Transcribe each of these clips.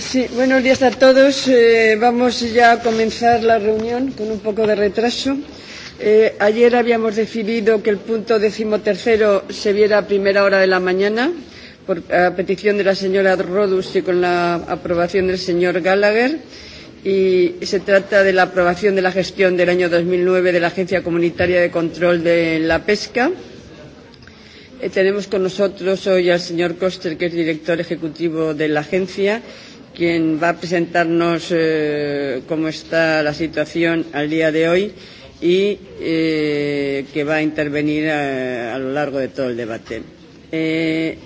Sí, buenos días a todos. Eh, vamos ya a comenzar la reunión con un poco de retraso. Eh, ayer habíamos decidido que el punto decimotercero se viera a primera hora de la mañana, por, a petición de la señora Rodus y con la aprobación del señor Gallagher. Y se trata de la aprobación de la gestión del año 2009 de la Agencia Comunitaria de Control de la Pesca. Eh, tenemos con nosotros hoy al señor Koster, que es director ejecutivo de la agencia, quien va a presentarnos eh, cómo está la situación al día de hoy y eh, que va a intervenir a, a lo largo de todo el debate. Eh,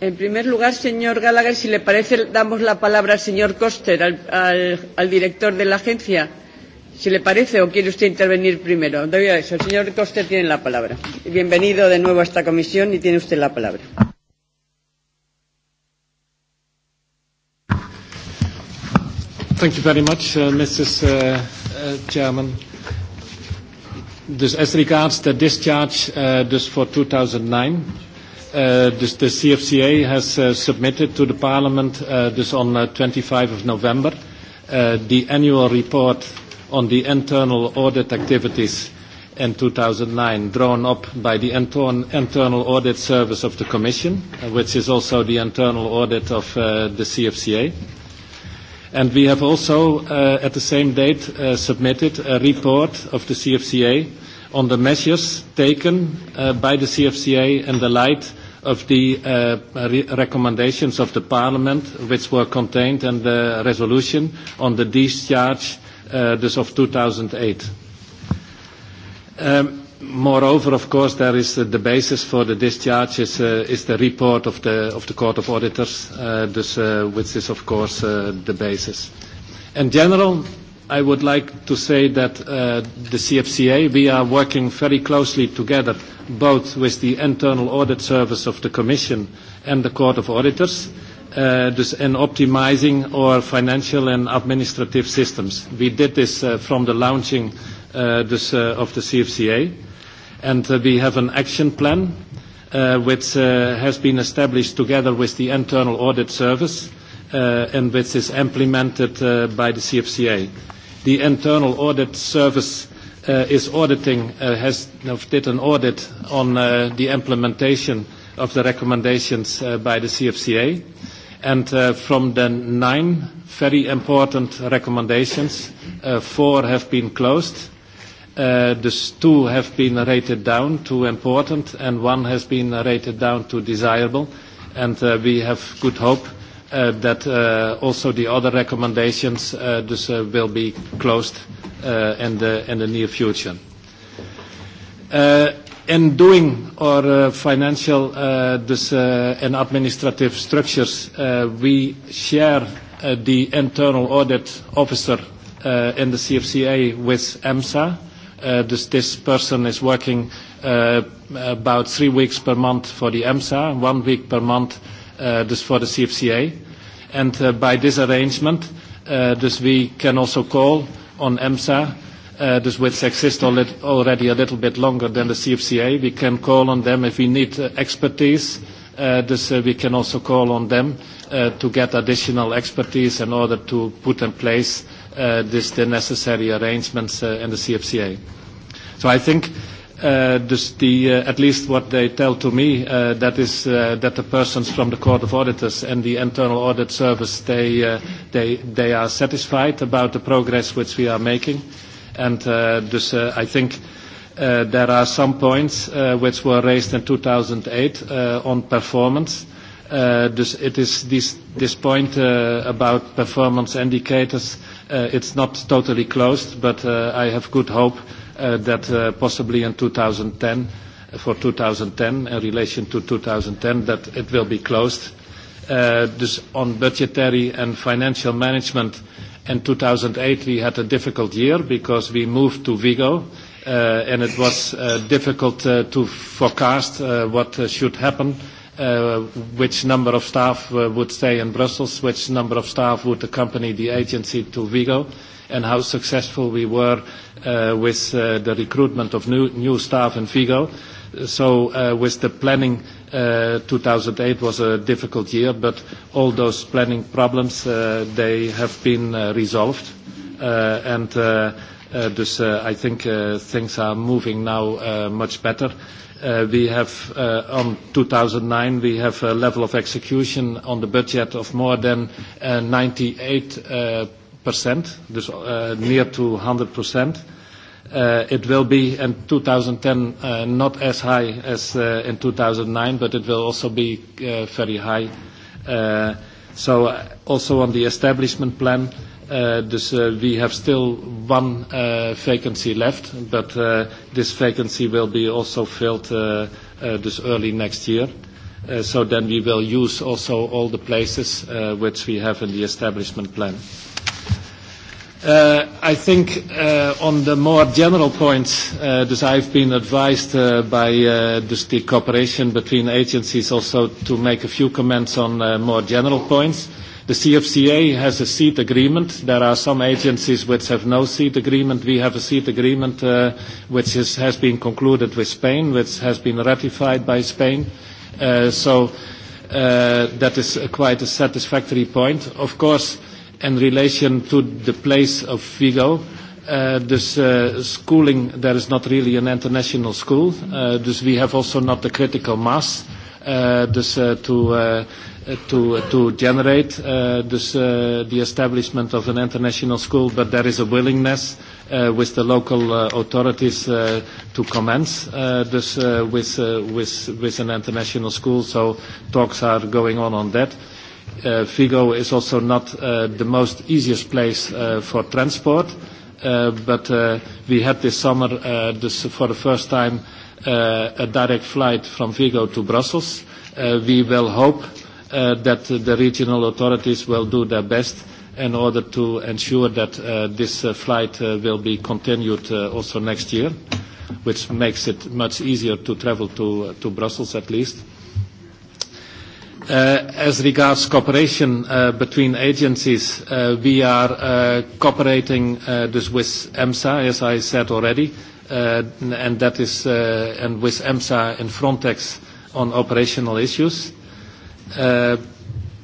en primer lugar, señor Gallagher, si le parece, damos la palabra al señor Coster, al, al, al director de la agencia. Si le parece o quiere usted intervenir primero. a eso. El señor Coster tiene la palabra. Bienvenido de nuevo a esta comisión y tiene usted la palabra. Thank you very much, Mrs. Chairman. as regards the discharge this for 2009, the CFCA has submitted to the Parliament this on uh, 25 of November the annual report on the internal audit activities in 2009 drawn up by the Internal Audit Service of the Commission, which is also the internal audit of the CFCA. And we have also, uh, at the same date, uh, submitted a report of the CFCA on the measures taken uh, by the CFCA in the light of the uh, re recommendations of the Parliament, which were contained in the resolution on the discharge uh, this of 2008. Um, Moreover, of course, there is the basis for the discharge is the report of the Court of Auditors, which is, of course, the basis. In general, I would like to say that the CFCA, we are working very closely together, both with the internal audit service of the Commission and the Court of Auditors, in optimizing our financial and administrative systems. We did this from the launching of the CFCA and we have an action plan which has been established together with the internal audit service and which is implemented by the CFCA. The internal audit service is auditing, has did an audit on the implementation of the recommendations by the CFCA. And from the nine very important recommendations, four have been closed, this two have been rated down to important, and one has been rated down to desirable. and We have good hope that also the other recommendations this will be closed in the near future. In doing our financial and administrative structures, we share the internal audit officer in the CFCA with EMSA, Uh, this, this person is working uh, about three weeks per month for the EMSA, one week per month uh, this for the CFCA. And uh, by this arrangement, uh, this we can also call on EMSA this which exist already a little bit longer than the CFCA. We can call on them if we need expertise. This we can also call on them to get additional expertise in order to put in place uh, this, the necessary arrangements uh, in the CFCA. So I think uh, this, the, uh, at least what they tell to me, uh, that is uh, that the persons from the Court of Auditors and the Internal Audit Service, they, uh, they, they are satisfied about the progress which we are making. And uh, this, uh, I think uh, there are some points uh, which were raised in 2008 uh, on performance. Uh, this, it is this, this point uh, about performance indicators It's not totally closed, but I have good hope that possibly in 2010, for 2010, in relation to 2010, that it will be closed. Just on budgetary and financial management, in 2008, we had a difficult year because we moved to Vigo, and it was difficult to forecast what should happen uh, which number of staff uh, would stay in Brussels, which number of staff would accompany the agency to Vigo, and how successful we were uh, with uh, the recruitment of new, new staff in Vigo. So uh, with the planning, uh, 2008 was a difficult year, but all those planning problems, uh, they have been uh, resolved. Uh, and uh, uh, dus, uh, I think uh, things are moving now uh, much better we have on 2009, we have a level of execution on the budget of more than 98%, this near to 100%. It will be in 2010 not as high as in 2009, but it will also be very high. So also on the establishment plan, Dus we have still one vacancy left, but this vacancy will be also filled this early next year. So then we will use also all the places which we have in the establishment plan. I think on the more general points, as I've been advised by the cooperation between agencies also to make a few comments on more general points The CFCA has a seat agreement. There are some agencies which have no seat agreement. We have a seat agreement uh, which is, has been concluded with Spain, which has been ratified by Spain. Uh, so uh, that is a quite a satisfactory point. Of course, in relation to the place of Vigo, uh, this uh, schooling, there is not really an international school. Uh, this, we have also not the critical mass. Uh, uh, dus, uh, to, uh, to, to generate uh, this, uh, the establishment of an international school, but there is a willingness uh, with the local uh, authorities uh, to commence uh, this uh, with, uh, with, with an international school, so talks are going on on that. Uh, Vigo is also not uh, the most easiest place uh, for transport, uh, but uh, we had this summer uh, this for the first time uh, a direct flight from Vigo to Brussels. Uh, we will hope uh, that the regional authorities will do their best in order to ensure that uh, this uh, flight uh, will be continued uh, also next year, which makes it much easier to travel to, uh, to Brussels at least. Uh, as regards cooperation uh, between agencies, uh, we are uh, cooperating uh, this with EMSA, as I said already and that is and with EMSA and Frontex on operational issues.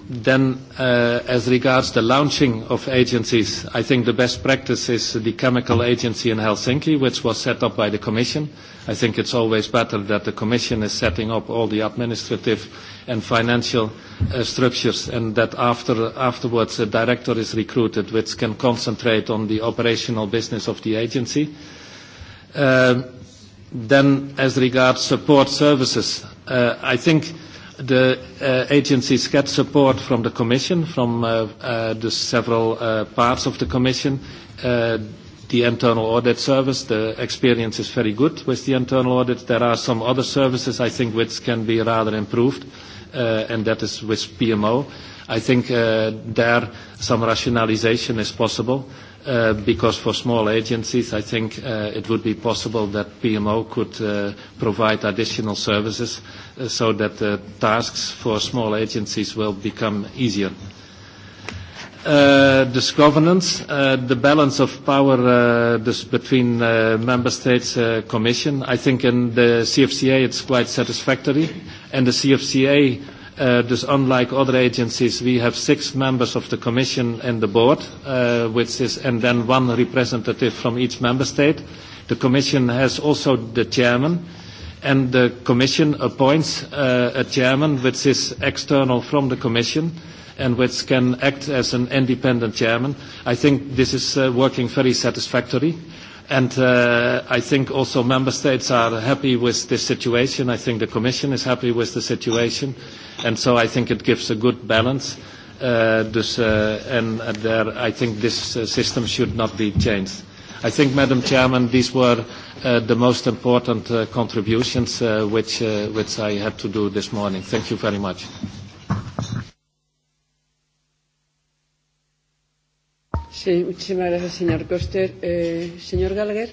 Then, as regards the launching of agencies, I think the best practice is the chemical agency in Helsinki, which was set up by the Commission. I think it's always better that the Commission is setting up all the administrative and financial structures, and that afterwards, a director is recruited, which can concentrate on the operational business of the agency Then as regards support services, I think the agencies get support from the Commission, from the several parts of the Commission. The internal audit service, the experience is very good with the internal audit. There are some other services, I think, which can be rather improved, and that is with PMO. I think there some rationalization is possible because for small agencies, I think uh, it would be possible that PMO could uh, provide additional services so that the tasks for small agencies will become easier. this governance, uh, the balance of power uh, between uh, member states, commission. I think in the CFCA it's quite satisfactory, and the CFCA Thus, unlike other agencies, we have six members of the Commission and the Board, which is, and then one representative from each member state. The Commission has also the chairman, and the Commission appoints a chairman which is external from the Commission and which can act as an independent chairman. I think this is working very satisfactorily. And I think also member states are happy with this situation. I think the Commission is happy with the situation. And so I think it gives a good balance. and there, I think this system should not be changed. I think, Madam Chairman, these were the most important contributions which, I had to do this morning. Thank you very much. Sí, muchísimas gracias, señor Coster. Eh, señor Gallagher.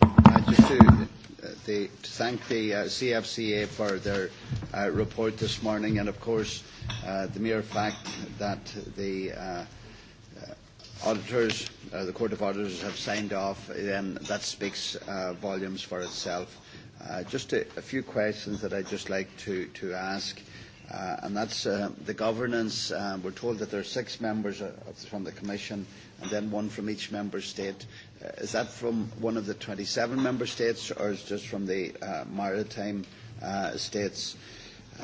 Uh, just to, the, to thank the uh, CFCA for their uh, report this morning, and of course, uh, the mere fact that the uh, auditors, uh, the Court of Auditors, have signed off, then that speaks uh, volumes for itself. Uh, just a, a few questions that I'd just like to, to ask. Uh, uh, and that's uh, the governance. Um, we're told that there are six members uh, from the Commission and then one from each member state. Uh, is that from one of the 27 member states or is it just from the uh, maritime uh, states?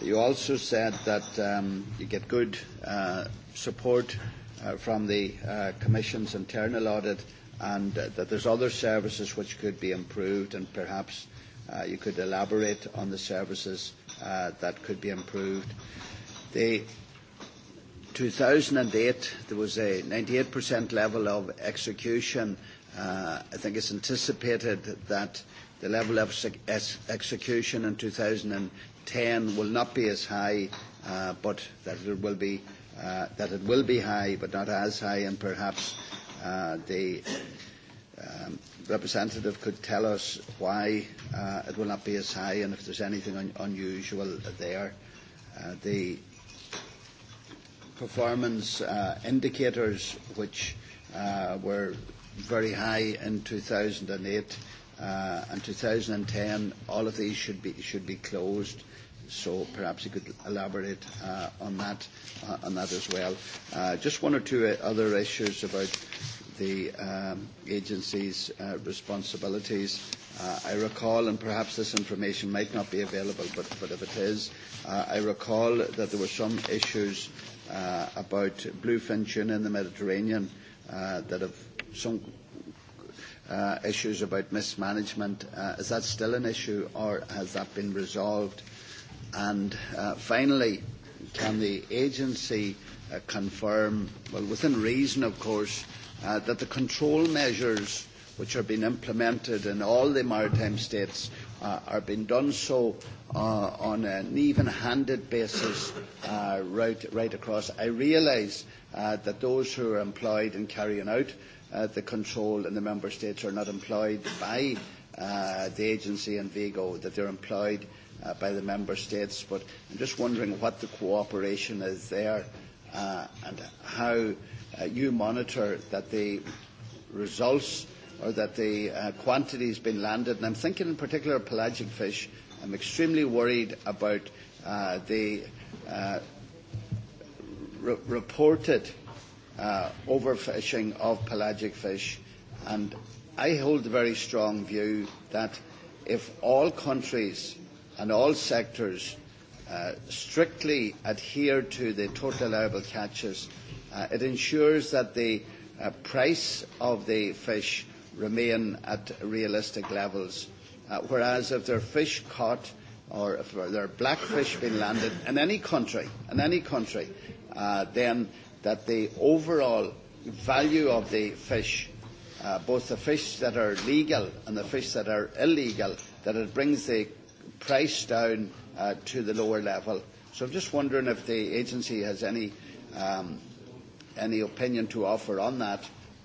You also said that um, you get good uh, support uh, from the uh, Commission's internal audit and uh, that there's other services which could be improved and perhaps uh, you could elaborate on the services uh, that could be improved. The 2008, there was a 98% level of execution. Uh, I think it's anticipated that the level of execution in 2010 will not be as high, uh, but that it will be uh, that it will be high, but not as high, and perhaps uh, the um, representative could tell us why uh, it will not be as high and if there's anything un- unusual there. Uh, the performance uh, indicators, which uh, were very high in 2008 uh, and 2010, all of these should be, should be closed. So perhaps you could elaborate uh, on that uh, on that as well. Uh, just one or two other issues about the um, agency's uh, responsibilities. Uh, I recall, and perhaps this information might not be available, but, but if it is, uh, I recall that there were some issues uh, about bluefin tuna in the Mediterranean uh, that have some uh, issues about mismanagement. Uh, is that still an issue, or has that been resolved? And uh, finally, can the agency uh, confirm, well, within reason, of course, that the control measures which are being implemented in all the maritime states are being done so on an even-handed basis right, across. I realise that those who are employed in carrying out the control in the member states are not employed by the agency in Vigo, that they are employed by the member states. But I am just wondering what the cooperation is there and how uh, you monitor that the results or that the uh, quantity has been landed. And I'm thinking in particular of pelagic fish. I'm extremely worried about uh, the uh, re- reported uh, overfishing of pelagic fish. And I hold the very strong view that if all countries and all sectors uh, strictly adhere to the total allowable catches, Uh, it ensures that the uh, price of the fish remain at realistic levels, uh, whereas if there are fish caught or if there are black fish being landed in any country, in any country, uh, then that the overall value of the fish, uh, both the fish that are legal and the fish that are illegal, that it brings the price down uh, to the lower level. So I'm just wondering if the agency has any um, any opinion to offer on that,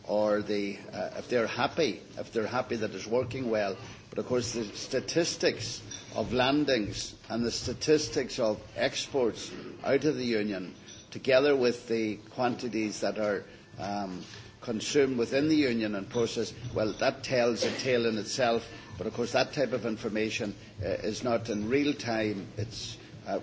or the, uh, if they're happy, if they're happy that it's working well. But of course, the statistics of landings and the statistics of exports out of the Union, together with the quantities that are um, consumed within the Union and processed, well, that tells a tale in itself. But of course, that type of information uh, is not in real time. It's uh,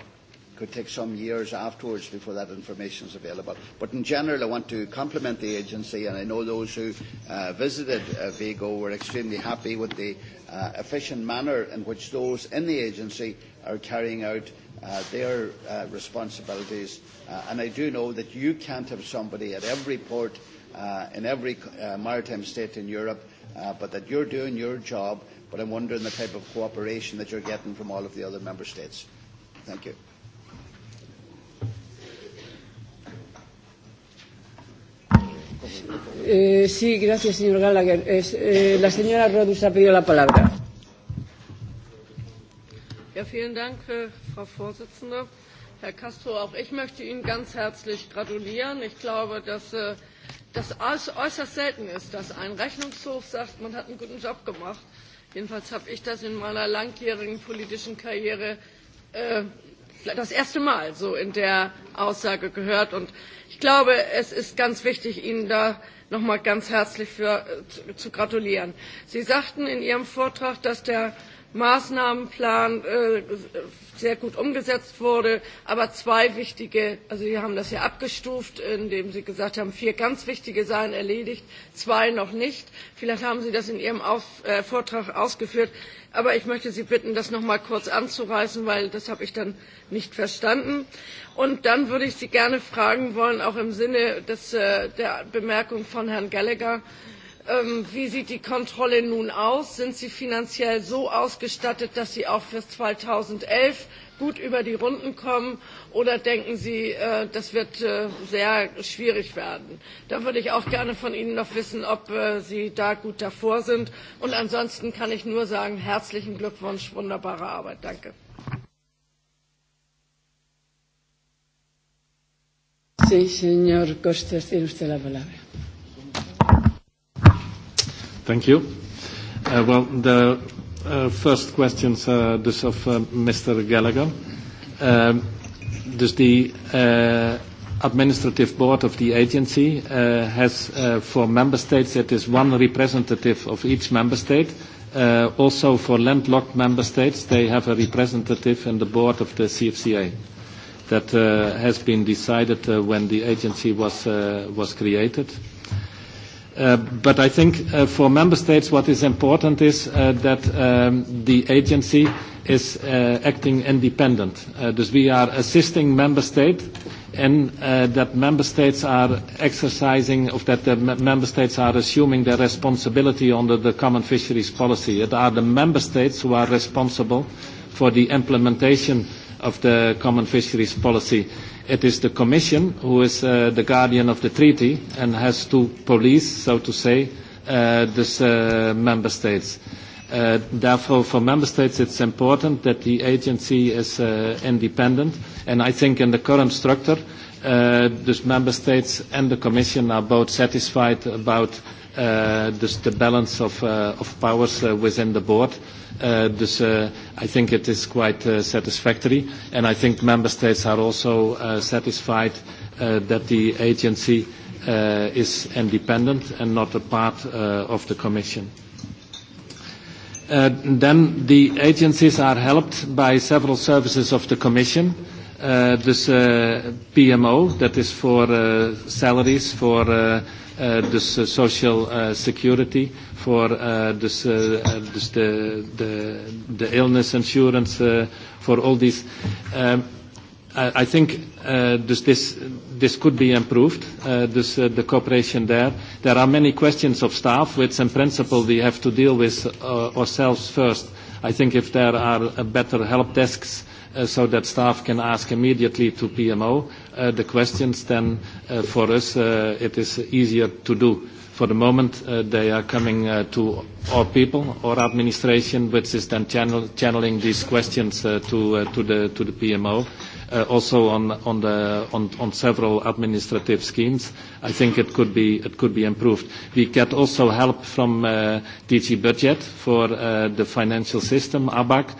could take some years afterwards before that information is available. But in general, I want to compliment the agency, and I know those who uh, visited uh, Vigo were extremely happy with the uh, efficient manner in which those in the agency are carrying out uh, their uh, responsibilities. Uh, and I do know that you can't have somebody at every port uh, in every uh, maritime state in Europe, uh, but that you're doing your job. But I'm wondering the type of cooperation that you're getting from all of the other member states. Thank you. sí, gracias, señor Gallagher. Es, eh, la señora Rodus ha pedido la palabra. Ja, vielen Dank, äh, Frau Vorsitzende. Herr Castro, auch ich möchte Ihnen ganz herzlich gratulieren. Ich glaube, dass äh, das äußerst selten ist, dass ein Rechnungshof sagt, man hat einen guten Job gemacht. Jedenfalls habe ich das in meiner langjährigen politischen Karriere äh, das erste Mal so in der Aussage gehört. Und ich glaube, es ist ganz wichtig, Ihnen da noch einmal ganz herzlich zu gratulieren. Sie sagten in Ihrem Vortrag, dass der Maßnahmenplan sehr gut umgesetzt wurde. Aber zwei wichtige, also Sie haben das ja abgestuft, indem Sie gesagt haben, vier ganz wichtige seien erledigt, zwei noch nicht. Vielleicht haben Sie das in Ihrem Vortrag ausgeführt. Aber ich möchte Sie bitten, das noch mal kurz anzureißen, weil das habe ich dann nicht verstanden. Und dann würde ich Sie gerne fragen wollen, auch im Sinne der Bemerkung von Herrn Gallagher, wie sieht die Kontrolle nun aus? Sind sie finanziell so ausgestattet, dass sie auch für 2011 gut über die Runden kommen? Oder denken Sie, das wird sehr schwierig werden? Da würde ich auch gerne von Ihnen noch wissen, ob Sie da gut davor sind. Und ansonsten kann ich nur sagen, herzlichen Glückwunsch, wunderbare Arbeit. Danke. Sí, señor Costa, tiene usted la palabra. Thank you. Uh, well, the uh, first questions uh, this of uh, Mr. Gallagher. Um, the uh, administrative board of the agency uh, has uh, for member states it is one representative of each member state. Uh, also for landlocked member states they have a representative in the board of the CFCA. That uh, has been decided uh, when the agency was, uh, was created. But I think for member states, what is important is that the agency is acting independent. Thus we are assisting member state in that member states are exercising of that the member states are assuming their responsibility under the common fisheries policy. It are the member states who are responsible for the implementation of the common fisheries policy. It is the Commission who is uh, the guardian of the treaty and has to police, so to say, uh, the uh, member states. Uh, therefore, for member states, it's important that the agency is uh, independent. And I think in the current structure, uh, the member states and the Commission are both satisfied about the balance of, uh, of powers uh, within the board. I think it is quite satisfactory, and I think member states are also uh, satisfied uh, that the agency uh, is independent and not a part uh, of the Commission. then the agencies are helped by several services of the Commission. Uh, PMO, that is for uh, salaries, for uh, dus social uh security, voor dus, dus de, de, de illness insurance, for all these. Um, I, I think uh, dus this, this could be improved, uh, dus, uh, the cooperation there. There are many questions of staff, which in principle we have to deal with uh, ourselves first. I think if there are uh, better help desks, so that staff can ask immediately to PMO the questions, then for us, it is easier to do. For the moment, they are coming to our people, our administration, which is then channeling these questions to the PMO also on several administrative schemes. I think it could be improved. We get also help from DG Budget for the financial system, ABAC.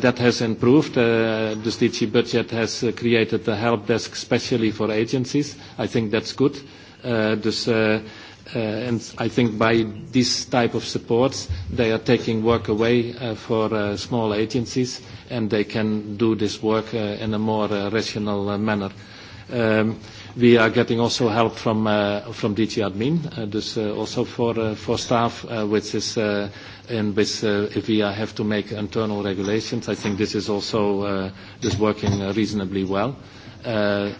That has improved. This DG Budget has created a help desk specially for agencies. I think that's good. uh and I think by this type of supports, they are taking work away for small agencies, and they can do this work in a more rational manner. We are getting also help from uh from DG Admin, this uh also for uh for staff, uh which is uh in which if we have to make internal regulations, I think this is also uh this working reasonably well. Uh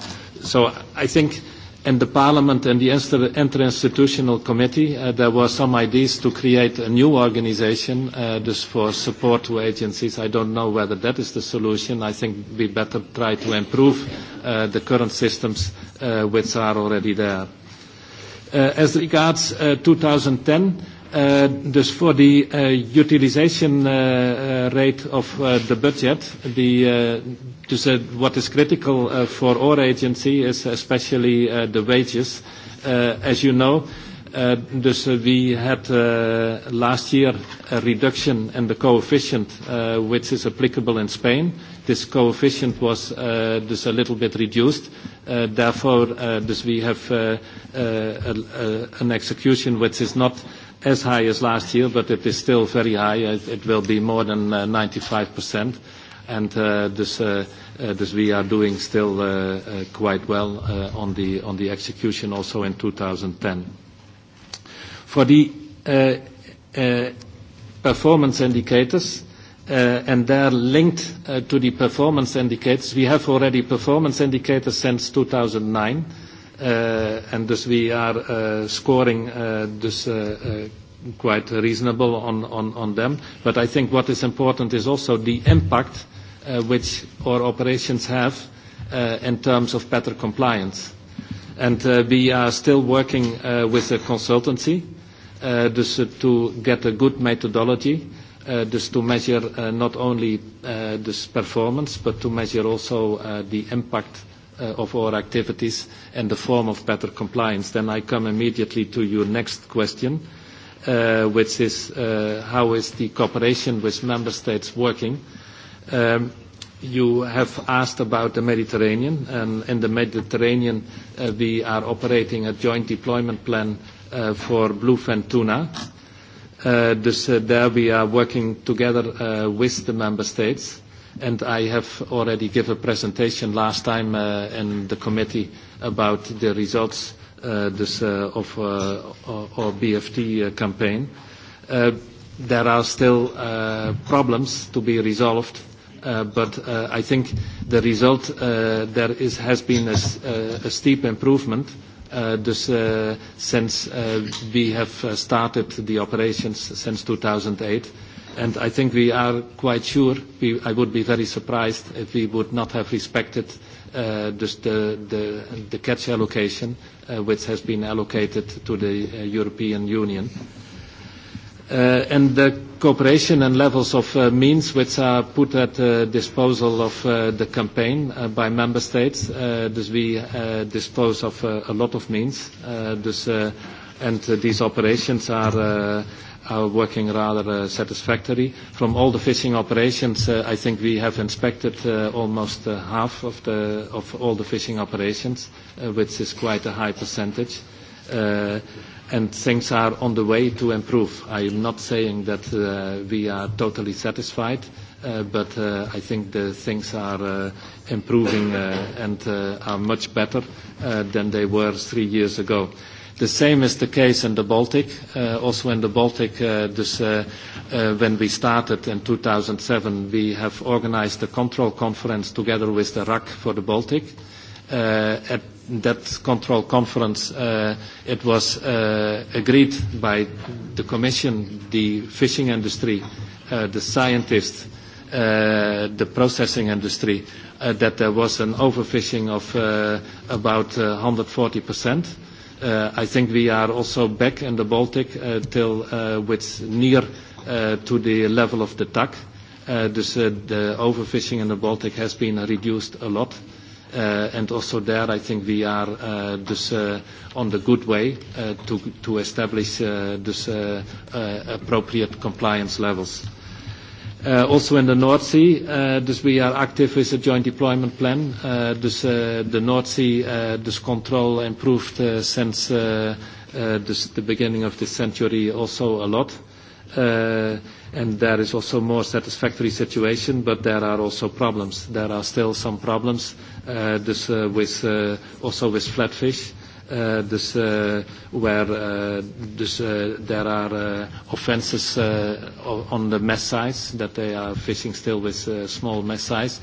So I think in the Parliament and the Interinstitutional Committee, uh, there were some ideas to create a new organization uh, just for support to agencies. I don't know whether that is the solution. I think we better try to improve uh, the current systems uh, which are already there. Uh, as regards uh, 2010, Dus voor die utilization rate of the budget, the say what is critical for our agency is especially the wages. As you know, dus we had last year a reduction in the coefficient, which is applicable in Spain. This coefficient was just a little bit reduced. Therefore, this we have an execution which is not as high as last year, but it is still very high. It will be more than 95%. And this we are doing still quite well on the execution also in 2010. For the performance indicators, and they are linked to the performance indicators. We have already performance indicators since 2009, and thus we are scoring this quite reasonable on them. But I think what is important is also the impact which our operations have in terms of better compliance. And we are still working with a consultancy just to get a good methodology just to measure not only this performance, but to measure also the impact of our activities and the form of better compliance. Then I come immediately to your next question, which is how is the cooperation with member states working? You have asked about the Mediterranean, and in the Mediterranean, we are operating a joint deployment plan for bluefin tuna. There we are working together with the member states and I have already given a presentation last time uh, in the committee about the results uh, this, uh, of uh, our BFT uh, campaign. Uh, there are still uh, problems to be resolved, uh, but uh, I think the result uh, there is, has been a, a steep improvement dus since we have started the operations since 2008, And I think we are quite sure, we, I would be very surprised if we would not have respected uh, the, the, catch allocation uh, which has been allocated to the European Union. and the cooperation and levels of uh, means which are put at the disposal of uh, the campaign uh, by member states. Uh, we uh, dispose of uh, a lot of means. Uh, uh, and these operations are uh, are working rather satisfactory. From all the fishing operations, I think we have inspected almost half of all the fishing operations, which is quite a high percentage. And things are on the way to improve. I am not saying that we are totally satisfied, but I think the things are improving and are much better than they were three years ago. The same is the case in the Baltic. Also in the Baltic, when we started in 2007, we have organized a control conference together with the RAC for the Baltic. At that control conference, it was agreed by the Commission, the fishing industry, the scientists, the processing industry, that there was an overfishing of about 140%. I think we are also back in the Baltic till with near to the level of the TAC. the overfishing in the Baltic has been reduced a lot. And also there, I think we are dus on the good way to establish this appropriate compliance levels. Also in the North Sea, dus we are active with a joint deployment plan. Dus the North Sea, dus control improved since the beginning of this century also a lot. And there is also more satisfactory situation, but there are also problems. There are still some problems, dus with also with flatfish this uh, where uh, dus, uh, there are uh, offenses uh, on the mess size that they are facing still with uh, small mass size.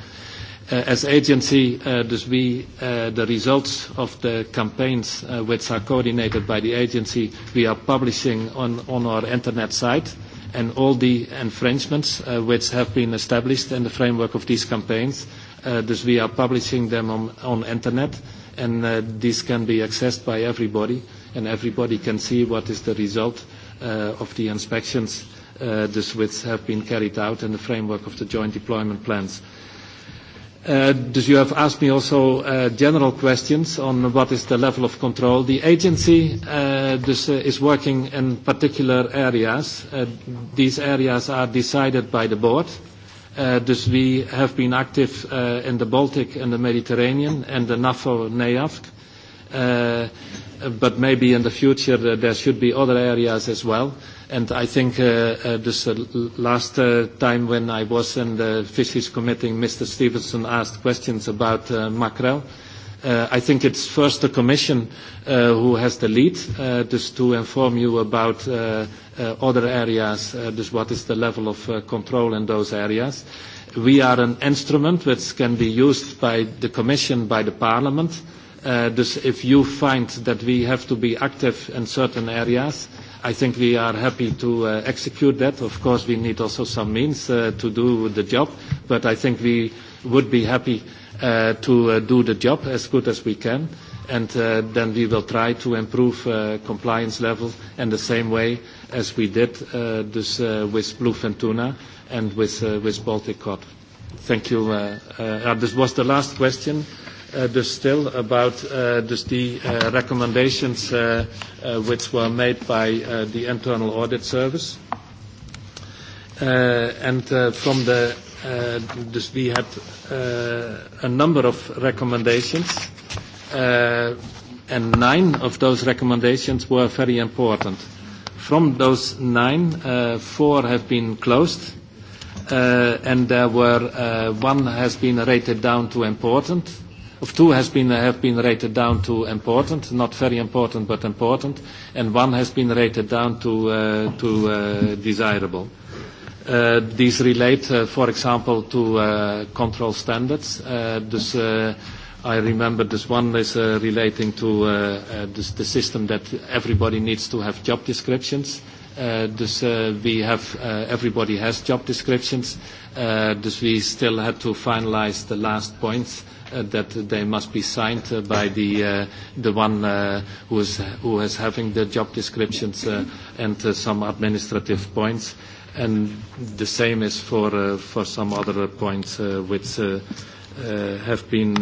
Uh, as agency, uh, we, uh, the results of the campaigns uh, which are coordinated by the agency, we are publishing on, on our internet site and all the infringements uh, which have been established in the framework of these campaigns. Uh, we are publishing them on, on internet and uh, this can be accessed by everybody, and everybody can see what is the result uh, of the inspections uh, the Swiss have been carried out in the framework of the joint deployment plans. Uh, you have asked me also general questions on what is the level of control. The agency is working in particular areas. These areas are decided by the board, Dus we have been active in the Baltic and the Mediterranean and the NAFO-NEAFC. But maybe in the future, there should be other areas as well. And I think this last time when I was in the Fisheries Committee, Mr. Stevenson asked questions about mackerel Uh, I think it's first the Commission uh, who has the lead, uh, just to inform you about uh, uh, other areas, uh, just what is the level of uh, control in those areas. We are an instrument which can be used by the Commission, by the Parliament. Uh, dus if you find that we have to be active in certain areas, I think we are happy to uh, execute that. Of course, we need also some means uh, to do the job, but I think we would be happy uh, to uh, do the job as good as we can. And uh, then we will try to improve uh, compliance level in the same way as we did uh, this, uh, with Bluefin Tuna and with, uh, with Baltic Cod. Thank you. Uh, uh, this was the last question. Uh, there's still about uh, the uh, recommendations uh, uh, which were made by uh, the Internal Audit Service and from the this we had a number of recommendations, and nine of those recommendations were very important. From those nine, four have been closed, and there were one has been rated down to important. Of two has been have been rated down to important, not very important, but important, and one has been rated down to desirable These relate, for example, to control standards. uh I remember this one is relating to the system that everybody needs to have job descriptions. uh we have everybody has job descriptions. this, we still had to finalize the last points that they must be signed by the the one who is having the job descriptions and some administrative points And the same is for some other points which have been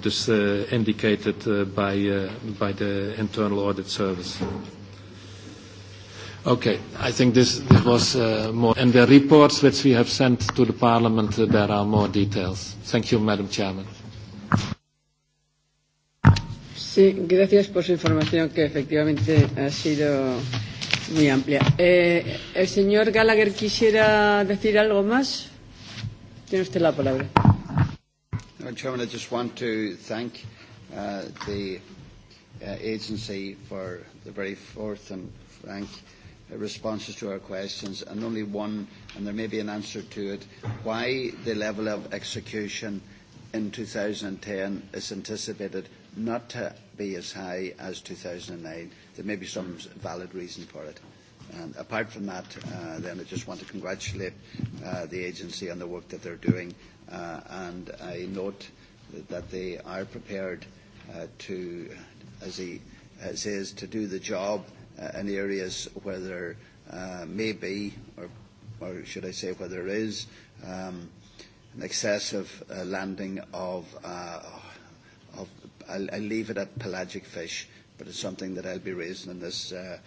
just indicated by the internal audit service. Okay. I think this was more. And the reports which we have sent to the parliament, there are more details. Thank you, Madam Chairman. Sí, gracias por su información, que efectivamente ha sido muy amplia. Eh, ¿El señor Gallagher quisiera decir algo más? Tiene usted la palabra. Chairman, I just want to thank uh, the uh, agency for the very forth and frank responses to our questions, and only one, and there may be an answer to it, why the level of execution in 2010 is anticipated not to be as high as 2009. There may be some valid reason for it. And apart from that, uh, then I just want to congratulate uh, the agency on the work that they're doing, uh, and I note that they are prepared uh, to, as he says, to do the job uh, in areas where there uh, may be, or, or should I say, where there is um, an excessive uh, landing of, uh, of I'll, I'll leave it at pelagic fish, but it's something that I'll be raising in this, uh,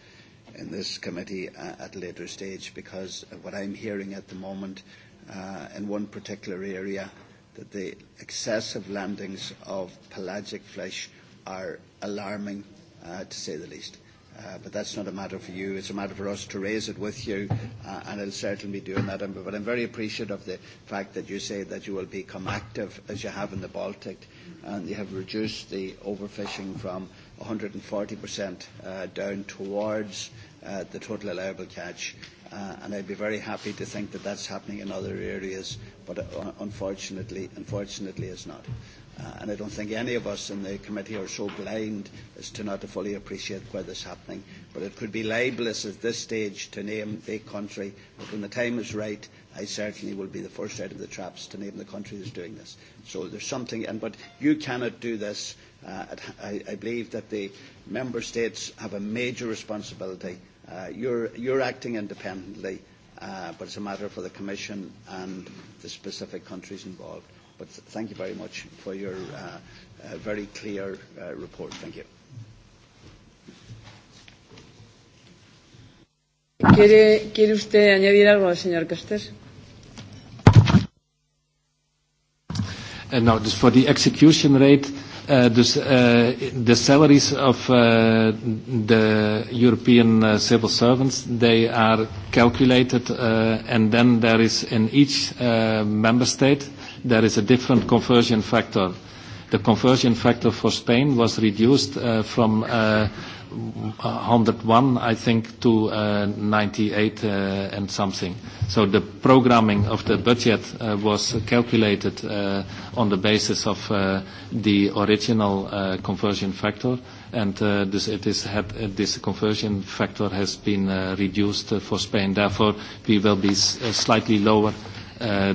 in this committee uh, at a later stage because what I'm hearing at the moment uh, in one particular area that the excessive landings of pelagic fish are alarming uh, to say the least. Uh, but that's not a matter for you. It's a matter for us to raise it with you, uh, and I'll certainly be doing that. But I'm very appreciative of the fact that you say that you will become active as you have in the Baltic and they have reduced the overfishing from 140% uh, down towards uh, the total allowable catch. Uh, and I'd be very happy to think that that's happening in other areas, but unfortunately, unfortunately it's not. Uh, and I don't think any of us in the committee are so blind as to not to fully appreciate where this is happening. But it could be libelous at this stage to name the country, but when the time is right, I certainly will be the first out of the traps to name the country that's doing this. So there's something, and but you cannot do this. Uh, I, I believe that the member states have a major responsibility. Uh, you're, you're acting independently, uh, but it's a matter for the Commission and the specific countries involved. But th- thank you very much for your uh, uh, very clear uh, report. Thank you. ¿Quiere, ¿Quiere usted añadir algo, señor Castells? now just for the execution rate, uh, dus uh, the salaries of uh, the European uh, civil servants, they are calculated uh, and then there is in each uh, member state, there is a different conversion factor. The conversion factor for Spain was reduced uh, from uh, 101, I think, to 98 and something. So the programming of the budget uh, was calculated uh, on the basis of uh, the original uh, conversion factor, and uh, this, it is had, uh, this conversion factor has been uh, reduced for Spain. Therefore, we will be s uh, slightly lower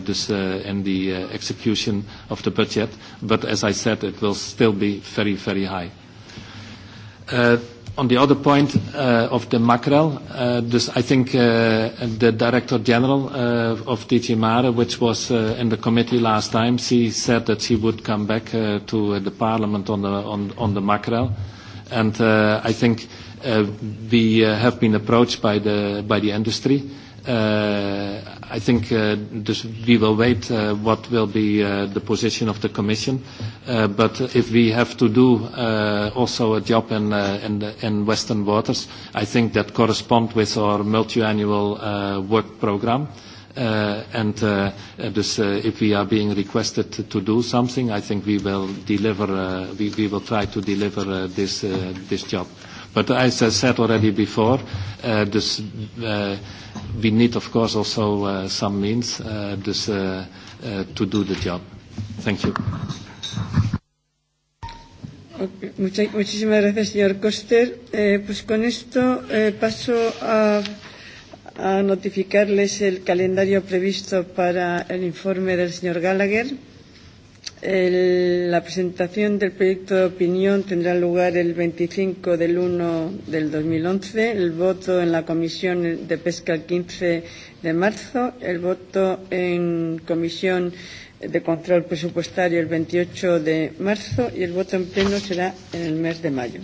this in the execution of the budget. But as I said, it will still be very, very high on the other point uh, of the mackerel, uh, this, I think uh, the Director General uh, of DG Mare, which was uh, in the committee last time, she said that she would come back uh, to uh, the Parliament on the, on, on the mackerel. And uh, I think uh, we uh, have been approached by the, by the industry. I think we will wait uh what will be uh the position of the commission. Uh But if we have to do uh also a job in uh in in the Western waters, I think that corresponds with our multi-annual work program. And uh this, uh if we are being requested to do something, I think we will deliver, uh we we will try to deliver uh uh this this job. But as I said already before, uh, this, uh, we need, of course, also uh, some means uh, this, uh, uh, to do the job. Thank you. Muchas, muchísimas gracias, señor Coster. Eh, pues con esto eh, paso a, a notificarles el calendario previsto para el informe del señor Gallagher El, la presentación del proyecto de opinión tendrá lugar el 25 del 1 del 2011, el voto en la Comisión de Pesca el 15 de marzo, el voto en Comisión de Control Presupuestario el 28 de marzo y el voto en pleno será en el mes de mayo.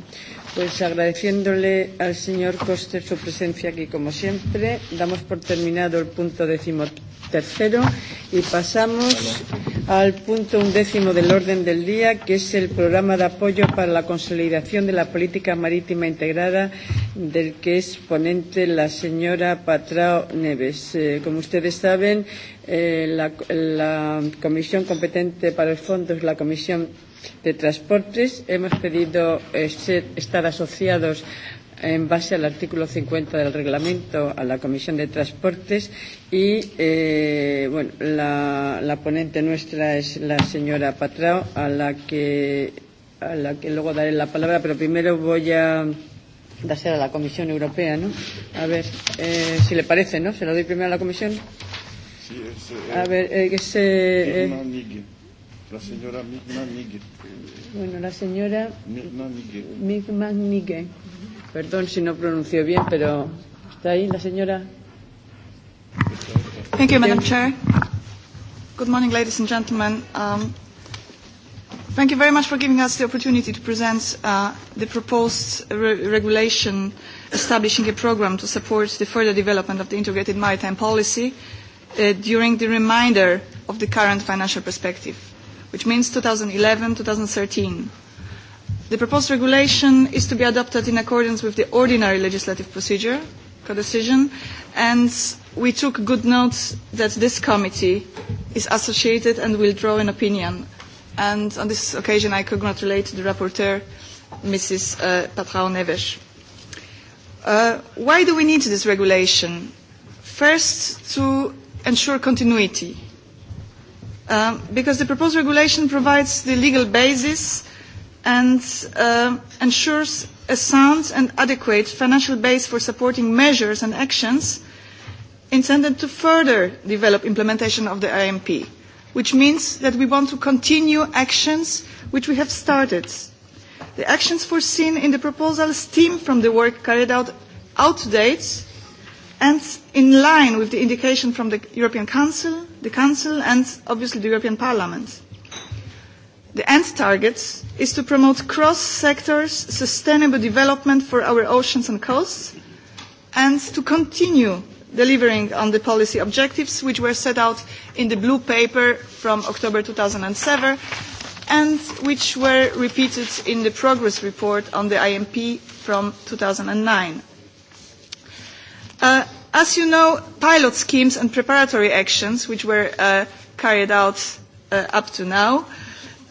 Pues agradeciéndole al señor Coster su presencia aquí como siempre, damos por terminado el punto decimotercero y pasamos. Vale al punto undécimo del orden del día, que es el programa de apoyo para la consolidación de la política marítima integrada, del que es ponente la señora Patrao Neves. Eh, como ustedes saben, eh, la, la comisión competente para el fondo es la comisión de transportes. Hemos pedido eh, ser, estar asociados en base al artículo 50 del reglamento a la Comisión de Transportes y eh, bueno, la, la ponente nuestra es la señora Patrao a la que a la que luego daré la palabra, pero primero voy a dársela a la Comisión Europea, ¿no? A ver, eh, si le parece, ¿no? Se lo doy primero a la Comisión. Sí, es, eh, a ver, eh, que Eh, la señora Migma Nigue. Bueno, la señora... Migma Nigue. Perdón si no pronuncio bien, pero ¿está ahí la señora? Thank you, Madam Chair. Good morning, ladies and gentlemen. Um, thank you very much for giving us the opportunity to present uh, the proposed re regulation establishing a program to support the further development of the integrated maritime policy uh, during the remainder of the current financial perspective, which means 2011-2013. The proposed regulation is to be adopted in accordance with the ordinary legislative procedure, codecision, and we took good note that this committee is associated and will draw an opinion. And on this occasion, I congratulate the rapporteur, Mrs. Uh, Patrao Neves. Uh, why do we need this regulation? First, to ensure continuity. Um, because the proposed regulation provides the legal basis and ensures a sound and adequate financial base for supporting measures and actions intended to further develop implementation of the IMP, which means that we want to continue actions which we have started. The actions foreseen in the proposal stem from the work carried out out to date and in line with the indication from the European Council, the Council and obviously the European Parliament. The end target is to promote cross-sectors sustainable development for our oceans and coasts and to continue delivering on the policy objectives which were set out in the blue paper from October two thousand seven and which were repeated in the progress report on the IMP from two thousand nine. as you know, pilot schemes and preparatory actions which were carried out up to now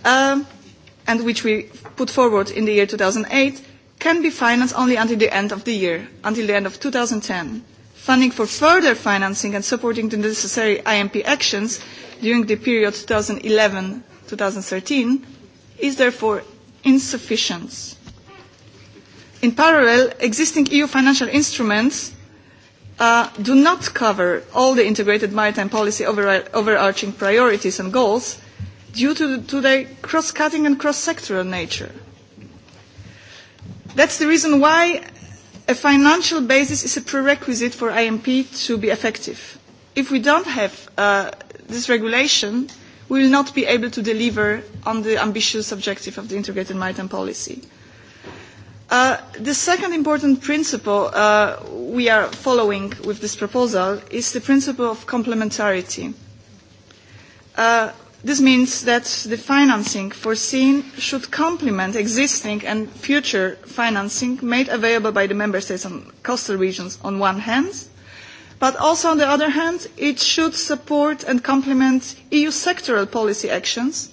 and which we put forward in the year 2008, can be financed only until the end of the year, until the end of 2010. Funding for further financing and supporting the necessary IMP actions during the period 2011-2013 is therefore insufficient. In parallel, existing EU financial instruments do not cover all the integrated maritime policy overarching priorities and goals, due to, to their cross-cutting and cross-sectoral nature. That's the reason why a financial basis is a prerequisite for IMP to be effective. If we don't have uh, this regulation, we will not be able to deliver on the ambitious objective of the integrated maritime policy. Uh, the second important principle uh, we are following with this proposal is the principle of complementarity. Uh, This means that the financing foreseen should complement existing and future financing made available by the Member States and coastal regions on one hand, but also on the other hand, it should support and complement EU sectoral policy actions.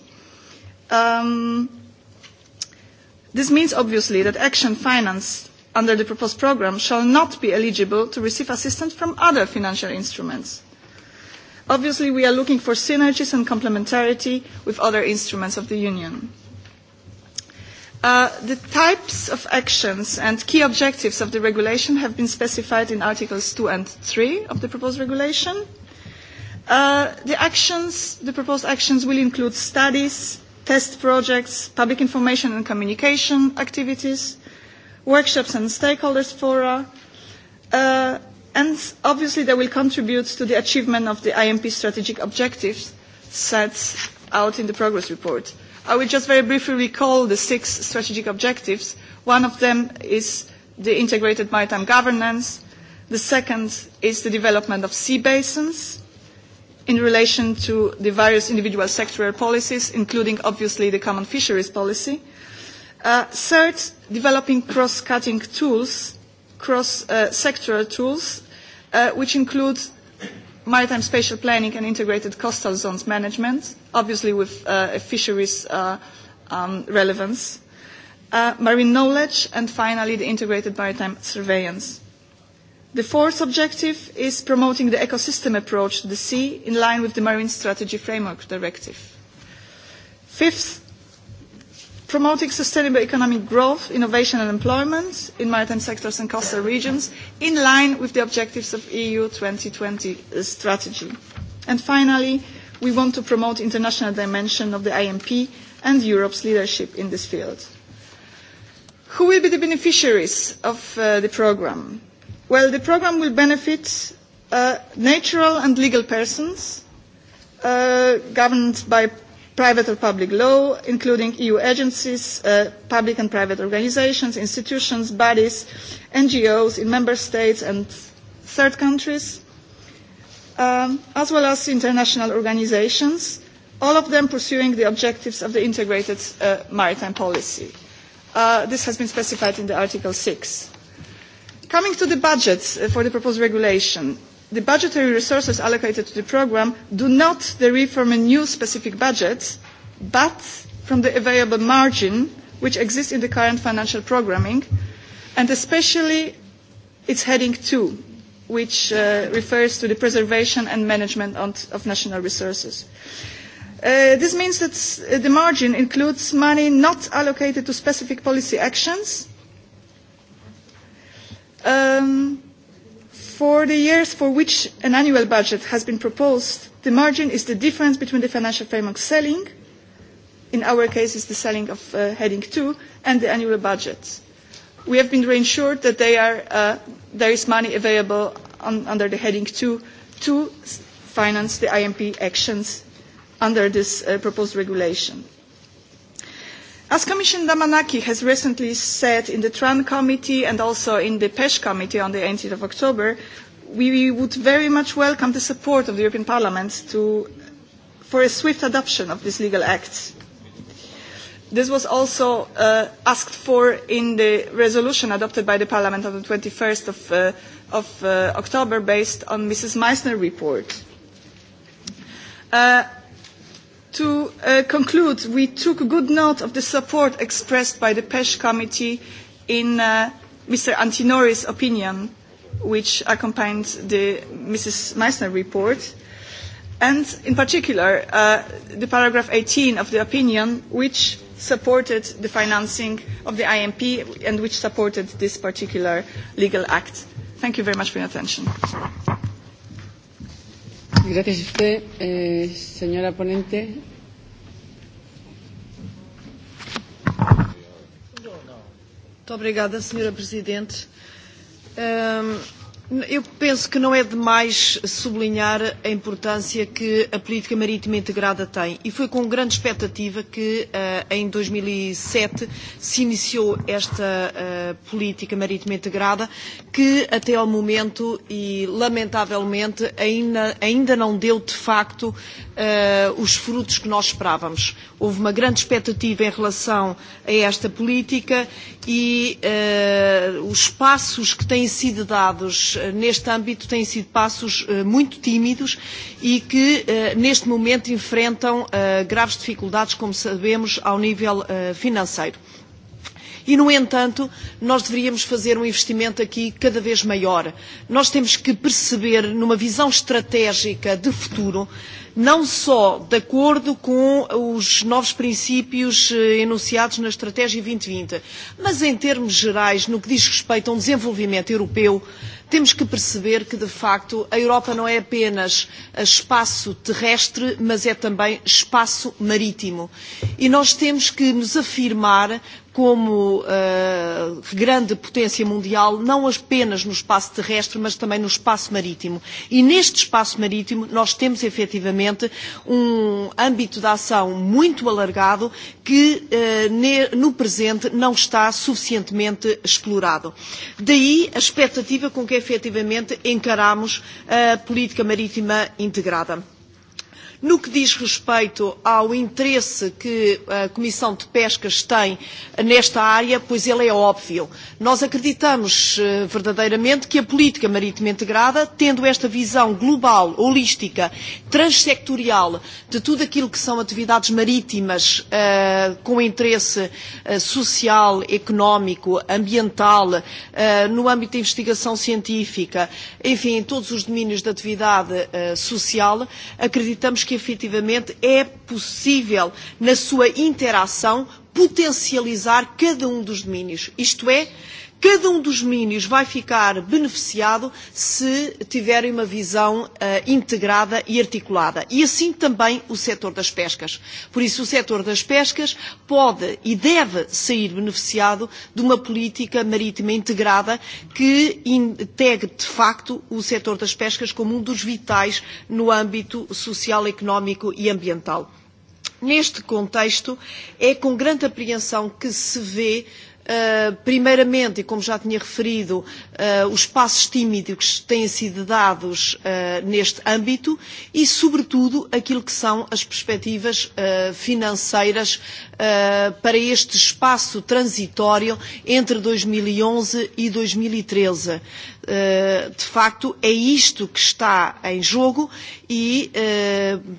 this means obviously that action financed under the proposed programme shall not be eligible to receive assistance from other financial instruments Obviously, we are looking for synergies and complementarity with other instruments of the Union. the types of actions and key objectives of the regulation have been specified in Articles two and three of the proposed regulation. the actions, the proposed actions will include studies, test projects, public information and communication activities, workshops and stakeholders fora, And obviously they will contribute to the achievement of the IMP strategic objectives set out in the progress report. I will just very briefly recall the six strategic objectives. One of them is the integrated maritime governance. The second is the development of sea basins in relation to the various individual sectoral policies, including obviously the common fisheries policy. Uh, third, developing cross-cutting tools cross-sectoral tools, which include maritime spatial planning and integrated coastal zones management, obviously with uh, fisheries uh, um, relevance, uh, marine knowledge, and finally the integrated maritime surveillance. The fourth objective is promoting the ecosystem approach to the sea in line with the Marine Strategy Framework Directive. Fifth, promoting sustainable economic growth, innovation and employment in maritime sectors and coastal regions in line with the objectives of EU 2020 strategy. And finally, we want to promote international dimension of the IMP and Europe's leadership in this field. Who will be the beneficiaries of the programme? Well, the programme will benefit natural and legal persons governed by private or public law, including EU agencies, uh, public and private organizations, institutions, bodies, NGOs in member states and third countries, um, as well as international organizations, all of them pursuing the objectives of the integrated uh, maritime policy. Uh, this has been specified in the Article 6. Coming to the budget for the proposed regulation, the budgetary resources allocated to the programme do not derive from a new specific budget, but from the available margin which exists in the current financial programming, and especially its heading two, which refers to the preservation and management of national resources. this means that the margin includes money not allocated to specific policy actions, um, For the years for which an annual budget has been proposed, the margin is the difference between the financial framework selling, in our case it's the selling of uh, heading 2, and the annual budget. We have been reassured that they are, uh, there is money available on, under the heading 2 to finance the IMP actions under this uh, proposed regulation. As Commissioner Damanaki has recently said in the TRAN committee and also in the PESH committee on the 18th of October, we would very much welcome the support of the European Parliament to, for a swift adoption of this legal act. This was also asked for in the resolution adopted by the Parliament on the 21st of, of October based on Mrs. Meissner's report. To conclude, we took good note of the support expressed by the PESH committee in Mr. Antinori's opinion, which accompanied the Mrs. Meissner report, and in particular the paragraph eighteen of the opinion, which supported the financing of the IMP and which supported this particular legal act. Thank you very much for your attention. Gracias a usted, eh, señora ponente. Muito obrigada, Sra. presidente. Um, Eu penso que não é demais sublinhar a importância que a política marítima integrada tem. E foi com grande expectativa que, em dois mil e sete se iniciou esta política marítima integrada, que até ao momento, e lamentavelmente, ainda, não deu de facto os frutos que nós esperávamos. Houve uma grande expectativa em relação a esta política e uh, os passos que têm sido dados neste âmbito têm sido passos uh, muito tímidos e que uh, neste momento enfrentam uh, graves dificuldades, como sabemos, ao nível uh, financeiro. E, no entanto, nós deveríamos fazer um investimento aqui cada vez maior. Nós temos que perceber, numa visão estratégica de futuro, não só de acordo com os novos princípios enunciados na Estratégia 2020, mas em termos gerais, no que diz respeito a um desenvolvimento europeu, temos que perceber que, de facto, a Europa não é apenas espaço terrestre, mas é também espaço marítimo. E nós temos que nos afirmar como uh, grande potência mundial, não apenas no espaço terrestre, mas também no espaço marítimo. E neste espaço marítimo nós temos efetivamente um âmbito de ação muito alargado que uh, ne, no presente não está suficientemente explorado. Daí a expectativa com que efetivamente encaramos a política marítima integrada. No que diz respeito ao interesse que a Comissão de Pescas tem nesta área, pois ele é óbvio. Nós acreditamos verdadeiramente que a política marítima integrada, tendo esta visão global, holística, transsectorial de tudo aquilo que são atividades marítimas com interesse social, económico, ambiental, no âmbito da investigação científica, enfim, em todos os domínios da atividade social, acreditamos que efetivamente é possível, na sua interação, potencializar cada um dos domínios. Isto é, cada um dos domínios vai ficar beneficiado se tiverem uma visão uh, integrada e articulada. E assim também o setor das pescas. Por isso, o setor das pescas pode e deve sair beneficiado de uma política marítima integrada que integre, de facto, o setor das pescas como um dos vitais no âmbito social, económico e ambiental. Neste contexto, é com grande apreensão que se vê uh, primeiramente, e como já tinha referido, os passos tímidos que têm sido dados neste âmbito e, sobretudo, aquilo que são as perspectivas financeiras para este espaço transitório entre dois mil e onze e dois mil e 2013 de facto, é isto que está em jogo e,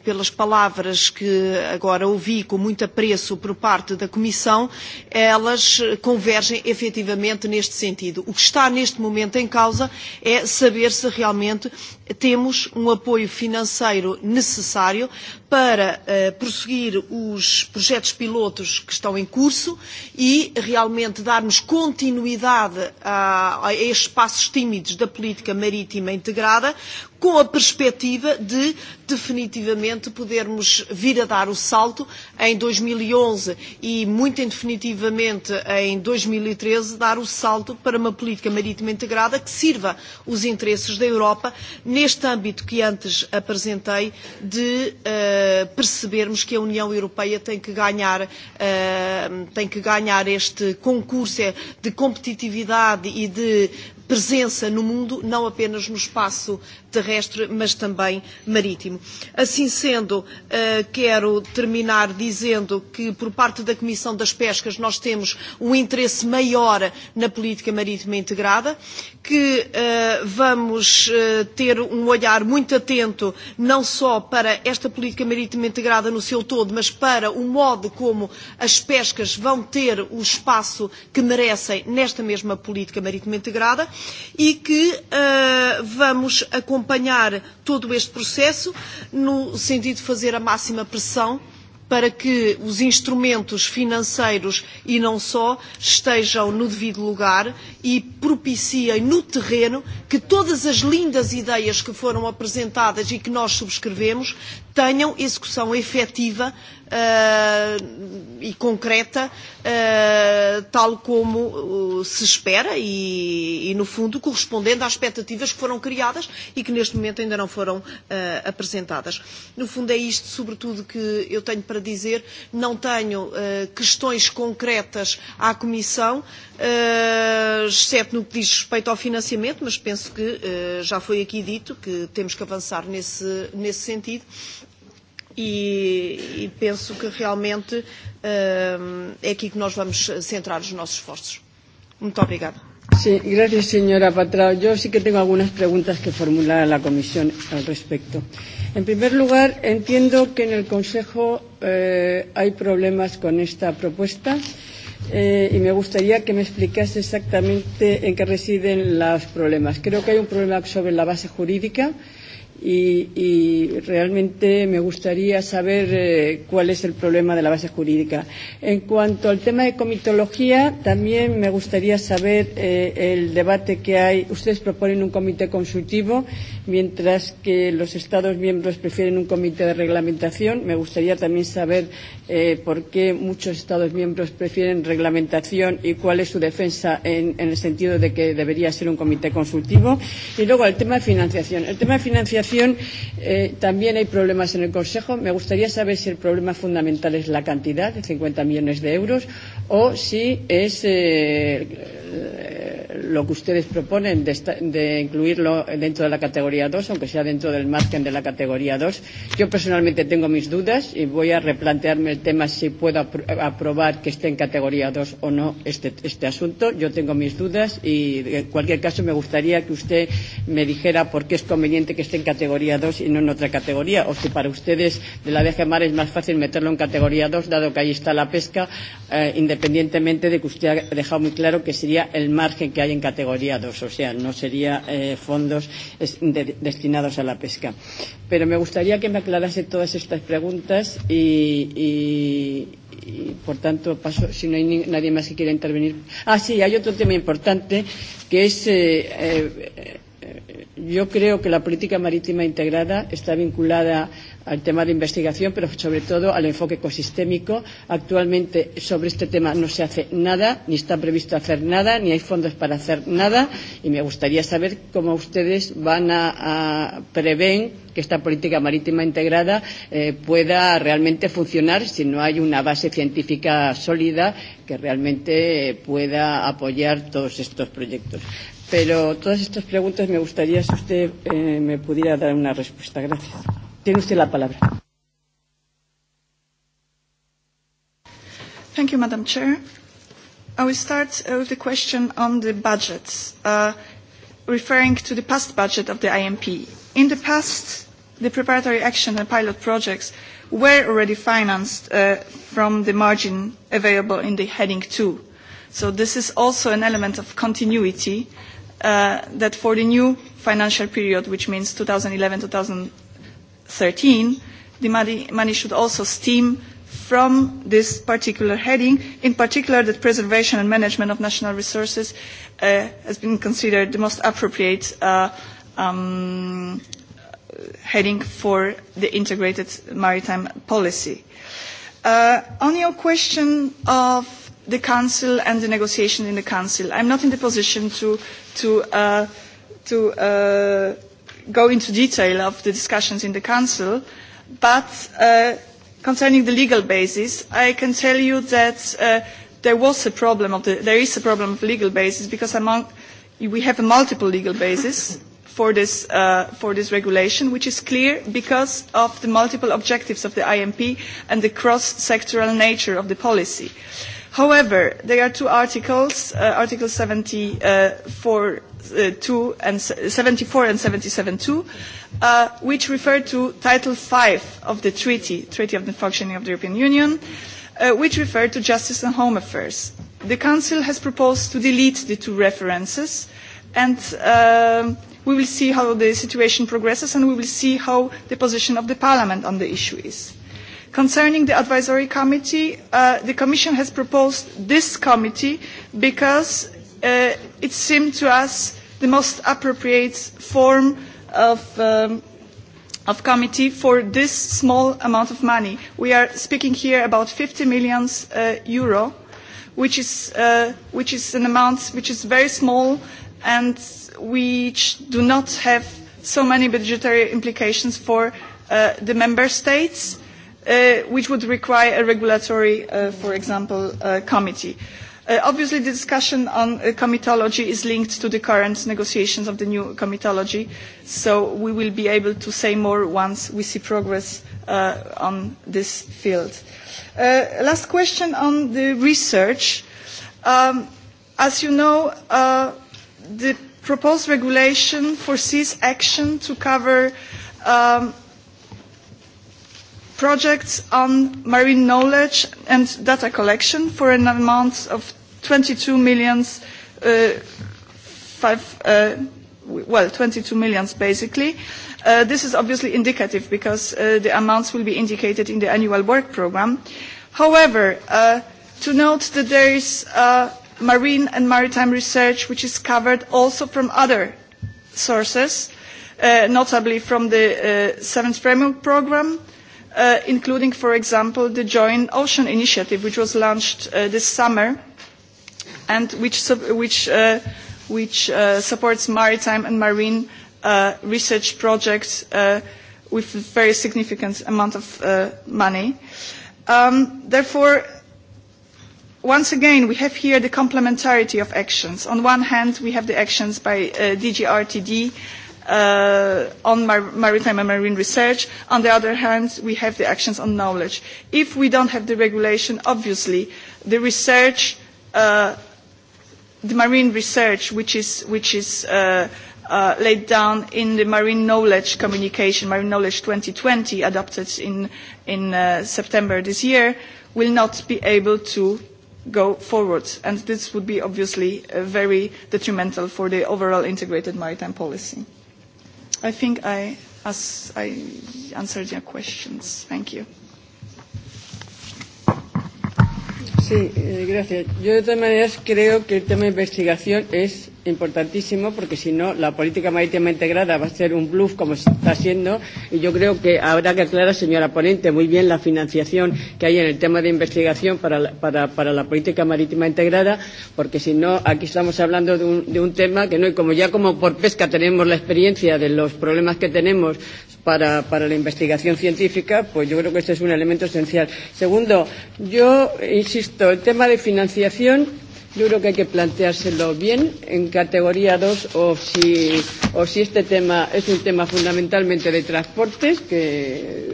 pelas palavras que agora ouvi com muito apreço por parte da Comissão, elas convergem efetivamente neste sentido. O que está neste momento em causa é saber se realmente temos um apoio financeiro necessário para eh, prosseguir os projetos pilotos que estão em curso e realmente darmos continuidade a, a estes passos tímidos da política marítima integrada, com a perspectiva de definitivamente podermos vir a dar o salto em 2011 e muito definitivamente em 2013 dar o salto para uma política marítima integrada que sirva os interesses da Europa neste âmbito que antes apresentei de uh, percebermos que a União Europeia tem que ganhar uh, tem que ganhar este concurso de competitividade e de presença no mundo, não apenas no espaço terrestre, mas também marítimo. Assim sendo, quero terminar dizendo que, por parte da Comissão das Pescas, nós temos um interesse maior na política marítima integrada, que vamos ter um olhar muito atento não só para esta política marítima integrada no seu todo, mas para o modo como as pescas vão ter o espaço que merecem nesta mesma política marítima integrada e que vamos acompanhar acompanhar todo este processo no sentido de fazer a máxima pressão para que os instrumentos financeiros e não só estejam no devido lugar e propiciem no terreno que todas as lindas ideias que foram apresentadas e que nós subscrevemos tenham execução efetiva e concreta, tal como se espera e, no fundo, correspondendo às expectativas que foram criadas e que neste momento ainda não foram apresentadas. No fundo, é isto, sobretudo, que eu tenho para dizer. Não tenho questões concretas à Comissão, exceto no que diz respeito ao financiamento, mas penso que já foi aqui dito que temos que avançar nesse, nesse sentido e, e penso que realmente uh, é aqui que nós vamos centrar os nossos esforços. Muito obrigada. Sí, gracias, señora Patrao. Yo sí que tengo algunas preguntas que formular a la Comisión al respecto. En primer lugar, entiendo que en el Consejo eh, hay problemas con esta propuesta eh, y me gustaría que me explicase exactamente en qué residen los problemas. Creo que hay un problema sobre la base jurídica y, y realmente me gustaría saber eh, cuál es el problema de la base jurídica. En cuanto al tema de comitología, también me gustaría saber eh, el debate que hay. Ustedes proponen un comité consultivo, mientras que los Estados miembros prefieren un comité de reglamentación. Me gustaría también saber eh, por qué muchos Estados miembros prefieren reglamentación y cuál es su defensa en, en el sentido de que debería ser un comité consultivo. Y luego el tema de financiación. El tema de financiación eh, también hay problemas en el Consejo. Me gustaría saber si el problema fundamental es la cantidad de 50 millones de euros o si es. Eh, lo que ustedes proponen de, esta, de incluirlo dentro de la categoría 2, aunque sea dentro del margen de la categoría 2. Yo personalmente tengo mis dudas y voy a replantearme el tema si puedo apro aprobar que esté en categoría 2 o no este, este asunto. Yo tengo mis dudas y en cualquier caso me gustaría que usted me dijera por qué es conveniente que esté en categoría 2 y no en otra categoría, o si para ustedes de la DG Mar es más fácil meterlo en categoría 2, dado que ahí está la pesca, eh, independientemente de que usted ha dejado muy claro que sería el margen que que hay en categoría 2, o sea, no sería eh, fondos es, de, destinados a la pesca. Pero me gustaría que me aclarase todas estas preguntas y, y, y por tanto paso si no hay ni, nadie más que quiera intervenir. Ah, sí, hay otro tema importante que es eh, eh, Yo creo que la política marítima integrada está vinculada al tema de investigación, pero sobre todo al enfoque ecosistémico. Actualmente sobre este tema no se hace nada, ni está previsto hacer nada, ni hay fondos para hacer nada, y me gustaría saber cómo ustedes van a, a prever que esta política marítima integrada eh, pueda realmente funcionar si no hay una base científica sólida que realmente pueda apoyar todos estos proyectos. Pero todas estas preguntas me gustaría si usted eh, me pudiera dar una respuesta. Gracias. Tiene usted la palabra. Thank you, Madam Chair. I will start uh, with the question on the budgets, uh, referring to the past budget of the IMP. In the past, the preparatory action and pilot projects were already financed uh, from the margin available in the heading 2. So this is also an element of continuity uh, uh, that for the new financial period, which means 2011-2013, the money, money should also stem from this particular heading, in particular that preservation and management of national resources uh, has been considered the most appropriate uh, um, heading for the integrated maritime policy. Uh, on your question of the Council and the negotiation in the Council. I'm not in the position to, to, uh, to uh, go into detail of the discussions in the Council, but uh, concerning the legal basis, I can tell you that uh, there was a problem of the, there is a problem of legal basis because among, we have a multiple legal basis for this, uh, for this regulation, which is clear because of the multiple objectives of the IMP and the cross-sectoral nature of the policy. Uh, However, there are two articles, uh, Article 74 uh, 2 and 74 and 77 2, uh, which refer to Title 5 of the Treaty, Treaty of the Functioning of the European Union, uh, which refer to justice and home affairs. The Council has proposed to delete the two references, and we will see how the situation progresses, and we will see how the position of the Parliament on the issue is. Concerning the advisory committee, the Commission has proposed this committee because it seemed to us the most appropriate form of of committee for this small amount of money. We are speaking here about EUR fifty million which is, an amount which is very small and which do not have so many budgetary implications for the member states which would require a regulatory, for example, committee. obviously, the discussion on comitology is linked to the current negotiations of the new comitology, so we will be able to say more once we see progress on this field. last question on the research. as you know, the proposed regulation foresees action to cover um, projects on marine knowledge and data collection for an amount of 22 million, uh, five, uh, well, 22 million basically. Uh, this is obviously indicative because uh, the amounts will be indicated in the annual work program. However, uh, to note that there is uh, marine and maritime research which is covered also from other sources, uh, notably from the uh, seventh framework program, including, for example, the Joint Ocean Initiative, which was launched this summer and which, supports maritime and marine research projects with a very significant amount of money. therefore, once again, we have here the complementarity of actions. On one hand, we have the actions by DG RTD on maritime and marine research. On the other hand, we have the actions on knowledge. If we don't have the regulation, obviously, the research, the marine research, which is, which is laid down in the Marine Knowledge Communication, Marine Knowledge twenty, adopted in, September this year, will not be able to go forward. And this would be obviously very detrimental for the overall integrated maritime policy. I think I, as I answered your questions. Thank you. Sí, gracias. Yo de todas maneras creo que el tema de investigación es importantísimo porque si no la política marítima integrada va a ser un bluff como está siendo y yo creo que habrá que aclarar señora ponente muy bien la financiación que hay en el tema de investigación para la, para, para la política marítima integrada porque si no aquí estamos hablando de un, de un tema que no y como ya como por pesca tenemos la experiencia de los problemas que tenemos para, para la investigación científica pues yo creo que este es un elemento esencial segundo yo insisto el tema de financiación yo creo que hay que planteárselo bien en categoría 2 o si, o si este tema es un tema fundamentalmente de transportes que,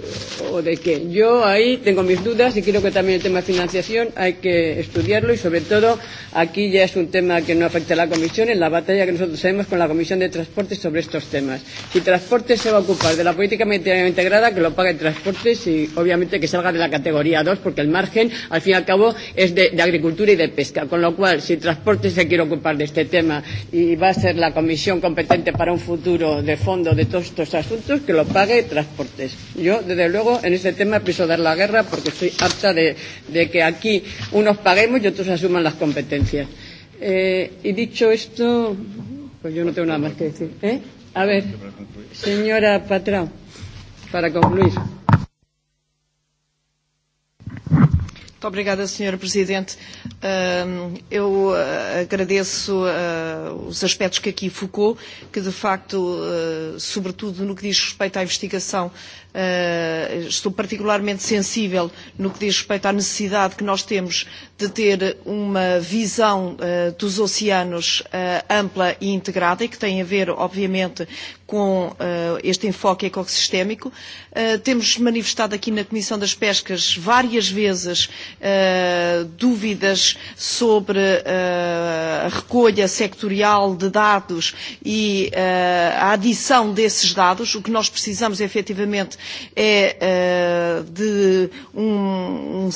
o de qué. Yo ahí tengo mis dudas y creo que también el tema de financiación hay que estudiarlo y sobre todo aquí ya es un tema que no afecta a la Comisión en la batalla que nosotros tenemos con la Comisión de Transportes sobre estos temas. Si Transportes se va a ocupar de la política mediterránea integrada, que lo pague Transportes y obviamente que salga de la categoría 2 porque el margen al fin y al cabo es de, de agricultura y de pesca. Con lo cual igual, si transporte se quiere ocupar de este tema y va a ser la comisión competente para un futuro de fondo de todos estos asuntos, que lo pague transportes. Yo, desde luego, en este tema pienso dar la guerra porque estoy harta de, de que aquí unos paguemos y otros asuman las competencias. Eh, y dicho esto, pues yo no tengo nada más que decir. ¿Eh? A ver, señora Patrao, para concluir. Muito obrigada, Sra. Presidente. Eu agradeço os aspectos que aqui focou, que de facto, sobretudo no que diz respeito à investigação, estou particularmente sensível no que diz respeito à necessidade que nós temos de ter uma visão dos oceanos ampla e integrada e que tem a ver, obviamente, com este enfoque ecossistémico. Temos manifestado aqui na Comissão das Pescas várias vezes dúvidas sobre a recolha sectorial de dados e a adição desses dados. O que nós precisamos, efetivamente, é uh, de um, um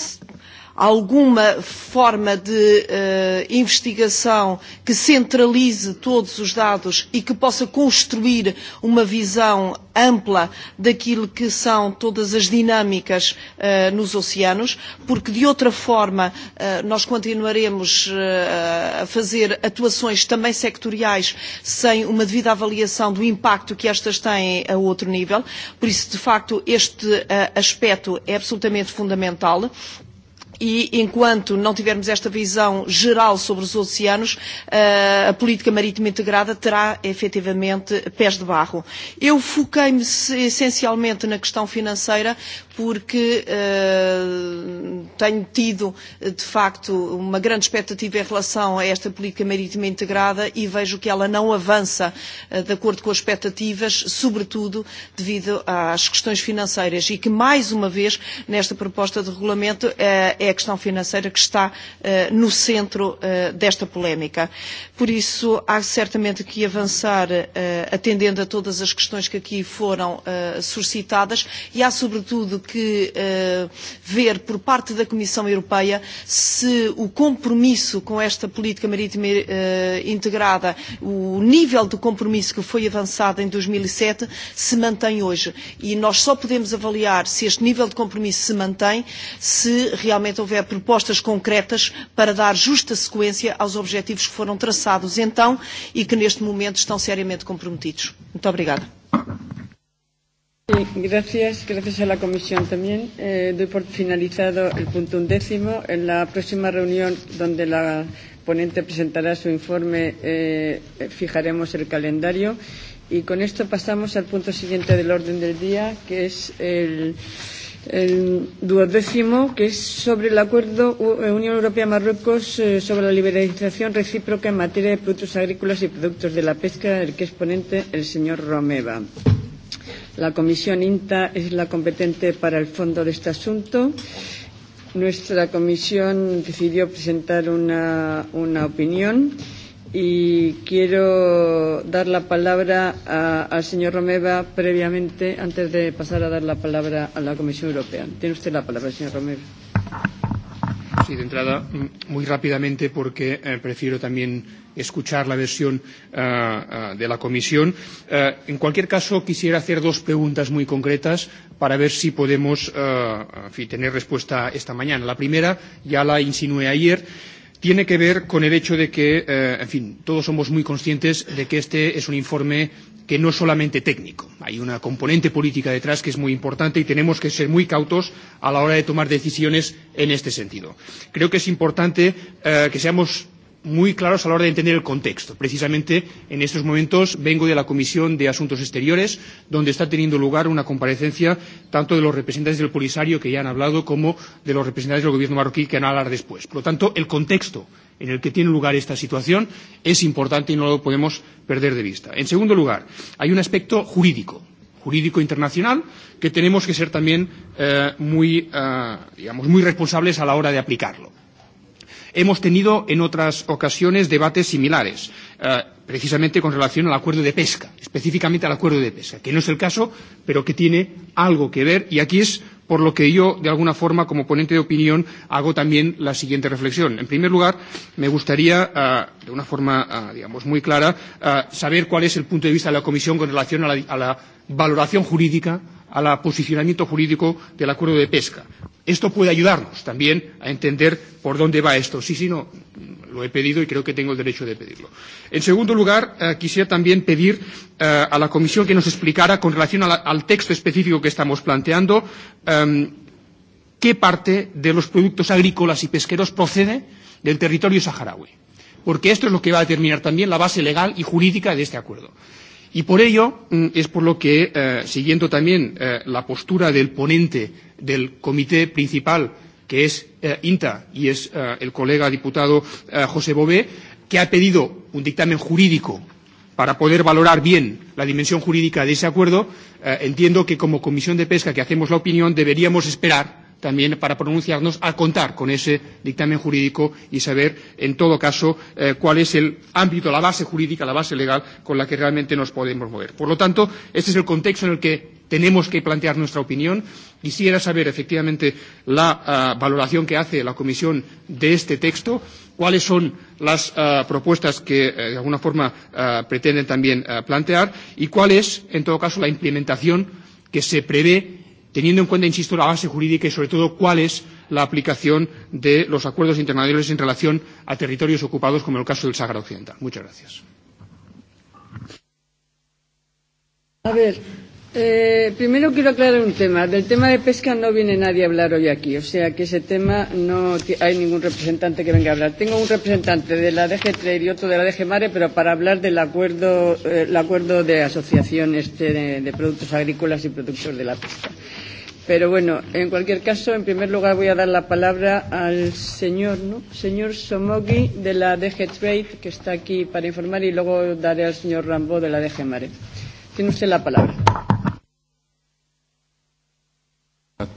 alguma forma de uh, investigação que centralize todos os dados e que possa construir uma visão ampla daquilo que são todas as dinâmicas uh, nos oceanos, porque de outra forma uh, nós continuaremos uh, a fazer atuações também sectoriais sem uma devida avaliação do impacto que estas têm a outro nível. Por isso, de facto, este uh, aspecto é absolutamente fundamental e enquanto não tivermos esta visão geral sobre os oceanos, a política marítima integrada terá efetivamente pés de barro. Eu foquei-me essencialmente na questão financeira porque tenho tido, de facto, uma grande expectativa em relação a esta política marítima integrada e vejo que ela não avança de acordo com as expectativas, sobretudo devido às questões financeiras e que, mais uma vez, nesta proposta de regulamento é a questão financeira que está no centro desta polémica. Por isso, há certamente que avançar atendendo a todas as questões que aqui foram suscitadas e há, sobretudo, que ver por parte da Comissão Europeia se o compromisso com esta política marítima integrada, o nível de compromisso que foi avançado em 2007, se mantém hoje. E nós só podemos avaliar se este nível de compromisso se mantém se realmente houver propostas concretas para dar justa sequência aos objetivos que foram traçados então e que neste momento estão seriamente comprometidos. Muito obrigada. Gracias, gracias a la Comisión también. Eh, doy por finalizado el punto undécimo. En la próxima reunión donde la ponente presentará su informe eh, fijaremos el calendario. Y con esto pasamos al punto siguiente del orden del día, que es el duodécimo, que es sobre el acuerdo Unión Europea-Marruecos sobre la liberalización recíproca en materia de productos agrícolas y productos de la pesca, del que es ponente el señor Romeva. La comisión INTA es la competente para el fondo de este asunto. Nuestra comisión decidió presentar una, una opinión. Eh, y quiero dar la palabra a, al señor Romeva previamente, antes de pasar a dar la palabra a la Comisión Europea. Tiene usted la palabra, señor Romeva. Sí, de entrada, muy rápidamente, porque eh, prefiero también escuchar la versión uh, uh, de la Comisión. Uh, en cualquier caso, quisiera hacer dos preguntas muy concretas para ver si podemos uh, tener respuesta esta mañana. La primera ya la insinué ayer tiene que ver con el hecho de que, eh, en fin, todos somos muy conscientes de que este es un informe que no es solamente técnico. Hay una componente política detrás que es muy importante y tenemos que ser muy cautos a la hora de tomar decisiones en este sentido. Creo que es importante eh, que seamos muy claros a la hora de entender el contexto. Precisamente en estos momentos vengo de la Comisión de Asuntos Exteriores, donde está teniendo lugar una comparecencia tanto de los representantes del Polisario, que ya han hablado, como de los representantes del gobierno marroquí, que van a hablar después. Por lo tanto, el contexto en el que tiene lugar esta situación es importante y no lo podemos perder de vista. En segundo lugar, hay un aspecto jurídico jurídico internacional que tenemos que ser también eh, muy, eh, digamos, muy responsables a la hora de aplicarlo Hemos tenido en otras ocasiones debates similares, eh, precisamente con relación al acuerdo de pesca, específicamente al acuerdo de pesca, que no es el caso, pero que tiene algo que ver y aquí es por lo que yo, de alguna forma, como ponente de opinión, hago también la siguiente reflexión. En primer lugar, me gustaría, de una forma, digamos, muy clara, saber cuál es el punto de vista de la Comisión con relación a la, a la valoración jurídica al posicionamiento jurídico del acuerdo de pesca. Esto puede ayudarnos también a entender por dónde va esto. Sí, sí, no, lo he pedido y creo que tengo el derecho de pedirlo. En segundo lugar, eh, quisiera también pedir eh, a la Comisión que nos explicara, con relación la, al texto específico que estamos planteando, eh, qué parte de los productos agrícolas y pesqueros procede del territorio saharaui. Porque esto es lo que va a determinar también la base legal y jurídica de este acuerdo. Y por ello es por lo que, eh, siguiendo también eh, la postura del ponente del comité principal, que es eh, INTA y es eh, el colega diputado eh, José Bové, que ha pedido un dictamen jurídico para poder valorar bien la dimensión jurídica de ese acuerdo, eh, entiendo que como Comisión de Pesca que hacemos la opinión deberíamos esperar también para pronunciarnos al contar con ese dictamen jurídico y saber, en todo caso, eh, cuál es el ámbito, la base jurídica, la base legal con la que realmente nos podemos mover. Por lo tanto, este es el contexto en el que tenemos que plantear nuestra opinión. Quisiera saber, efectivamente, la uh, valoración que hace la Comisión de este texto, cuáles son las uh, propuestas que, uh, de alguna forma, uh, pretenden también uh, plantear y cuál es, en todo caso, la implementación que se prevé teniendo en cuenta, insisto, la base jurídica y, sobre todo, cuál es la aplicación de los acuerdos internacionales en relación a territorios ocupados, como el caso del Sáhara Occidental. Muchas gracias. A ver, Eh, primero quiero aclarar un tema. Del tema de pesca no viene nadie a hablar hoy aquí, o sea que ese tema no hay ningún representante que venga a hablar. Tengo un representante de la DG Trade y otro de la DG Mare, pero para hablar del acuerdo, eh, el acuerdo de asociación este de, de productos agrícolas y productos de la pesca. Pero bueno, en cualquier caso, en primer lugar voy a dar la palabra al señor, ¿no? Señor Somogui de la DG Trade, que está aquí para informar, y luego daré al señor Rambo de la DG Mare. Tiene usted la palabra.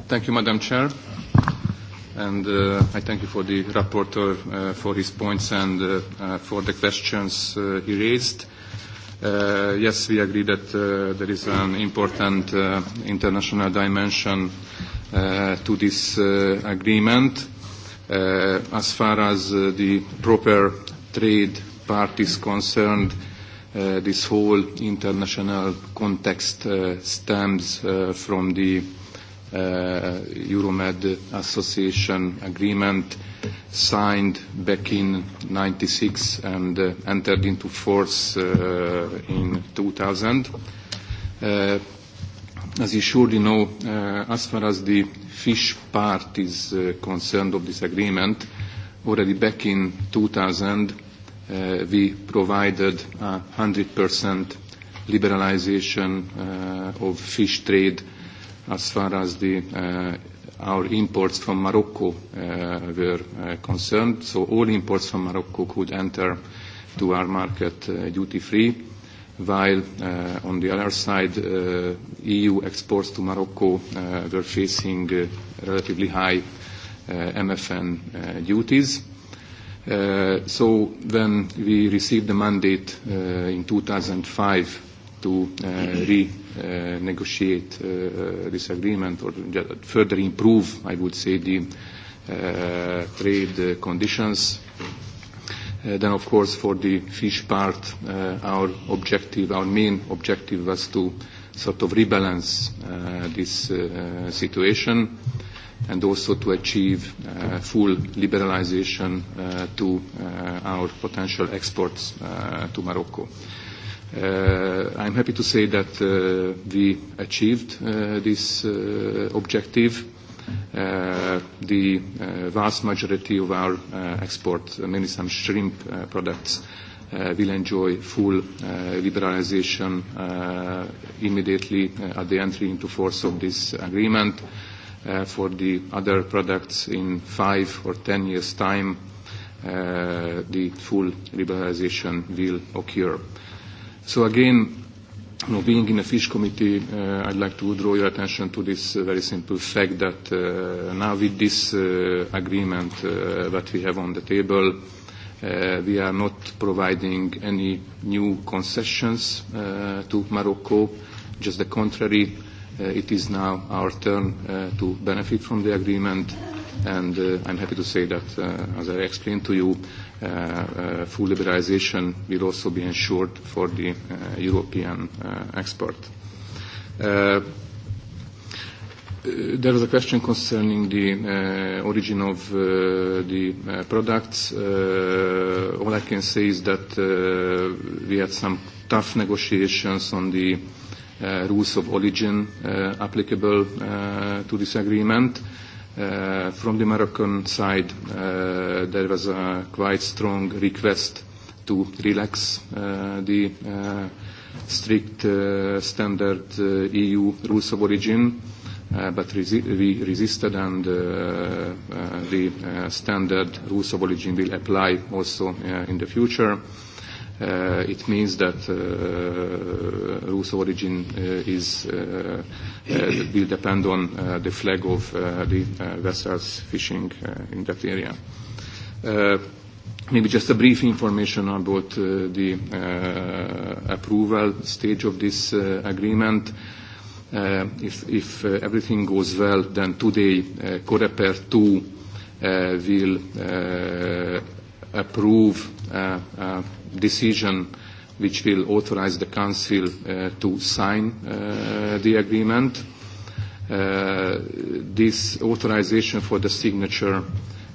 Thank you, Madam Chair. And uh, I thank you for the rapporteur uh, for his points and uh, uh, for the questions uh, he raised. Uh, yes, we agree that uh, there is an important uh, international dimension uh, to this uh, agreement. Uh, as far as uh, the proper trade part is concerned, uh, this whole international context uh, stems uh, from the Euromed Association Agreement signed back in 96 and uh, entered into force uh, in 2000. Uh, as you surely know, uh, as far as the fish part is uh, concerned of this agreement, already back in 2000 uh, we provided a 100% liberalization uh, of fish trade as far as the uh, our imports from Morocco uh, were uh, concerned. So all imports from Morocco could enter to our market uh, duty-free, while uh, on the other side, uh, EU exports to Morocco uh, were facing uh, relatively high uh, MFN uh, duties. Uh, so when we received the mandate uh, in 2005 to uh, re- uh, negotiate uh, this agreement or further improve, I would say, the uh, trade uh, conditions. Uh, then, of course, for the fish part, uh, our objective, our main objective was to sort of rebalance uh, this uh, situation and also to achieve uh, full liberalization uh, to uh, our potential exports uh, to Morocco. Uh, Uh, I'm happy to say that uh, we achieved uh, this uh, objective. Uh, the uh, vast majority of our uh, export, mainly some shrimp uh, products, uh, will enjoy full uh, liberalization uh, immediately uh, at the entry into force of this agreement. Uh, for the other products in five or ten years' time, uh, the full liberalization will occur. So again, you know, being in a fish committee, uh, I'd like to draw your attention to this uh, very simple fact that uh, now with this uh, agreement uh, that we have on the table, uh, we are not providing any new concessions uh, to Morocco. Just the contrary, uh, it is now our turn uh, to benefit from the agreement. And uh, I'm happy to say that, uh, as I explained to you, uh, uh, full liberalization will also be ensured for the uh, European uh, export. Uh, there was a question concerning the uh, origin of uh, the uh, products. Uh, all I can say is that uh, we had some tough negotiations on the uh, rules of origin uh, applicable uh, to this agreement. Uh, uh, from the Moroccan side, uh, there was a quite strong request to relax uh, the uh, strict uh, standard uh, EU rules of origin, uh, but resi we resisted and uh, uh, the uh, standard rules of origin will apply also uh, in the future uh, it means that uh, Rus' origin uh, is uh, uh, will depend on uh, the flag of uh, the uh, vessels fishing uh, in that area. Uh, Maybe just a brief information about uh, the uh, approval stage of this uh, agreement. Uh, if if uh, everything goes well, then today uh, Coreper 2 uh, will uh, approve uh, uh, decision which will authorize the Council uh, to sign uh, the agreement. Uh, this authorization for the signature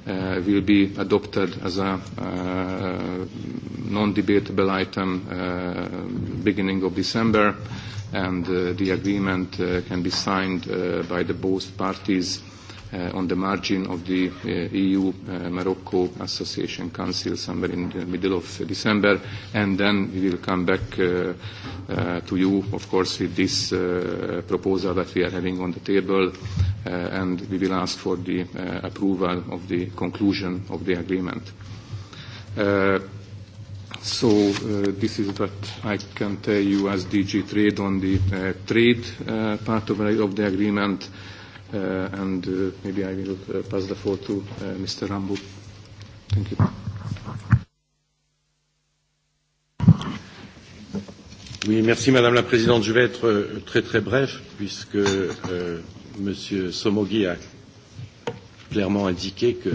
uh, will be adopted as a uh, non-debatable item uh, beginning of December, and uh, the agreement uh, can be signed uh, by the both parties uh, uh, on the margin of the uh, EU-Morocco Association Council somewhere in the middle of December, and then we will come back uh, uh, to you, of course, with this uh, proposal that we are having on the table, uh, and we will ask for the uh, approval of the conclusion of the agreement. Uh, So This is what I can tell you as DG Trade on the trade uh part of the agreement. Uh, and uh, maybe I will uh, pass the floor to uh, Mr. Rambo. Thank you. Oui, merci Madame la Présidente. Je vais être très très bref puisque euh, Monsieur Somogui a clairement indiqué que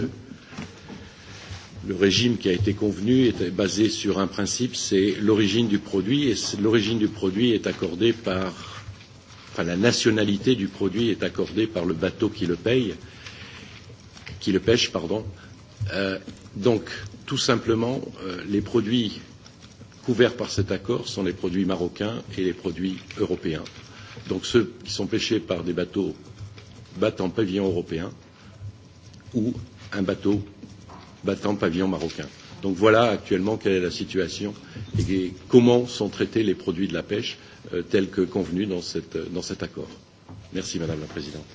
le régime qui a été convenu était basé sur un principe, c'est l'origine du produit, et l'origine du produit est accordée par enfin la nationalité du produit est accordée par le bateau qui le paye, qui le pêche, pardon. Euh, donc, tout simplement, euh, les produits couverts par cet accord sont les produits marocains et les produits européens. Donc ceux qui sont pêchés par des bateaux battant pavillon européen ou un bateau battant pavillon marocain. Donc voilà actuellement quelle est la situation et comment sont traités les produits de la pêche tel que convenu dans, cette, dans cet accord. Merci Madame la Présidente.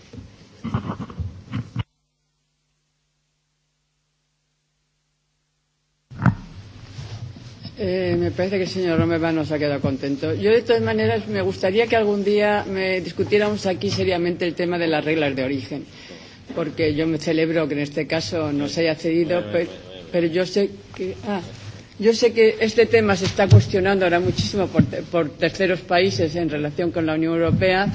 Eh, me parece que el señor Romeva nos ha quedado contento. Yo, de todas maneras, me gustaría que algún día me discutiéramos aquí seriamente el tema de las reglas de origen, porque yo me celebro que en este caso nos haya cedido, pero, pero yo sé que. Ah, Yo sé que este tema se está cuestionando ahora muchísimo por, por terceros países en relación con la Unión Europea.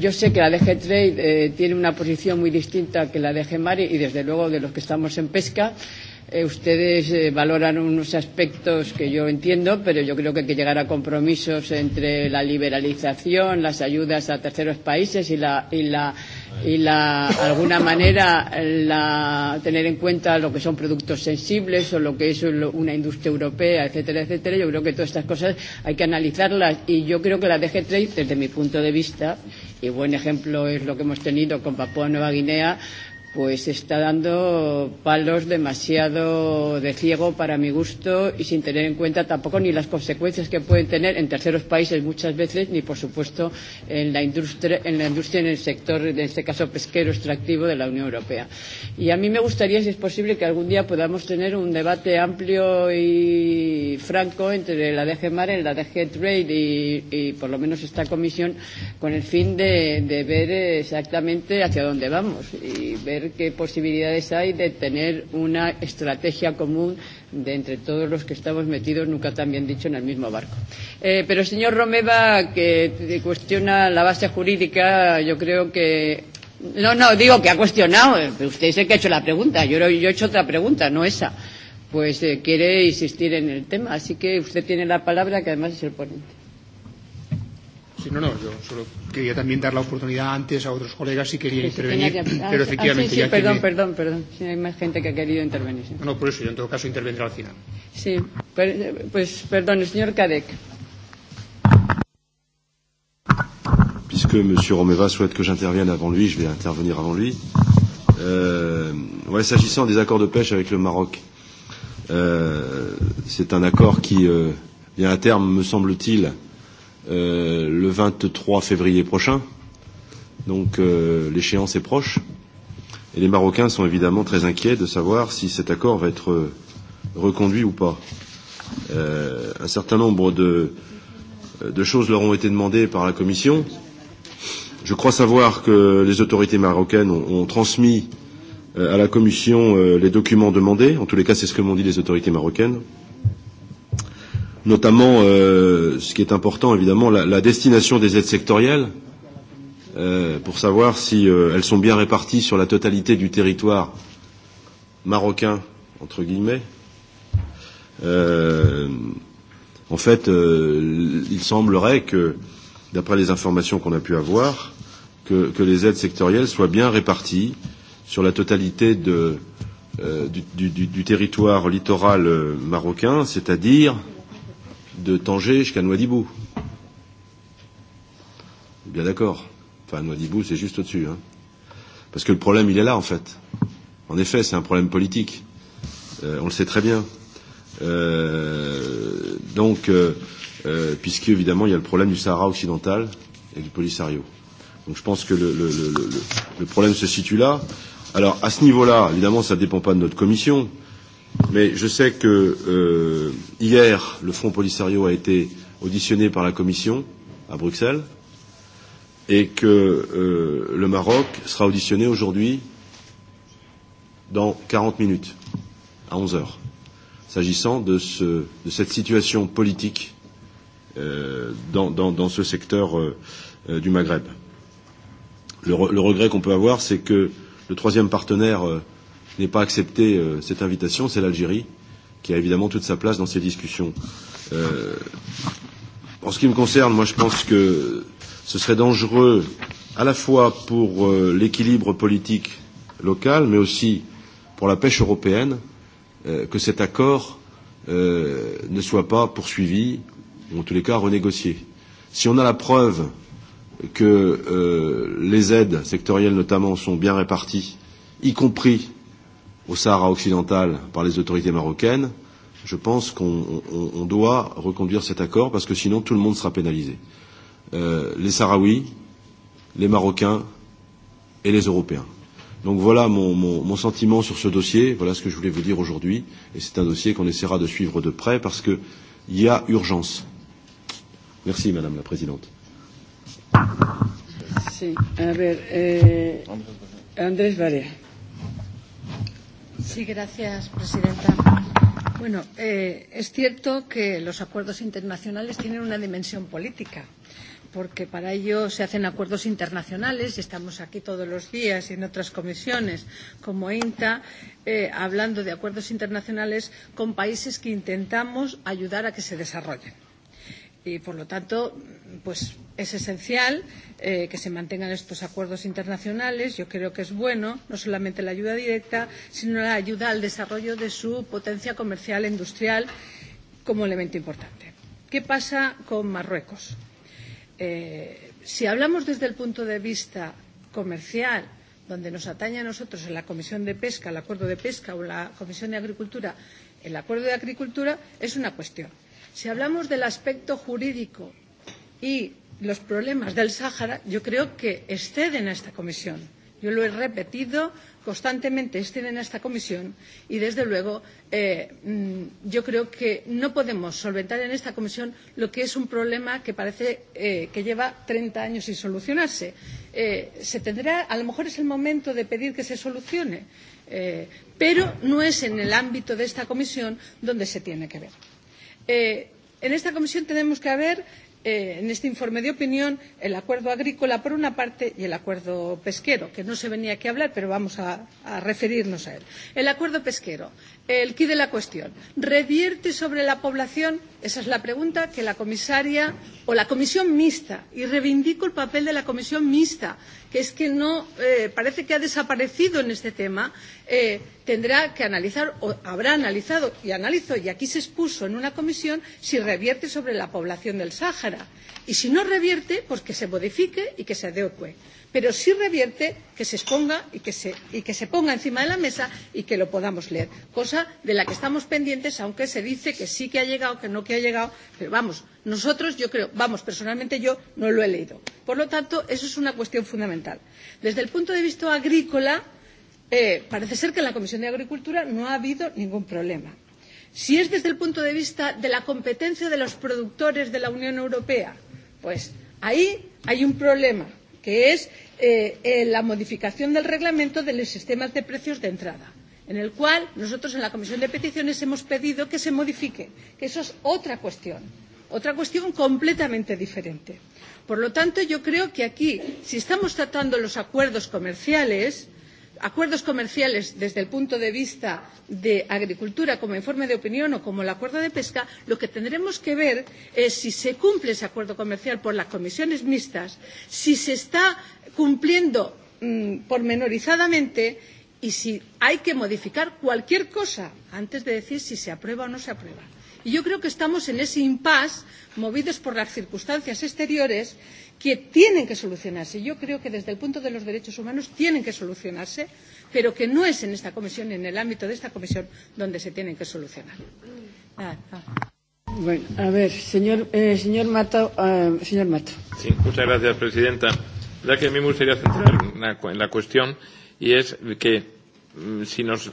Yo sé que la DG Trade eh, tiene una posición muy distinta que la DG Mare y, desde luego, de los que estamos en pesca. Eh, ustedes eh, valoran unos aspectos que yo entiendo, pero yo creo que hay que llegar a compromisos entre la liberalización, las ayudas a terceros países y la, y la y la, alguna manera la, tener en cuenta lo que son productos sensibles o lo que es una industria europea, etcétera, etcétera. Yo creo que todas estas cosas hay que analizarlas y yo creo que la DG Trade, desde mi punto de vista, y buen ejemplo es lo que hemos tenido con Papua Nueva Guinea, pues está dando palos demasiado de ciego para mi gusto y sin tener en cuenta tampoco ni las consecuencias que pueden tener en terceros países muchas veces ni por supuesto en la industria en la industria en el sector en este caso pesquero extractivo de la Unión Europea. Y a mí me gustaría si es posible que algún día podamos tener un debate amplio y franco entre la DG Mare, la DG Trade y, y por lo menos esta comisión con el fin de, de ver exactamente hacia dónde vamos y ver qué posibilidades hay de tener una estrategia común de entre todos los que estamos metidos, nunca tan bien dicho, en el mismo barco. Eh, pero el señor Romeva, que cuestiona la base jurídica, yo creo que No, no, digo que ha cuestionado. Usted es el que ha hecho la pregunta. Yo, yo he hecho otra pregunta, no esa. Pues eh, quiere insistir en el tema. Así que usted tiene la palabra, que además es el ponente. Sí, no, no, yo solo quería también dar la oportunidad antes a otros colegas si quería intervenir, Que, ah, pero efectivamente... Ah, sí, sí, ya perdón, tiene... perdón, perdón, si hay más gente que ha querido intervenir. No, no, por eso, yo en todo caso intervendré al final. Sí, pues perdón, el señor Cadec. Puisque M. Romeva souhaite que j'intervienne avant lui, je vais intervenir avant lui. Euh, ouais, S'agissant des accords de pêche avec le Maroc, euh, c'est un accord qui euh, vient à terme, me semble-t-il, euh, le 23 février prochain. Donc euh, l'échéance est proche. Et les Marocains sont évidemment très inquiets de savoir si cet accord va être reconduit ou pas. Euh, un certain nombre de, de choses leur ont été demandées par la Commission. Je crois savoir que les autorités marocaines ont, ont transmis à la Commission euh, les documents demandés. En tous les cas, c'est ce que m'ont dit les autorités marocaines. Euh, notamment, euh, ce qui est important évidemment, la, la destination des aides sectorielles, euh, pour savoir si euh, elles sont bien réparties sur la totalité du territoire marocain, entre guillemets. Euh, en fait, euh, il semblerait que, d'après les informations qu'on a pu avoir, que, que les aides sectorielles soient bien réparties sur la totalité de, euh, du, du, du territoire littoral marocain, c'est-à-dire euh, de Tanger jusqu'à Nouadhibou. Bien d'accord. Enfin, Noidibou, c'est juste au-dessus. Hein. Parce que le problème, il est là, en fait. En effet, c'est un problème politique. Euh, on le sait très bien. Euh, donc, euh, euh, puisque évidemment, il y a le problème du Sahara occidental et du Polisario. Donc, je pense que le, le, le, le, le problème se situe là. Alors, à ce niveau-là, évidemment, ça ne dépend pas de notre commission. Euh, mais je sais que euh, hier, le Front Polisario a été auditionné par la Commission à Bruxelles et que euh, le Maroc sera auditionné aujourd'hui dans 40 minutes, à 11 heures, s'agissant de, ce, de cette situation politique euh, dans, dans, dans ce secteur euh, euh, du Maghreb. Le, re, le regret qu'on peut avoir, c'est que le troisième partenaire euh, qui n'ait pas accepté euh, cette invitation, c'est l'Algérie, qui a évidemment toute sa place dans ces discussions. Euh, en ce qui me concerne, moi je pense que ce serait dangereux à la fois pour euh, l'équilibre politique local, mais aussi pour la pêche européenne, euh, que cet accord euh, ne soit pas poursuivi, ou en tous les cas renégocié. Si on a la preuve que euh, les aides sectorielles notamment sont bien réparties, y compris au Sahara occidental par les autorités marocaines, je pense qu'on on, on doit reconduire cet accord parce que sinon tout le monde sera pénalisé. Euh, les Sahraouis, les Marocains et les Européens. Donc voilà mon, mon, mon sentiment sur ce dossier, voilà ce que je voulais vous dire aujourd'hui, et c'est un dossier qu'on essaiera de suivre de près parce qu'il y a urgence. Merci Madame la Présidente. Sí. A ver, eh, Andrés Varela. Sí, gracias, presidenta. Bueno, eh, es cierto que los acuerdos internacionales tienen una dimensión política, porque para ello se hacen acuerdos internacionales y estamos aquí todos los días y en otras comisiones como INTA eh, hablando de acuerdos internacionales con países que intentamos ayudar a que se desarrollen. Y por lo tanto, pues es esencial eh, que se mantengan estos acuerdos internacionales. Yo creo que es bueno no solamente la ayuda directa, sino la ayuda al desarrollo de su potencia comercial e industrial como elemento importante. ¿Qué pasa con Marruecos? Eh, si hablamos desde el punto de vista comercial, donde nos atañe a nosotros en la Comisión de Pesca, el Acuerdo de Pesca o la Comisión de Agricultura, el Acuerdo de Agricultura es una cuestión. Si hablamos del aspecto jurídico y los problemas del Sáhara yo creo que exceden a esta comisión. Yo lo he repetido constantemente, exceden a esta comisión y desde luego yo creo que no podemos solventar en esta comisión lo que es un problema que parece que lleva treinta años sin solucionarse. se tendrá, a lo mejor es el momento de pedir que se solucione, pero no es en el ámbito de esta comisión donde se tiene que ver. en esta comisión tenemos que ver en este informe de opinión el acuerdo agrícola, por una parte, y el acuerdo pesquero, que no se venía aquí a hablar, pero vamos a, referirnos a él. El acuerdo pesquero, el quid de la cuestión. ¿Revierte sobre la población? Esa es la pregunta que la comisaria o la comisión mixta, y reivindico el papel de la comisión mixta, que es que no parece que ha desaparecido en este tema. Eh, tendrá que analizar o habrá analizado y analizó y aquí se expuso en una comisión si revierte sobre la población del Sáhara y si no revierte pues que se modifique y que se adecue pero si revierte que se exponga y que se, y que se ponga encima de la mesa y que lo podamos leer cosa de la que estamos pendientes aunque se dice que sí que ha llegado que no que ha llegado pero vamos nosotros yo creo vamos personalmente yo no lo he leído por lo tanto eso es una cuestión fundamental desde el punto de vista agrícola eh, parece ser que en la Comisión de Agricultura no ha habido ningún problema. Si es desde el punto de vista de la competencia de los productores de la Unión Europea, pues ahí hay un problema, que es eh, eh, la modificación del reglamento de los sistemas de precios de entrada en el cual nosotros en la Comisión de Peticiones hemos pedido que se modifique, que eso es otra cuestión, otra cuestión completamente diferente. Por lo tanto, yo creo que aquí, si estamos tratando los acuerdos comerciales, acuerdos comerciales desde el punto de vista de agricultura como informe de opinión o como el acuerdo de pesca, lo que tendremos que ver es si se cumple ese acuerdo comercial por las comisiones mixtas, si se está cumpliendo pormenorizadamente y si hay que modificar cualquier cosa antes de decir si se aprueba o no se aprueba. Y yo creo que estamos en ese impasse, movidos por las circunstancias exteriores, que tienen que solucionarse. Yo creo que desde el punto de los derechos humanos tienen que solucionarse, pero que no es en esta comisión, en el ámbito de esta comisión, donde se tienen que solucionar. Nada, nada. Bueno, a ver, señor, eh, señor Mato. Eh, señor Mato. Sí, muchas gracias, presidenta. La que a mí me gustaría centrar en la cuestión y es que si nos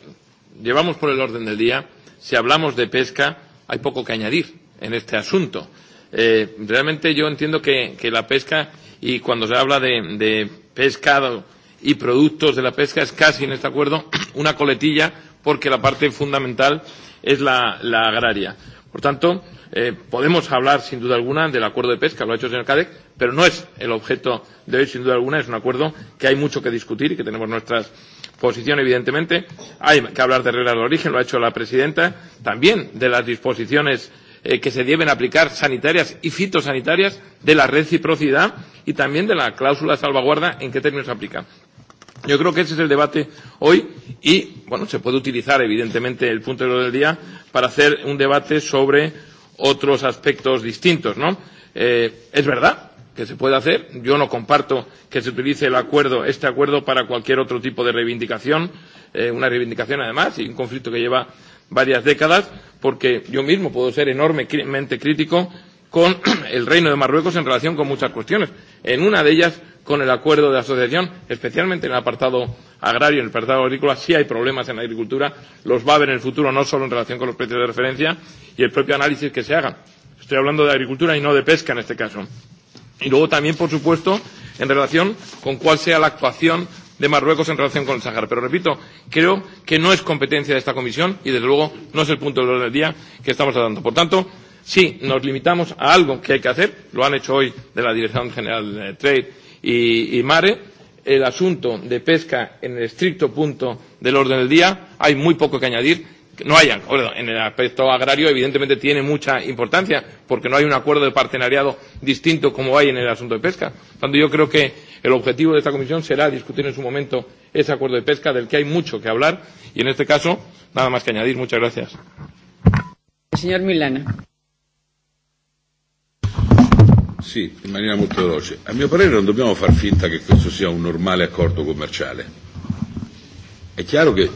llevamos por el orden del día, si hablamos de pesca, hay poco que añadir en este asunto. Eh, realmente yo entiendo que, que la pesca y cuando se habla de, de pescado y productos de la pesca es casi en este acuerdo una coletilla porque la parte fundamental es la, la agraria. Por tanto, eh, podemos hablar sin duda alguna del acuerdo de pesca, lo ha hecho el señor Cadec, pero no es el objeto de hoy sin duda alguna, es un acuerdo que hay mucho que discutir y que tenemos nuestras posición, evidentemente. Hay que hablar de reglas de origen, lo ha hecho la presidenta. También de las disposiciones eh, que se deben aplicar sanitarias y fitosanitarias, de la reciprocidad y también de la cláusula de salvaguarda, en qué términos se aplica. Yo creo que ese es el debate hoy y, bueno, se puede utilizar, evidentemente, el punto de lo del día para hacer un debate sobre otros aspectos distintos, ¿no? Eh, es verdad que se puede hacer. Yo no comparto que se utilice el acuerdo, este acuerdo para cualquier otro tipo de reivindicación, eh, una reivindicación además y un conflicto que lleva varias décadas, porque yo mismo puedo ser enormemente crítico con el Reino de Marruecos en relación con muchas cuestiones. En una de ellas, con el acuerdo de asociación, especialmente en el apartado agrario, en el apartado agrícola, sí hay problemas en la agricultura, los va a haber en el futuro, no solo en relación con los precios de referencia y el propio análisis que se haga. Estoy hablando de agricultura y no de pesca en este caso. Y luego también, por supuesto, en relación con cuál sea la actuación de Marruecos en relación con el Sahara. Pero repito, creo que no es competencia de esta comisión y, desde luego, no es el punto del orden del día que estamos tratando. Por tanto, sí, nos limitamos a algo que hay que hacer, lo han hecho hoy de la Dirección General de Trade y, y Mare, el asunto de pesca en el estricto punto del orden del día, hay muy poco que añadir no hayan, en el aspecto agrario evidentemente tiene mucha importancia porque no hay un acuerdo de partenariado distinto como hay en el asunto de pesca. Por tanto, yo creo que el objetivo de esta comisión será discutir en su momento ese acuerdo de pesca del que hay mucho que hablar y en este caso nada más que añadir. Muchas gracias. señor Milana. Sì, in maniera molto veloce. A mio parere non dobbiamo far finta che questo sia un normale accordo commerciale. È chiaro che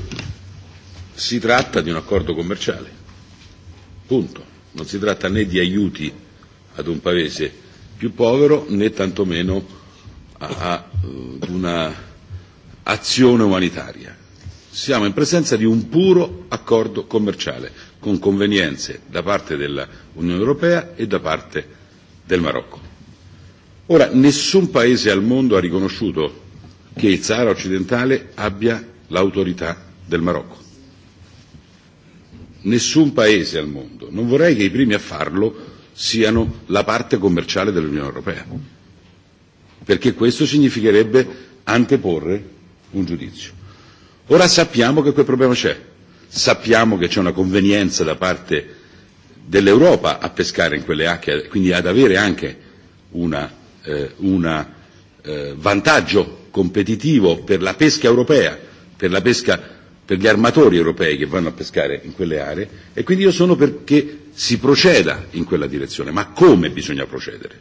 si tratta di un accordo commerciale, punto. Non si tratta né di aiuti ad un paese più povero né tantomeno ad una azione umanitaria. Siamo in presenza di un puro accordo commerciale con convenienze da parte dell'Unione Europea e da parte del Marocco. Ora, nessun paese al mondo ha riconosciuto che il Sahara occidentale abbia l'autorità del Marocco nessun paese al mondo. Non vorrei che i primi a farlo siano la parte commerciale dell'Unione Europea, perché questo significherebbe anteporre un giudizio. Ora sappiamo che quel problema c'è, sappiamo che c'è una convenienza da parte dell'Europa a pescare in quelle acque, quindi ad avere anche un eh, vantaggio competitivo per la pesca europea, per la pesca per gli armatori europei che vanno a pescare in quelle aree e quindi io sono perché si proceda in quella direzione, ma come bisogna procedere?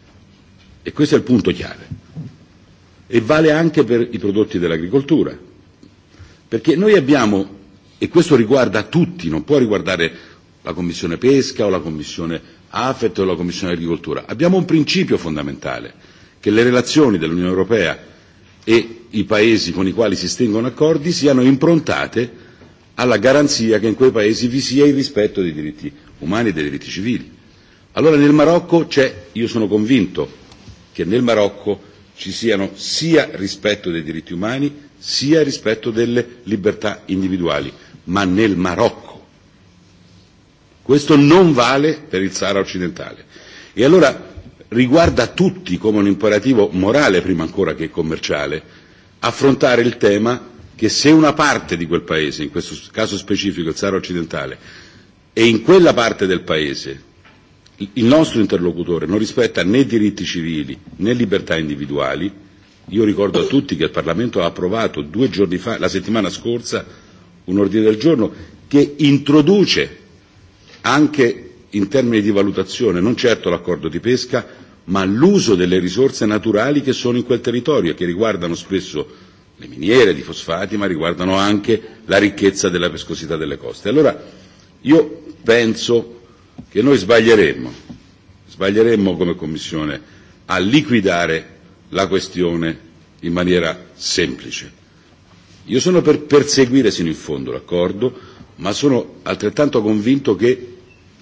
E questo è il punto chiave. E vale anche per i prodotti dell'agricoltura, perché noi abbiamo, e questo riguarda tutti, non può riguardare la Commissione Pesca o la Commissione AFET o la Commissione Agricoltura, abbiamo un principio fondamentale, che le relazioni dell'Unione Europea e i paesi con i quali si stringono accordi siano improntate alla garanzia che in quei paesi vi sia il rispetto dei diritti umani e dei diritti civili. Allora nel Marocco c'è, io sono convinto che nel Marocco ci siano sia rispetto dei diritti umani sia rispetto delle libertà individuali, ma nel Marocco. Questo non vale per il Sahara occidentale. E allora riguarda tutti come un imperativo morale prima ancora che commerciale affrontare il tema che se una parte di quel paese, in questo caso specifico il Sahara occidentale, e in quella parte del paese il nostro interlocutore non rispetta né diritti civili né libertà individuali, io ricordo a tutti che il Parlamento ha approvato due giorni fa, la settimana scorsa, un ordine del giorno che introduce anche in termini di valutazione, non certo l'accordo di pesca, ma all'uso delle risorse naturali che sono in quel territorio e che riguardano spesso le miniere di fosfati, ma riguardano anche la ricchezza della pescosità delle coste. Allora io penso che noi sbaglieremmo, sbaglieremmo come Commissione a liquidare la questione in maniera semplice. Io sono per perseguire sino in fondo l'accordo, ma sono altrettanto convinto che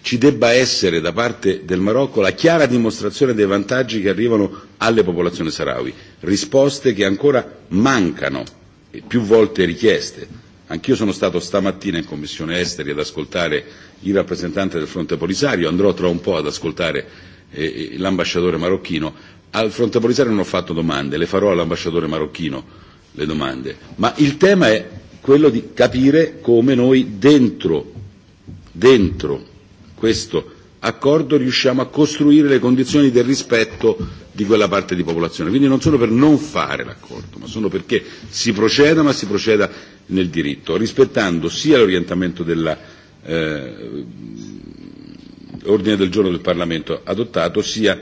ci debba essere da parte del Marocco la chiara dimostrazione dei vantaggi che arrivano alle popolazioni sarawi, risposte che ancora mancano e più volte richieste. Anch'io sono stato stamattina in Commissione Esteri ad ascoltare il rappresentante del fronte polisario, andrò tra un po' ad ascoltare eh, l'ambasciatore marocchino. Al fronte polisario non ho fatto domande, le farò all'ambasciatore marocchino le domande, ma il tema è quello di capire come noi dentro, dentro questo accordo riusciamo a costruire le condizioni del rispetto di quella parte di popolazione. Quindi non solo per non fare l'accordo, ma solo perché si proceda, ma si proceda nel diritto, rispettando sia l'orientamento dell'ordine del giorno del Parlamento adottato, sia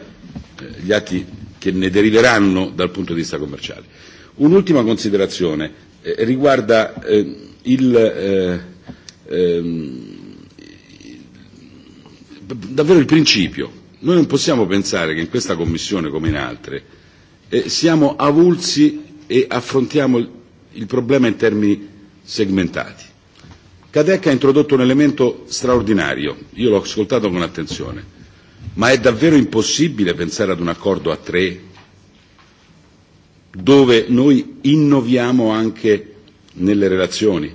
gli atti che ne deriveranno dal punto di vista commerciale. Un'ultima considerazione riguarda il davvero il principio. Noi non possiamo pensare che in questa Commissione, come in altre, eh, siamo avulsi e affrontiamo il, il problema in termini segmentati. Cadec ha introdotto un elemento straordinario, io l'ho ascoltato con attenzione, ma è davvero impossibile pensare ad un accordo a tre dove noi innoviamo anche nelle relazioni.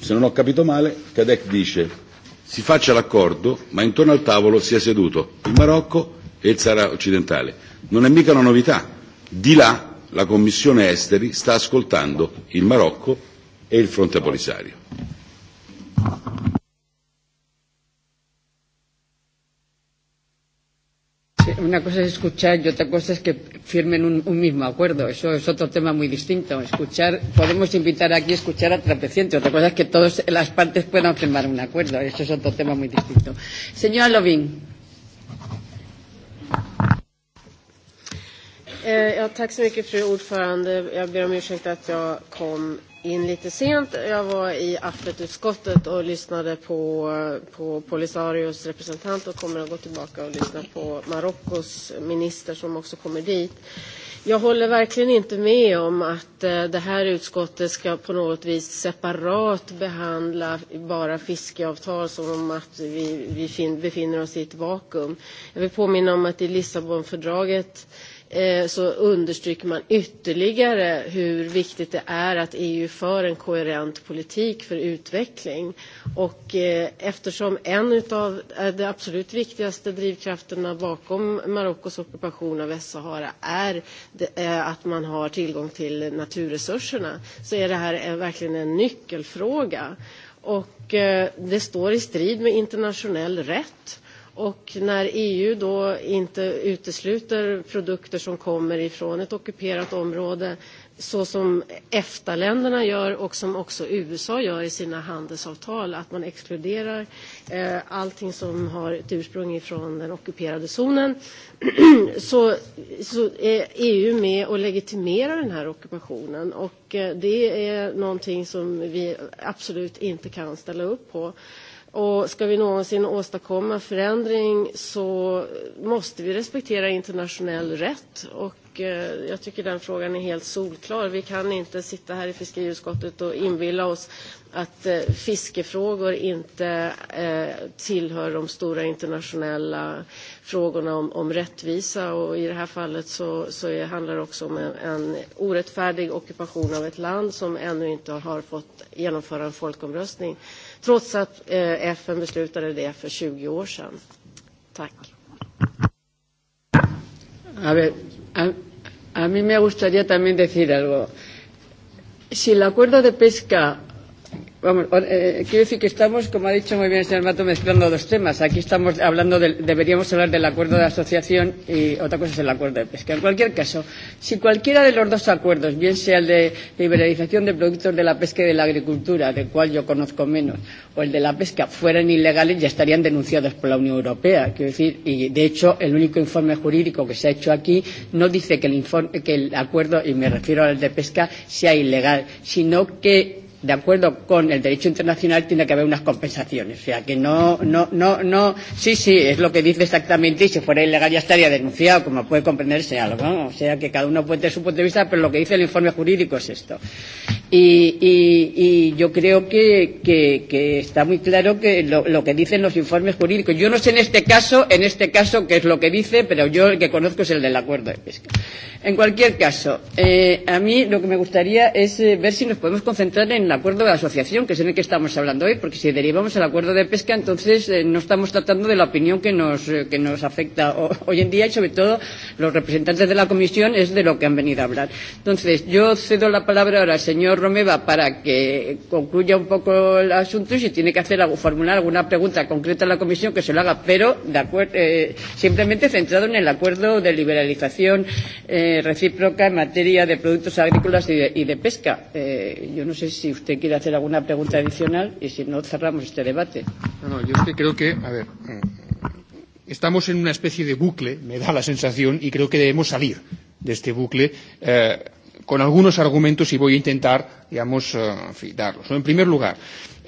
Se non ho capito male, Cadec dice si faccia l'accordo, ma intorno al tavolo sia seduto il Marocco e il Sahara occidentale. Non è mica una novità. Di là la Commissione esteri sta ascoltando il Marocco e il fronte polisario. una cosa es escuchar y otra cosa es que firmen un, un mismo acuerdo. Eso es otro tema muy distinto. Escuchar, podemos invitar aquí a escuchar a trapecientes, Otra cosa es que todas las partes puedan firmar un acuerdo. Eso es otro tema muy distinto. Señora Lovín. Eh, ja, tack så mycket, fru ordförande. Jag ber om ursäkt att jag kom in lite sent. Jag var i AFET-utskottet och lyssnade på, på Polisarios representant och kommer att gå tillbaka och lyssna på Marockos minister som också kommer dit. Jag håller verkligen inte med om att det här utskottet ska på något vis separat behandla bara fiskeavtal som om att vi, vi befinner oss i ett vakuum. Jag vill påminna om att i Lissabonfördraget så understryker man ytterligare hur viktigt det är att EU för en koherent politik för utveckling. Och eftersom en av de absolut viktigaste drivkrafterna bakom Marockos ockupation av Västsahara är att man har tillgång till naturresurserna så är det här verkligen en nyckelfråga. Och det står i strid med internationell rätt Och när EU då inte utesluter produkter som kommer ifrån ett ockuperat område så som EFTA-länderna gör och som också USA gör i sina handelsavtal, att man exkluderar allting som har ett ursprung från den ockuperade zonen, så är EU med och legitimerar den här ockupationen. Och det är någonting som vi absolut inte kan ställa upp på. Och ska vi någonsin åstadkomma förändring så måste vi respektera internationell rätt. Och jag tycker den frågan är helt solklar. Vi kan inte sitta här i fiskeriutskottet och inbilla oss att fiskefrågor inte tillhör de stora internationella frågorna om, rättvisa. Och I det här fallet så, handlar det också om en, orättfärdig ockupation av ett land som ännu inte har fått genomföra en folkomröstning trots att FN beslutade det för 20 år sedan. Tack. A ver, a, a mí me gustaría también decir algo. Si el acuerdo de pesca Vamos, eh, quiero decir que estamos, como ha dicho muy bien el señor Mato, mezclando dos temas. Aquí estamos hablando, de, deberíamos hablar del acuerdo de asociación y otra cosa es el acuerdo de pesca. En cualquier caso, si cualquiera de los dos acuerdos, bien sea el de liberalización de productos de la pesca y de la agricultura, del cual yo conozco menos, o el de la pesca, fueran ilegales, ya estarían denunciados por la Unión Europea. Quiero decir, y de hecho, el único informe jurídico que se ha hecho aquí no dice que el, informe, que el acuerdo, y me refiero al de pesca, sea ilegal, sino que de acuerdo con el derecho internacional, tiene que haber unas compensaciones. O sea, que no, no, no, no, sí, sí, es lo que dice exactamente, y si fuera ilegal ya estaría denunciado, como puede comprenderse algo. ¿no? O sea, que cada uno puede tener su punto de vista, pero lo que dice el informe jurídico es esto. Y, y, y yo creo que, que, que está muy claro que lo, lo que dicen los informes jurídicos. Yo no sé en este caso, en este caso qué es lo que dice, pero yo el que conozco es el del acuerdo de pesca. En cualquier caso, eh, a mí lo que me gustaría es eh, ver si nos podemos concentrar en el acuerdo de asociación, que es en el que estamos hablando hoy, porque si derivamos al acuerdo de pesca, entonces eh, no estamos tratando de la opinión que nos, eh, que nos afecta hoy en día y sobre todo los representantes de la comisión es de lo que han venido a hablar. Entonces, yo cedo la palabra ahora al señor Romeva para que concluya un poco el asunto y si tiene que hacer algo, formular alguna pregunta concreta a la Comisión que se lo haga, pero de acuerdo, eh, simplemente centrado en el acuerdo de liberalización eh, recíproca en materia de productos agrícolas y de, y de pesca. Eh, yo no sé si usted quiere hacer alguna pregunta adicional y si no cerramos este debate. No, no, yo es que creo que, a ver, estamos en una especie de bucle, me da la sensación, y creo que debemos salir de este bucle eh, con algunos argumentos y voy a intentar, digamos, en fin, darlos. ¿no? En primer lugar,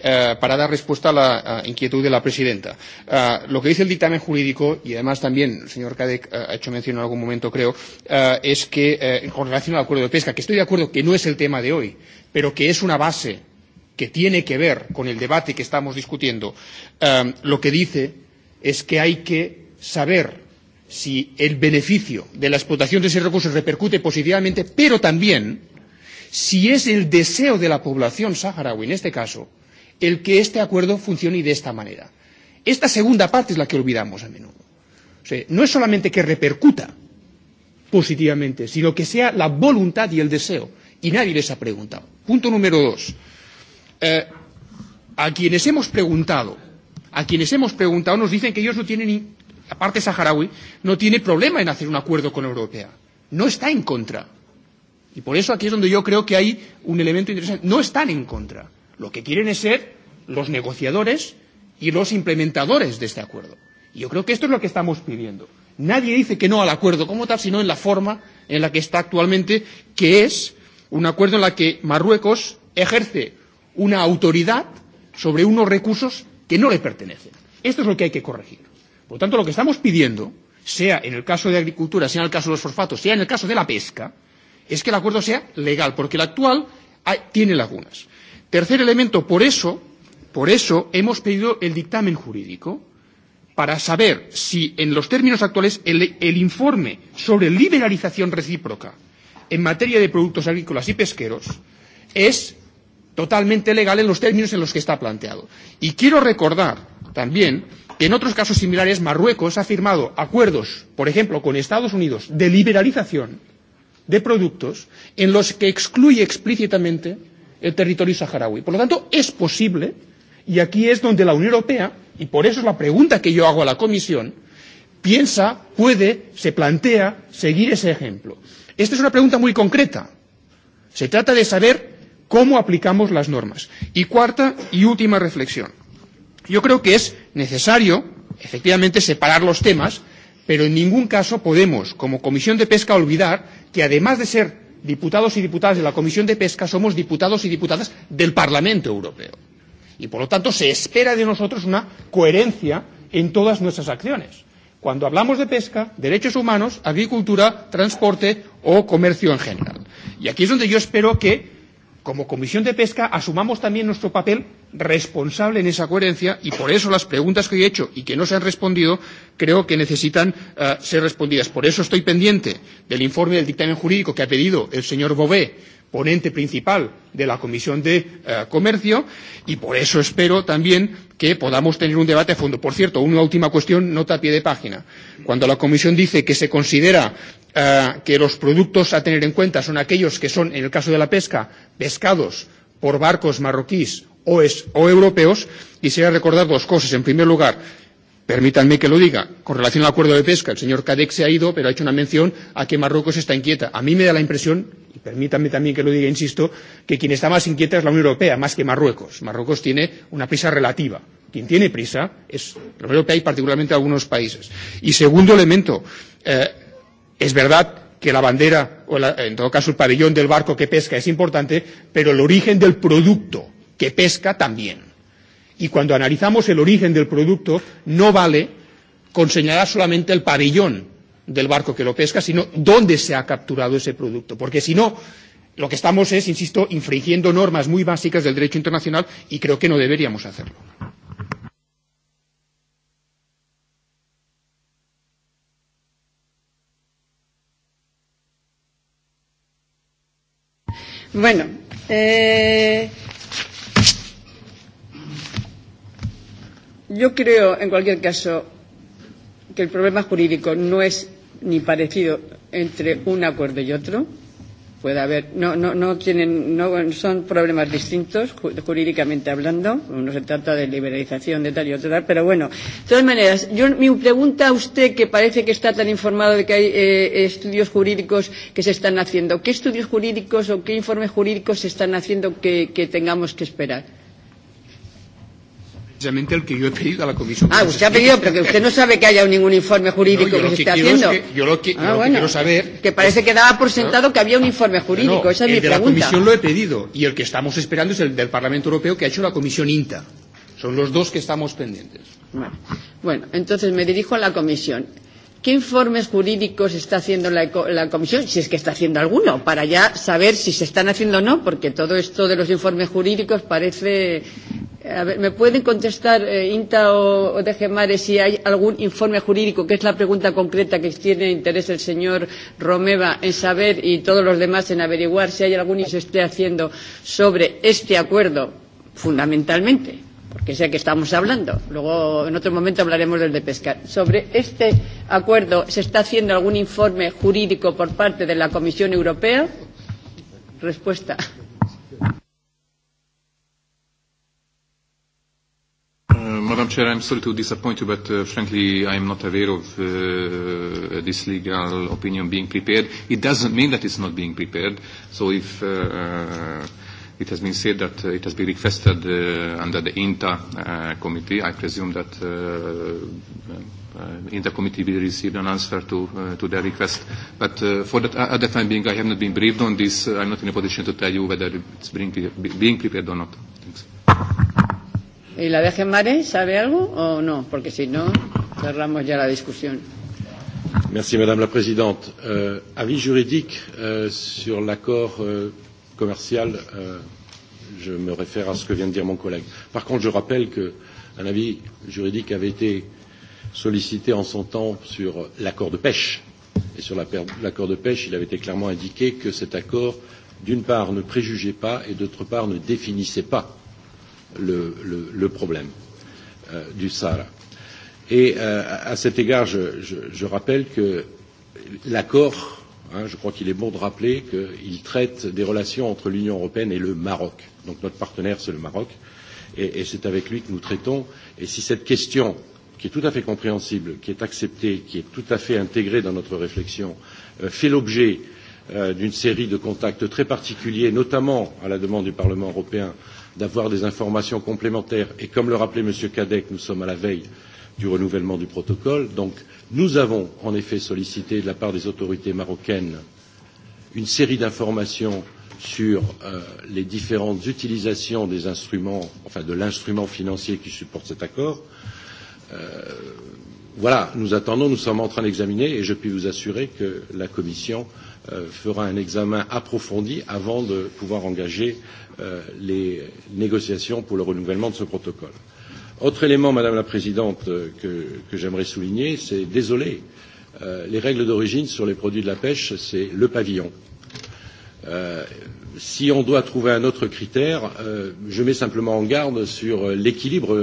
eh, para dar respuesta a la a inquietud de la presidenta. eh, lo que dice el dictamen jurídico, y además también el señor Cadec eh, ha hecho mención en algún momento, creo, eh, es que eh, con relación al acuerdo de pesca, que estoy de acuerdo que no es el tema de hoy, pero que es una base que tiene que ver con el debate que estamos discutiendo, eh, lo que dice es que hay que saber si el beneficio de la explotación de ese recurso repercute positivamente, pero también si es el deseo de la población saharaui, en este caso, el que este acuerdo funcione de esta manera. Esta segunda parte es la que olvidamos a menudo. O sea, no es solamente que repercuta positivamente, sino que sea la voluntad y el deseo. Y nadie les ha preguntado. Punto número dos. Eh, a quienes hemos preguntado, a quienes hemos preguntado nos dicen que ellos no tienen la parte saharaui, no tiene problema en hacer un acuerdo con Europea. No está en contra. Y por eso aquí es donde yo creo que hay un elemento interesante. No están en contra. Lo que quieren es ser los negociadores y los implementadores de este acuerdo. Y yo creo que esto es lo que estamos pidiendo. Nadie dice que no al acuerdo como tal, sino en la forma en la que está actualmente, que es un acuerdo en la que Marruecos ejerce una autoridad sobre unos recursos que no le pertenecen. Esto es lo que hay que corregir. Por lo tanto, lo que estamos pidiendo, sea en el caso de agricultura, sea en el caso de los fosfatos, sea en el caso de la pesca, es que el acuerdo sea legal, porque el actual tiene lagunas. Tercer elemento, por eso, por eso hemos pedido el dictamen jurídico para saber si en los términos actuales el, el informe sobre liberalización recíproca en materia de productos agrícolas y pesqueros es totalmente legal en los términos en los que está planteado. Y quiero recordar también En otros casos similares, Marruecos ha firmado acuerdos, por ejemplo, con Estados Unidos, de liberalización de productos en los que excluye explícitamente el territorio saharaui. Por lo tanto, es posible, y aquí es donde la Unión Europea, y por eso es la pregunta que yo hago a la Comisión, piensa, puede, se plantea seguir ese ejemplo. Esta es una pregunta muy concreta. Se trata de saber cómo aplicamos las normas. Y cuarta y última reflexión Yo creo que es necesario, efectivamente, separar los temas, pero en ningún caso podemos, como Comisión de Pesca, olvidar que además de ser diputados y diputadas de la Comisión de Pesca, somos diputados y diputadas del Parlamento Europeo. Y por lo tanto se espera de nosotros una coherencia en todas nuestras acciones. Cuando hablamos de pesca, derechos humanos, agricultura, transporte o comercio en general. Y aquí es donde yo espero que como Comisión de Pesca asumamos también nuestro papel responsable en esa coherencia y por eso las preguntas que he hecho y que no se han respondido creo que necesitan uh, ser respondidas. Por eso estoy pendiente del informe del dictamen jurídico que ha pedido el señor Bové ponente principal de la Comisión de eh, Comercio, y por eso espero también que podamos tener un debate a fondo. Por cierto, una última cuestión, nota a pie de página. Cuando la Comisión dice que se considera eh, que los productos a tener en cuenta son aquellos que son, en el caso de la pesca, pescados por barcos marroquíes o, es, o europeos, quisiera recordar dos cosas. En primer lugar, Permítanme que lo diga. Con relación al acuerdo de pesca, el señor Cadec se ha ido, pero ha hecho una mención a que Marruecos está inquieta. A mí me da la impresión, y permítanme también que lo diga, insisto, que quien está más inquieta es la Unión Europea, más que Marruecos. Marruecos tiene una prisa relativa. Quien tiene prisa es la Unión Europea y particularmente algunos países. Y segundo elemento, eh, es verdad que la bandera, o la, en todo caso el pabellón del barco que pesca es importante, pero el origen del producto que pesca también. Y cuando analizamos el origen del producto, no vale con señalar solamente el pabellón del barco que lo pesca, sino dónde se ha capturado ese producto. Porque si no, lo que estamos es, insisto, infringiendo normas muy básicas del derecho internacional y creo que no deberíamos hacerlo. Bueno, eh, Yo creo, en cualquier caso, que el problema jurídico no es ni parecido entre un acuerdo y otro. Puede haber, no, no, no tienen, no son problemas distintos jurídicamente hablando. Uno se trata de liberalización de tal y otro tal, pero bueno. De todas maneras, yo, mi pregunta a usted que parece que está tan informado de que hay eh, estudios jurídicos que se están haciendo. ¿Qué estudios jurídicos o qué informes jurídicos se están haciendo que, que tengamos que esperar? precisamente el que yo he pedido a la Comisión. Ah, usted ha pedido, pero que usted no sabe que haya ningún informe jurídico no, que se esté haciendo. Es que, yo lo que, ah, lo bueno, que quiero saber... Que parece que daba por sentado ¿no? que había un informe jurídico, no, esa es el mi de pregunta. La Comisión lo he pedido y el que estamos esperando es el del Parlamento Europeo que ha hecho la Comisión INTA. Son los dos que estamos pendientes. Bueno, entonces me dirijo a la Comisión. ¿Qué informes jurídicos está haciendo la, la Comisión, si es que está haciendo alguno, para ya saber si se están haciendo o no? Porque todo esto de los informes jurídicos parece A ver, ¿me pueden contestar, eh, INTA o, o DG si hay algún informe jurídico, que es la pregunta concreta que tiene interés el señor Romeva en saber y todos los demás en averiguar si hay algún y se esté haciendo sobre este acuerdo, fundamentalmente, porque sé que estamos hablando, luego en otro momento hablaremos del de pesca. Sobre este acuerdo, ¿se está haciendo algún informe jurídico por parte de la Comisión Europea? Respuesta. Madam Chair, I'm sorry to disappoint you, but uh, frankly, I'm not aware of uh, this legal opinion being prepared. It doesn't mean that it's not being prepared. So if uh, uh, it has been said that uh, it has been requested uh, under the INTA uh, committee, I presume that uh, uh, INTA committee will receive an answer to, uh, to their request. But uh, for that, at the time being, I have not been briefed on this. I'm not in a position to tell you whether it's being, being prepared or not. Thanks. ¿Y la Virgen Mare sabe algo o no? Porque si no, cerramos ya la discusión. Merci Madame la Présidente. Euh, avis juridique euh, sur l'accord euh, commercial, euh, je me réfère à ce que vient de dire mon collègue. Par contre, je rappelle qu'un avis juridique avait été sollicité en son temps sur l'accord de pêche. Et sur l'accord de pêche, il avait été clairement indiqué que cet accord, d'une part, ne préjugeait pas et d'autre part, ne définissait pas le, le, le problème euh, du Sahara. Et euh, à cet égard, je, je, je rappelle que l'accord, hein, je crois qu'il est bon de rappeler qu'il traite des relations entre l'Union européenne et le Maroc. Donc notre partenaire, c'est le Maroc, et, et c'est avec lui que nous traitons. Et si cette question, qui est tout à fait compréhensible, qui est acceptée, qui est tout à fait intégrée dans notre réflexion, euh, fait l'objet euh, d'une série de contacts très particuliers, notamment à la demande du Parlement européen, euh, d'avoir des informations complémentaires. Et comme le rappelait M. Cadec, nous sommes à la veille du renouvellement du protocole. Donc, nous avons en effet sollicité de la part des autorités marocaines une série d'informations sur les différentes utilisations des instruments, enfin de l'instrument financier qui supporte cet accord. voilà, nous attendons, nous sommes en train d'examiner et je puis vous assurer que la Commission fera un examen approfondi avant de pouvoir engager les négociations pour le renouvellement de ce protocole. Autre élément, Madame la Présidente, que, que j'aimerais souligner, c'est désolé, les règles d'origine sur les produits de la pêche, c'est le pavillon. si on doit trouver un autre critère, je mets simplement en garde sur l'équilibre,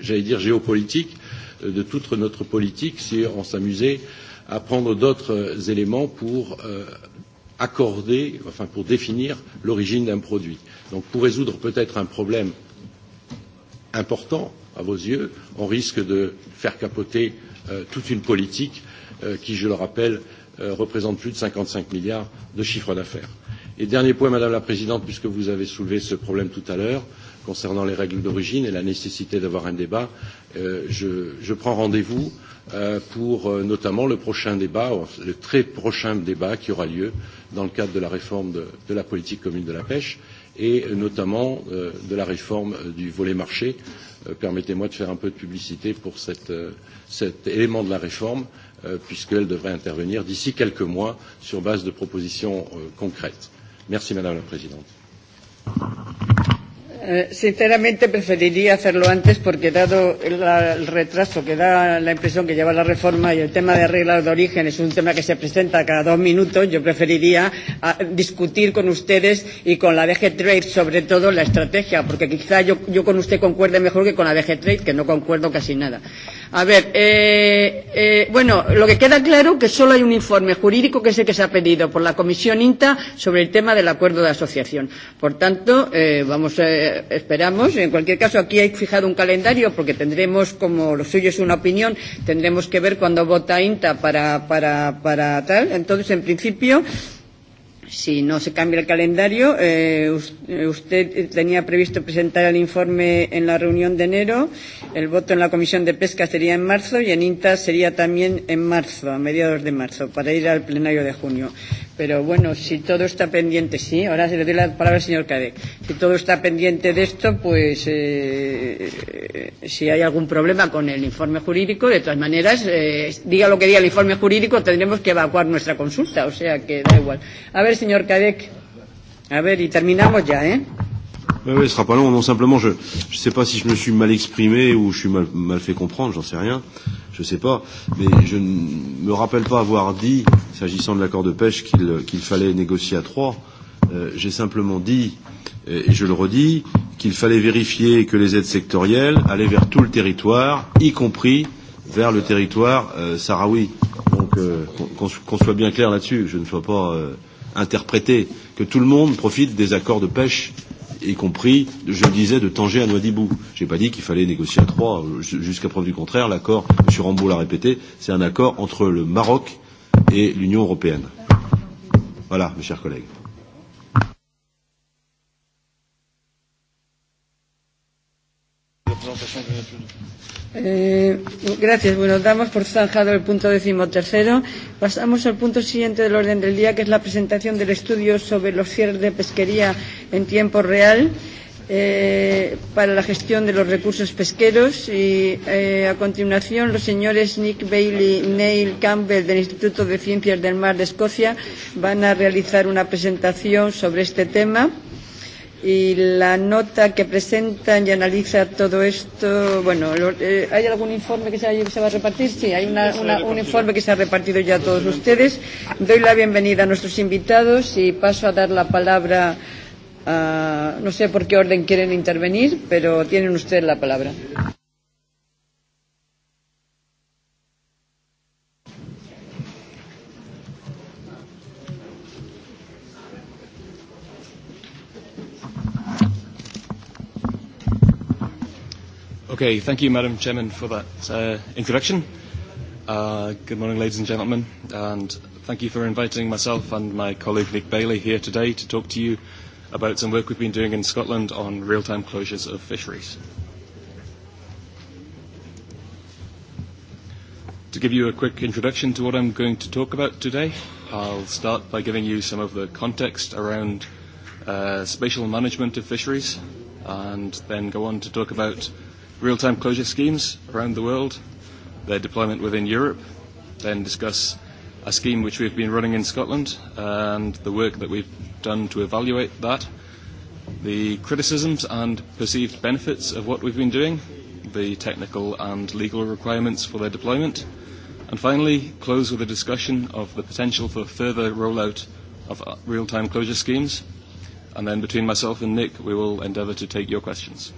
j'allais dire géopolitique, de toute notre politique si on s'amusait euh, à prendre d'autres éléments pour accorder, enfin pour définir l'origine d'un produit. Donc pour résoudre peut-être un problème important à vos yeux, on risque de faire capoter toute une politique qui, je le rappelle, représente plus de cinquante cinq milliards de chiffres d'affaires. Et dernier point, Madame la Présidente, puisque vous avez soulevé ce problème tout à l'heure concernant les règles d'origine et la nécessité d'avoir un débat, je, je prends rendez-vous pour notamment le prochain débat, le très prochain débat qui aura lieu dans le cadre de la réforme de, de la politique commune de la pêche et notamment de la réforme du volet marché. Permettez-moi de faire un peu de publicité pour cette, cet élément de la réforme, puisqu'elle devrait intervenir d'ici quelques mois sur base de propositions concrètes. Merci Madame la Présidente sinceramente preferiría hacerlo antes porque dado el, el retraso que da la impresión que lleva la reforma y el tema de reglas de origen es un tema que se presenta cada dos minutos, yo preferiría a, discutir con ustedes y con la DG Trade sobre todo la estrategia, porque quizá yo, yo con usted concuerde mejor que con la DG Trade, que no concuerdo casi nada. A ver, eh, eh, bueno, lo que queda claro es que solo hay un informe jurídico que es el que se ha pedido por la Comisión INTA sobre el tema del acuerdo de asociación. Por tanto, eh, vamos, eh, esperamos. En cualquier caso, aquí hay fijado un calendario porque tendremos, como lo suyo es una opinión, tendremos que ver cuándo vota INTA para, para, para tal. Entonces, en principio, Si no se cambia el calendario, eh, usted tenía previsto presentar el informe en la reunión de enero, el voto en la Comisión de Pesca sería en marzo y en INTA sería también en marzo, a mediados de marzo, para ir al plenario de junio. Pero bueno, si todo está pendiente, sí, ahora se le doy la palabra al señor Cadec. Si todo está pendiente de esto, pues eh, si hay algún problema con el informe jurídico, de todas maneras, eh, diga lo que diga el informe jurídico, tendremos que evacuar nuestra consulta, o sea que da igual. A ver, señor Cadec, a ver, y terminamos ya, ¿eh? Oui, oui, ce sera pas long. Non, simplement, je ne sais pas si je me suis mal exprimé ou je suis mal, mal fait comprendre, j'en sais rien. Je ne sais pas. Mais je ne me rappelle pas avoir dit, s'agissant de l'accord de pêche, qu'il qu fallait négocier à trois. Euh, J'ai simplement dit, et je le redis, qu'il fallait vérifier que les aides sectorielles allaient vers tout le territoire, y compris vers le territoire euh, sahraoui. Donc, euh, qu'on qu soit bien clair là-dessus, je ne sois pas euh, interprété, que tout le monde profite des accords de pêche y compris, je le disais, de Tanger à Noidibou. Je n'ai pas dit qu'il fallait négocier à trois. Jusqu'à preuve du contraire, l'accord, M. Rambaud l'a répété, c'est un accord entre le Maroc et l'Union européenne. Voilà, mes chers collègues. Gracias. Bueno, damos por zanjado el punto decimotercero. Pasamos al punto siguiente del orden del día, que es la presentación del estudio sobre los cierres de pesquería en tiempo real eh, para la gestión de los recursos pesqueros. Y eh, a continuación, los señores Nick Bailey y Neil Campbell del Instituto de Ciencias del Mar de Escocia van a realizar una presentación sobre este tema. Eh, Y la nota que presentan y analiza todo esto, bueno, lo, eh, ¿hay algún informe que se, que se va a repartir? Sí, hay una, una, un informe que se ha repartido ya a todos ustedes. Doy la bienvenida a nuestros invitados y paso a dar la palabra a, no sé por qué orden quieren intervenir, pero tienen ustedes la palabra. Okay, thank you, Madam Chairman, for that uh, introduction. Uh, good morning, ladies and gentlemen, and thank you for inviting myself and my colleague Nick Bailey here today to talk to you about some work we've been doing in Scotland on real-time closures of fisheries. To give you a quick introduction to what I'm going to talk about today, I'll start by giving you some of the context around uh, spatial management of fisheries and then go on to talk about real-time closure schemes around the world, their deployment within Europe, then discuss a scheme which we've been running in Scotland and the work that we've done to evaluate that, the criticisms and perceived benefits of what we've been doing, the technical and legal requirements for their deployment, and finally close with a discussion of the potential for further rollout of real-time closure schemes. And then between myself and Nick, we will endeavour to take your questions.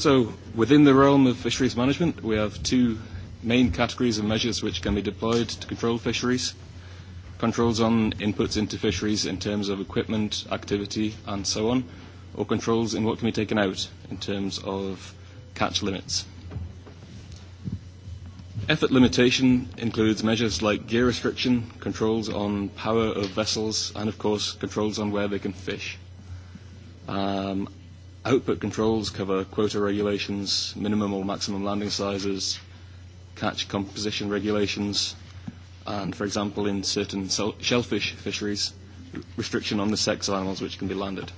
So within the realm of fisheries management, we have two main categories of measures which can be deployed to control fisheries. Controls on inputs into fisheries in terms of equipment, activity, and so on, or controls in what can be taken out in terms of catch limits. Effort limitation includes measures like gear restriction, controls on power of vessels, and of course, controls on where they can fish. Um, Output controls cover quota regulations, minimum or maximum landing sizes, catch composition regulations, and, for example, in certain shellfish fisheries, restriction on the sex of animals which can be landed.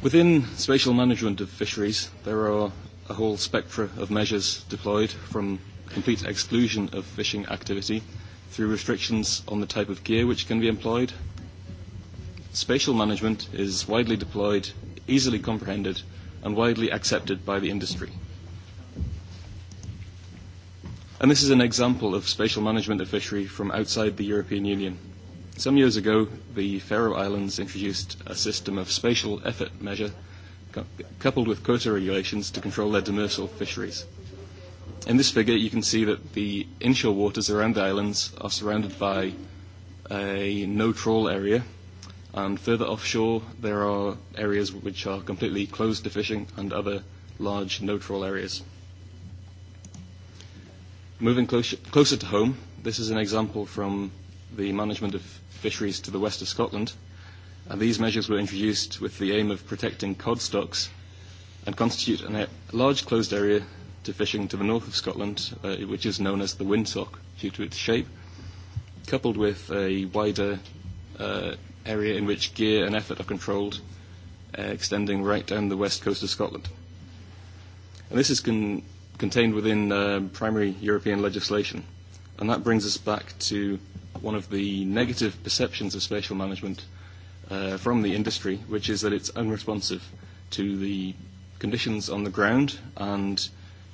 Within spatial management of fisheries, there are a whole spectra of measures deployed from complete exclusion of fishing activity through restrictions on the type of gear which can be employed Spatial management is widely deployed, easily comprehended, and widely accepted by the industry. And this is an example of spatial management of fishery from outside the European Union. Some years ago, the Faroe Islands introduced a system of spatial effort measure coupled with quota regulations to control their demersal fisheries. In this figure, you can see that the inshore waters around the islands are surrounded by a no-trawl area And further offshore, there are areas which are completely closed to fishing and other large no-trawl areas. Moving closer to home, this is an example from the management of fisheries to the west of Scotland. And these measures were introduced with the aim of protecting cod stocks and constitute a large closed area to fishing to the north of Scotland, uh, which is known as the windsock due to its shape, coupled with a wider uh, area in which gear and effort are controlled, uh, extending right down the west coast of Scotland. And this is con- contained within uh, primary European legislation. And that brings us back to one of the negative perceptions of spatial management uh, from the industry, which is that it's unresponsive to the conditions on the ground, and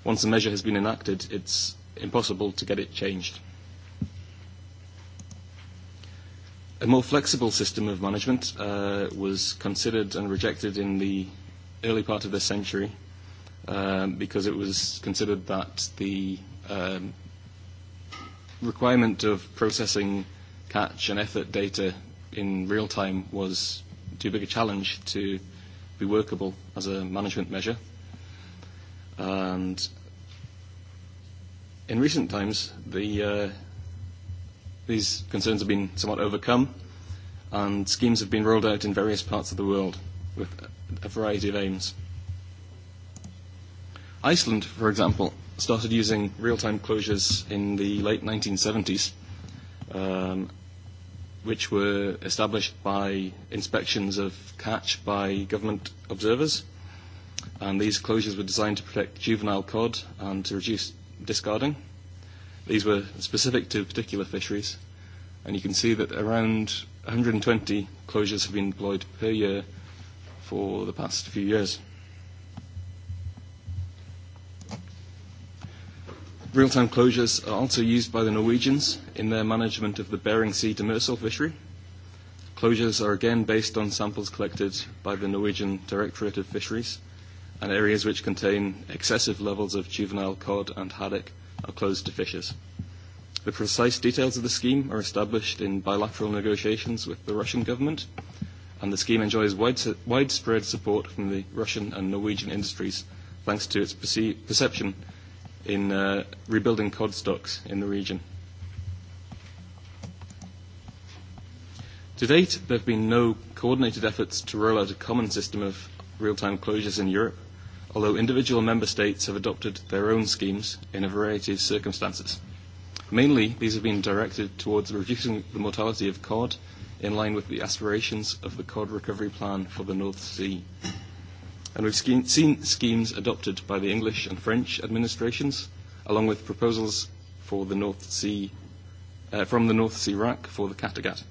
once a measure has been enacted, it's impossible to get it changed. A more flexible system of management uh, was considered and rejected in the early part of this century um, because it was considered that the um, requirement of processing catch and effort data in real time was too big a challenge to be workable as a management measure. And in recent times, the uh, These concerns have been somewhat overcome, and schemes have been rolled out in various parts of the world with a variety of aims. Iceland, for example, started using real-time closures in the late 1970s, um, which were established by inspections of catch by government observers. And these closures were designed to protect juvenile cod and to reduce discarding. These were specific to particular fisheries, and you can see that around 120 closures have been deployed per year for the past few years. Real-time closures are also used by the Norwegians in their management of the Bering Sea demersal fishery. Closures are again based on samples collected by the Norwegian Directorate of Fisheries and areas which contain excessive levels of juvenile cod and haddock are closed to fishers. The precise details of the scheme are established in bilateral negotiations with the Russian government, and the scheme enjoys widespread support from the Russian and Norwegian industries thanks to its perception in uh, rebuilding cod stocks in the region. To date, there have been no coordinated efforts to roll out a common system of real-time closures in Europe, although individual member states have adopted their own schemes in a variety of circumstances. Mainly, these have been directed towards reducing the mortality of cod in line with the aspirations of the cod recovery plan for the North Sea. And we've seen schemes adopted by the English and French administrations, along with proposals for the North Sea, uh, from the North Sea RAC for the Kattegat.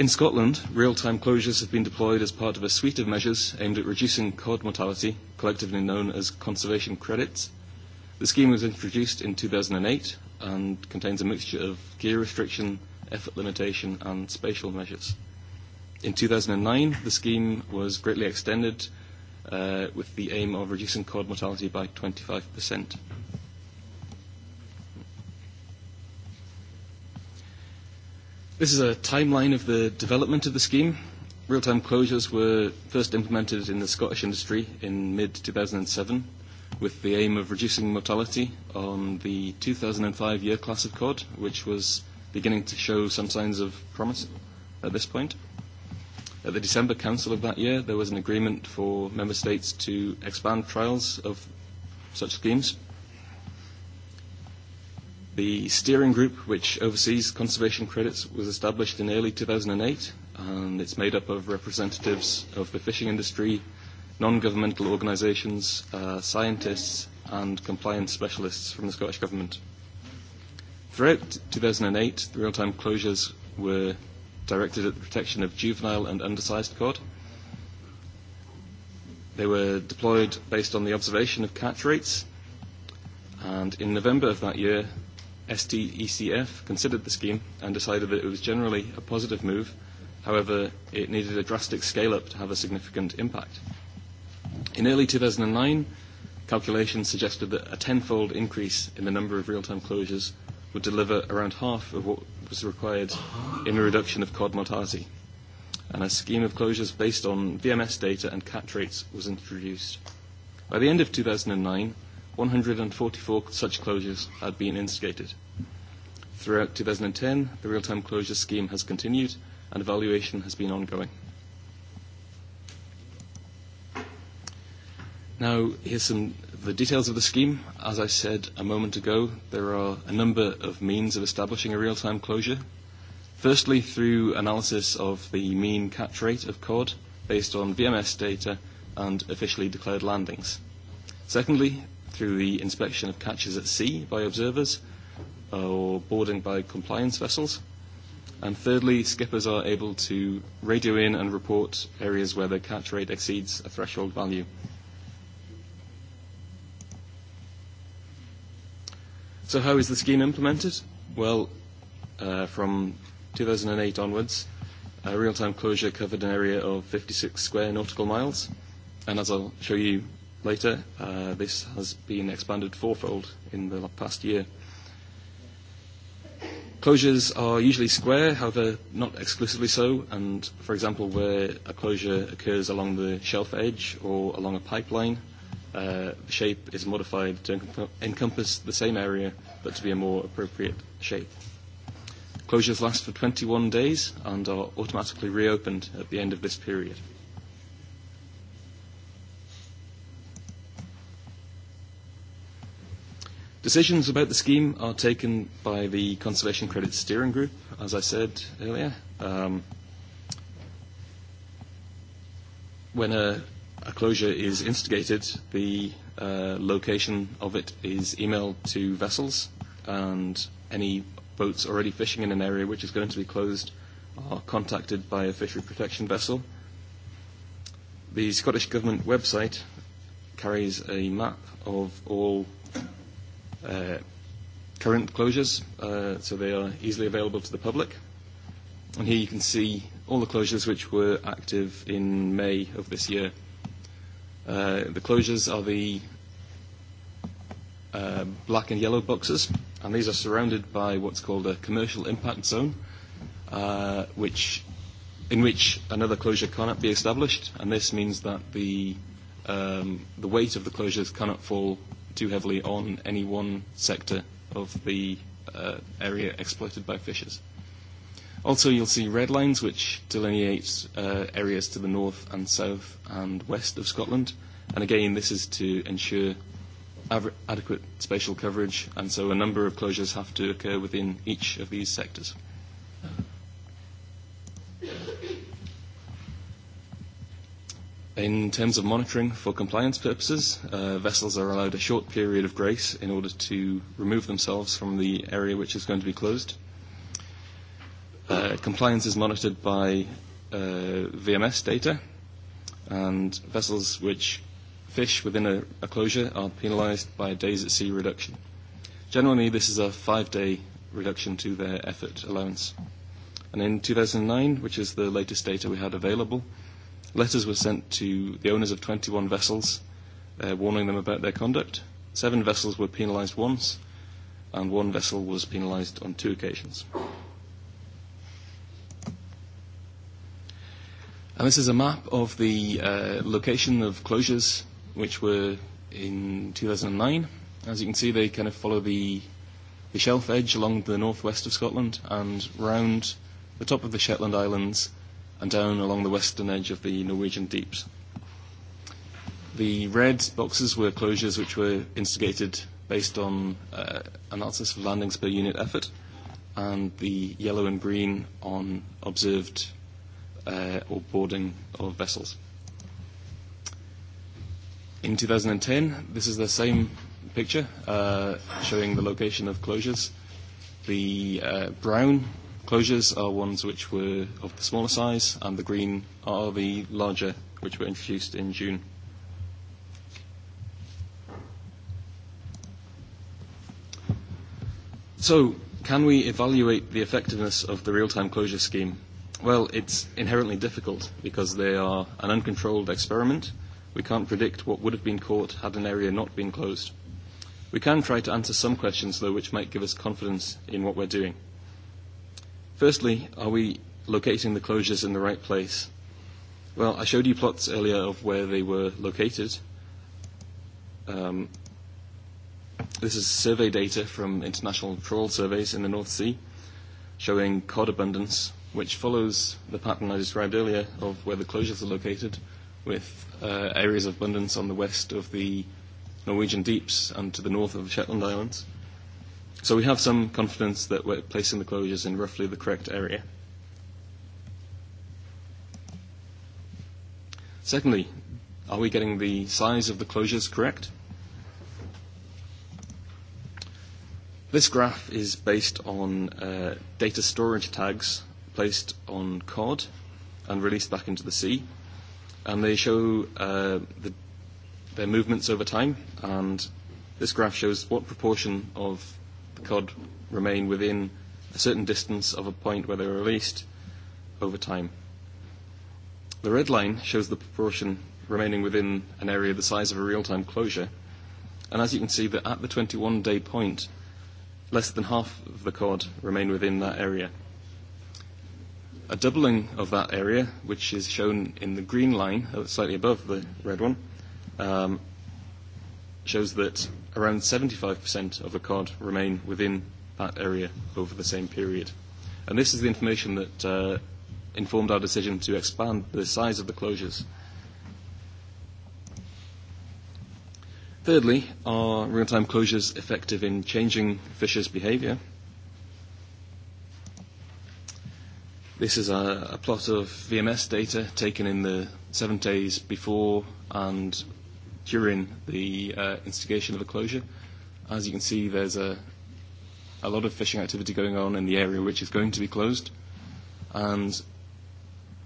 In Scotland, real-time closures have been deployed as part of a suite of measures aimed at reducing cod mortality, collectively known as conservation credits. The scheme was introduced in 2008 and contains a mixture of gear restriction, effort limitation and spatial measures. In 2009, the scheme was greatly extended uh, with the aim of reducing cod mortality by 25%. This is a timeline of the development of the scheme. Real-time closures were first implemented in the Scottish industry in mid-2007 with the aim of reducing mortality on the 2005 year class of cod, which was beginning to show some signs of promise at this point. At the December Council of that year, there was an agreement for member states to expand trials of such schemes The steering group, which oversees conservation credits, was established in early 2008, and it's made up of representatives of the fishing industry, non-governmental organisations, uh, scientists, and compliance specialists from the Scottish Government. Throughout 2008, the real-time closures were directed at the protection of juvenile and undersized cod. They were deployed based on the observation of catch rates, and in November of that year, SDECF considered the scheme and decided that it was generally a positive move. However, it needed a drastic scale-up to have a significant impact. In early 2009, calculations suggested that a tenfold increase in the number of real-time closures would deliver around half of what was required in a reduction of cod mortality. And a scheme of closures based on VMS data and catch rates was introduced. By the end of 2009, 144 such closures had been instigated. Throughout 2010, the real-time closure scheme has continued and evaluation has been ongoing. Now, here's some the details of the scheme. As I said a moment ago, there are a number of means of establishing a real-time closure. Firstly, through analysis of the mean catch rate of cod based on VMS data and officially declared landings. Secondly, through the inspection of catches at sea by observers or boarding by compliance vessels. And thirdly, skippers are able to radio in and report areas where their catch rate exceeds a threshold value. So how is the scheme implemented? Well, uh, from 2008 onwards, uh, real-time closure covered an area of 56 square nautical miles. And as I'll show you later. Uh, this has been expanded fourfold in the past year. Closures are usually square, however, not exclusively so, and for example, where a closure occurs along the shelf edge or along a pipeline, uh, the shape is modified to encompass the same area but to be a more appropriate shape. Closures last for 21 days and are automatically reopened at the end of this period. Decisions about the scheme are taken by the Conservation Credit Steering Group, as I said earlier. Um, when a, a closure is instigated, the uh, location of it is emailed to vessels, and any boats already fishing in an area which is going to be closed are contacted by a fishery protection vessel. The Scottish Government website carries a map of all uh, current closures, uh, so they are easily available to the public. And here you can see all the closures which were active in May of this year. Uh, the closures are the uh, black and yellow boxes, and these are surrounded by what's called a commercial impact zone, uh, which, in which another closure cannot be established, and this means that the, um, the weight of the closures cannot fall too heavily on any one sector of the uh, area exploited by fishers. Also, you'll see red lines which delineate uh, areas to the north and south and west of Scotland. And again, this is to ensure av- adequate spatial coverage, and so a number of closures have to occur within each of these sectors. In terms of monitoring for compliance purposes, uh, vessels are allowed a short period of grace in order to remove themselves from the area which is going to be closed. Uh, compliance is monitored by uh, VMS data, and vessels which fish within a, a closure are penalised by a days at sea reduction. Generally, this is a five-day reduction to their effort allowance. And in 2009, which is the latest data we had available, Letters were sent to the owners of 21 vessels uh, warning them about their conduct. Seven vessels were penalised once, and one vessel was penalised on two occasions. And this is a map of the uh, location of closures which were in 2009. As you can see, they kind of follow the, the shelf edge along the northwest of Scotland and round the top of the Shetland Islands and down along the western edge of the Norwegian deeps. The red boxes were closures which were instigated based on uh, analysis of landings per unit effort, and the yellow and green on observed uh, or boarding of vessels. In 2010, this is the same picture uh, showing the location of closures. The uh, brown Closures are ones which were of the smaller size, and the green are the larger, which were introduced in June. So, can we evaluate the effectiveness of the real-time closure scheme? Well, it's inherently difficult because they are an uncontrolled experiment. We can't predict what would have been caught had an area not been closed. We can try to answer some questions, though, which might give us confidence in what we're doing. Firstly, are we locating the closures in the right place? Well, I showed you plots earlier of where they were located. Um, this is survey data from international trawl surveys in the North Sea showing cod abundance, which follows the pattern I described earlier of where the closures are located, with uh, areas of abundance on the west of the Norwegian deeps and to the north of the Shetland Islands. So we have some confidence that we're placing the closures in roughly the correct area. Secondly, are we getting the size of the closures correct? This graph is based on uh, data storage tags placed on COD and released back into the sea. And they show uh, the, their movements over time. And this graph shows what proportion of cod remain within a certain distance of a point where they were released over time. The red line shows the proportion remaining within an area the size of a real-time closure. And as you can see, that at the 21-day point, less than half of the cod remain within that area. A doubling of that area, which is shown in the green line, slightly above the red one, um, shows that around 75% of the card remain within that area over the same period. And this is the information that uh, informed our decision to expand the size of the closures. Thirdly, are real-time closures effective in changing fishers' behaviour? This is a plot of VMS data taken in the seven days before and during the uh, instigation of a closure. As you can see, there's a, a lot of fishing activity going on in the area which is going to be closed. And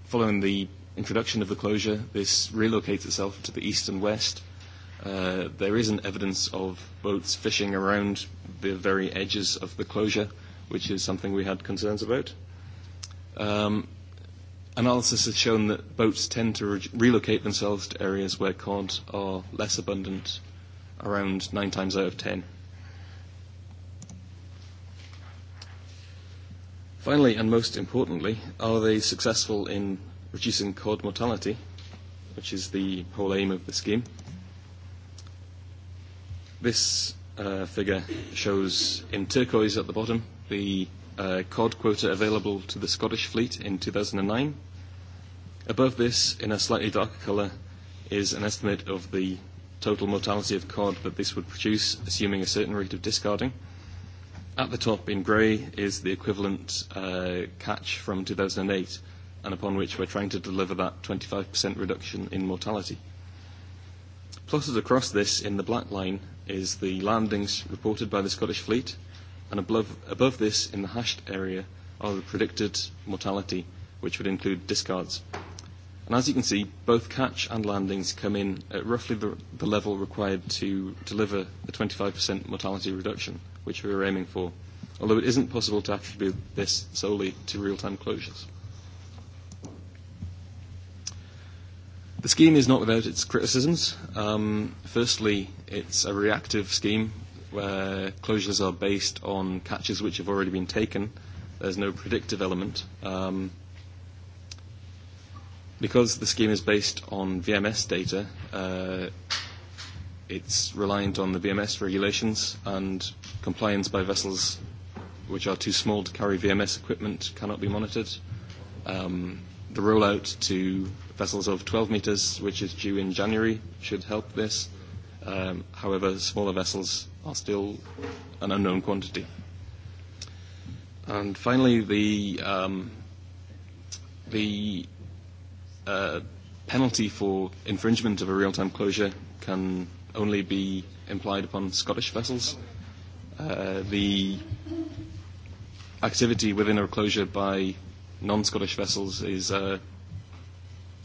following the introduction of the closure, this relocates itself to the east and west. Uh, there isn't evidence of boats fishing around the very edges of the closure, which is something we had concerns about. Um, Analysis has shown that boats tend to re- relocate themselves to areas where cod are less abundant, around nine times out of ten. Finally, and most importantly, are they successful in reducing cod mortality, which is the whole aim of the scheme? This uh, figure shows in turquoise at the bottom the uh, cod quota available to the Scottish fleet in 2009 Above this, in a slightly darker colour, is an estimate of the total mortality of cod that this would produce, assuming a certain rate of discarding. At the top in grey is the equivalent uh, catch from 2008, and upon which we're trying to deliver that 25% reduction in mortality. Plotted across this in the black line is the landings reported by the Scottish fleet, and above, above this in the hashed area are the predicted mortality, which would include discards as you can see, both catch and landings come in at roughly the, the level required to deliver the 25% mortality reduction, which we were aiming for, although it isn't possible to attribute this solely to real-time closures. The scheme is not without its criticisms. Um, firstly, it's a reactive scheme where closures are based on catches which have already been taken. There's no predictive element. Um, Because the scheme is based on VMS data, uh, it's reliant on the VMS regulations and compliance by vessels which are too small to carry VMS equipment cannot be monitored. Um, the rollout to vessels of 12 metres, which is due in January, should help this. Um, however, smaller vessels are still an unknown quantity. And finally, the, um, the uh, penalty for infringement of a real-time closure can only be implied upon Scottish vessels. Uh, the activity within a closure by non-Scottish vessels is uh,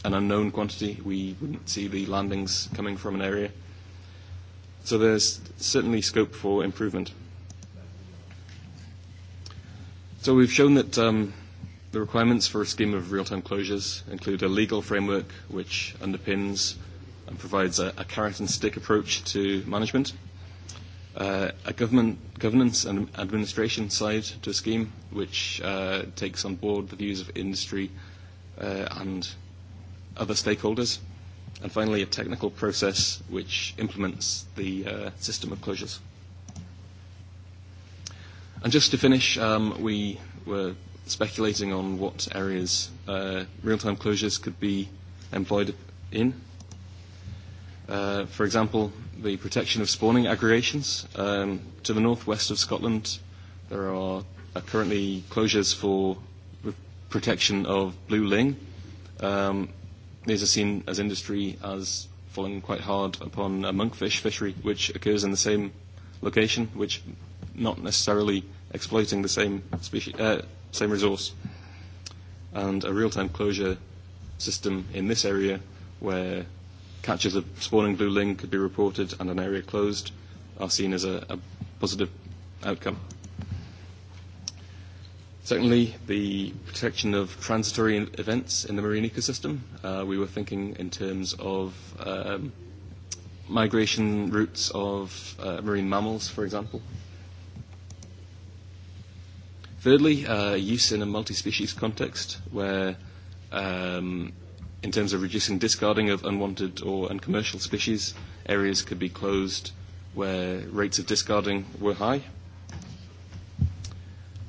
an unknown quantity. We wouldn't see the landings coming from an area. So there's certainly scope for improvement. So we've shown that um, The requirements for a scheme of real-time closures include a legal framework which underpins and provides a, a carrot and stick approach to management, uh, a government governance and administration side to a scheme which uh, takes on board the views of industry uh, and other stakeholders, and finally a technical process which implements the uh, system of closures. And just to finish, um, we were speculating on what areas uh, real-time closures could be employed in. Uh, for example, the protection of spawning aggregations. Um, to the northwest of Scotland, there are uh, currently closures for protection of blue ling. Um, these are seen as industry as falling quite hard upon a monkfish fishery, which occurs in the same location, which not necessarily exploiting the same species, uh, same resource. And a real-time closure system in this area where catches of spawning blue ling could be reported and an area closed are seen as a, a positive outcome. Secondly, the protection of transitory events in the marine ecosystem. Uh, we were thinking in terms of um, migration routes of uh, marine mammals, for example. Thirdly, uh, use in a multi-species context where, um, in terms of reducing discarding of unwanted or uncommercial species, areas could be closed where rates of discarding were high.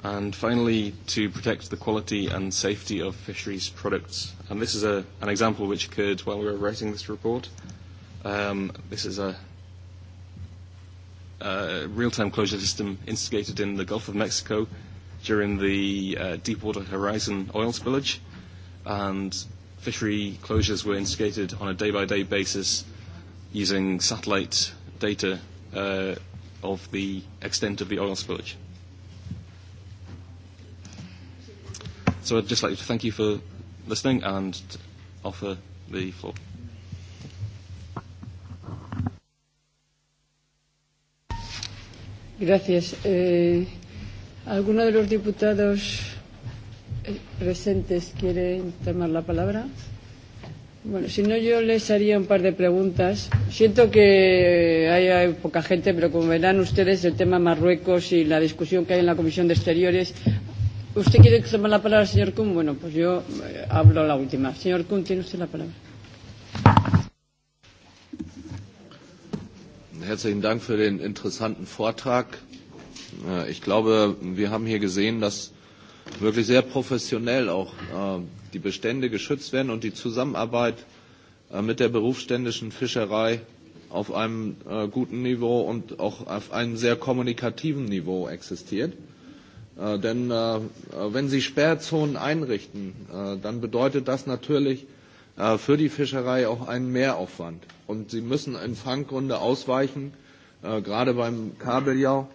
And finally, to protect the quality and safety of fisheries products. And this is a, an example which occurred while we were writing this report. Um, this is a uh, real-time closure system instigated in the Gulf of Mexico during the uh, Deepwater Horizon oil spillage, and fishery closures were instigated on a day-by-day basis using satellite data uh, of the extent of the oil spillage. So I'd just like to thank you for listening and offer the floor. Gracias. Eh, ¿Alguno de los diputados presentes quiere tomar la palabra? Bueno, si no, yo les haría un par de preguntas. Siento que hay, hay poca gente, pero como verán ustedes, el tema Marruecos y la discusión que hay en la Comisión de Exteriores. ¿Usted quiere tomar la palabra, señor Kuhn? Bueno, pues yo hablo la última. Señor Kuhn, tiene usted la palabra. Herzlichen Dank für den interessanten Vortrag. Ich glaube, wir haben hier gesehen, dass wirklich sehr professionell auch die Bestände geschützt werden und die Zusammenarbeit mit der berufsständischen Fischerei auf einem guten Niveau und auch auf einem sehr kommunikativen Niveau existiert. Denn wenn Sie Sperrzonen einrichten, dann bedeutet das natürlich für die Fischerei auch einen Mehraufwand. Und Sie müssen in Fanggründe ausweichen, gerade beim Kabeljau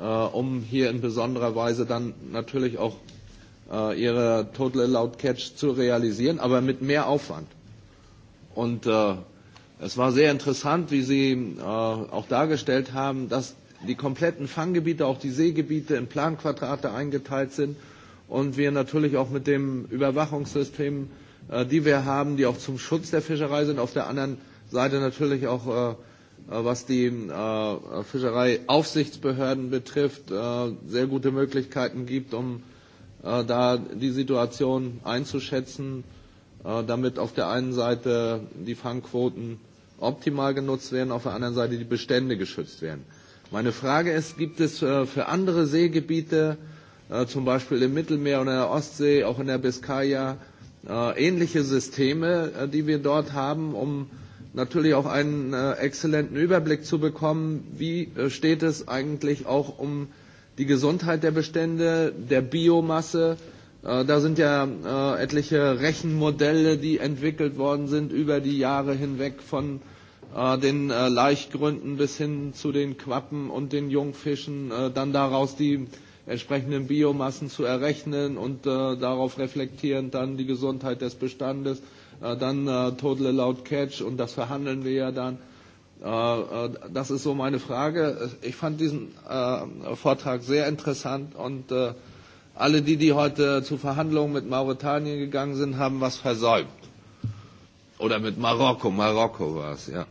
äh, um hier in besonderer Weise dann natürlich auch äh, ihre Total Allowed Catch zu realisieren, aber mit mehr Aufwand. Und äh, es war sehr interessant, wie Sie äh, auch dargestellt haben, dass die kompletten Fanggebiete, auch die Seegebiete in Planquadrate eingeteilt sind und wir natürlich auch mit dem Überwachungssystem, äh, die wir haben, die auch zum Schutz der Fischerei sind, auf der anderen Seite natürlich auch äh, was die Fischereiaufsichtsbehörden betrifft, sehr gute Möglichkeiten gibt, um da die Situation einzuschätzen, damit auf der einen Seite die Fangquoten optimal genutzt werden, auf der anderen Seite die Bestände geschützt werden. Meine Frage ist, gibt es für andere Seegebiete, zum Beispiel im Mittelmeer oder in der Ostsee, auch in der Biskaya, ähnliche Systeme, die wir dort haben, um äh, natürlich auch einen äh, exzellenten Überblick zu bekommen, wie äh, steht es eigentlich auch um die Gesundheit der Bestände, der Biomasse. Äh, da sind ja äh, etliche Rechenmodelle, die entwickelt worden sind über die Jahre hinweg von äh, den äh, Laichgründen bis hin zu den Quappen und den Jungfischen, äh, dann daraus die entsprechenden Biomassen zu errechnen und äh, darauf reflektierend dann die Gesundheit des Bestandes äh, dann äh, Total Allowed Catch und das verhandeln wir ja dann. Äh, das ist so meine Frage. Ich fand diesen äh, Vortrag sehr interessant und äh, alle die, die heute zu Verhandlungen mit Mauretanien gegangen sind, haben was versäumt. Oder mit Marokko, Marokko war es, ja.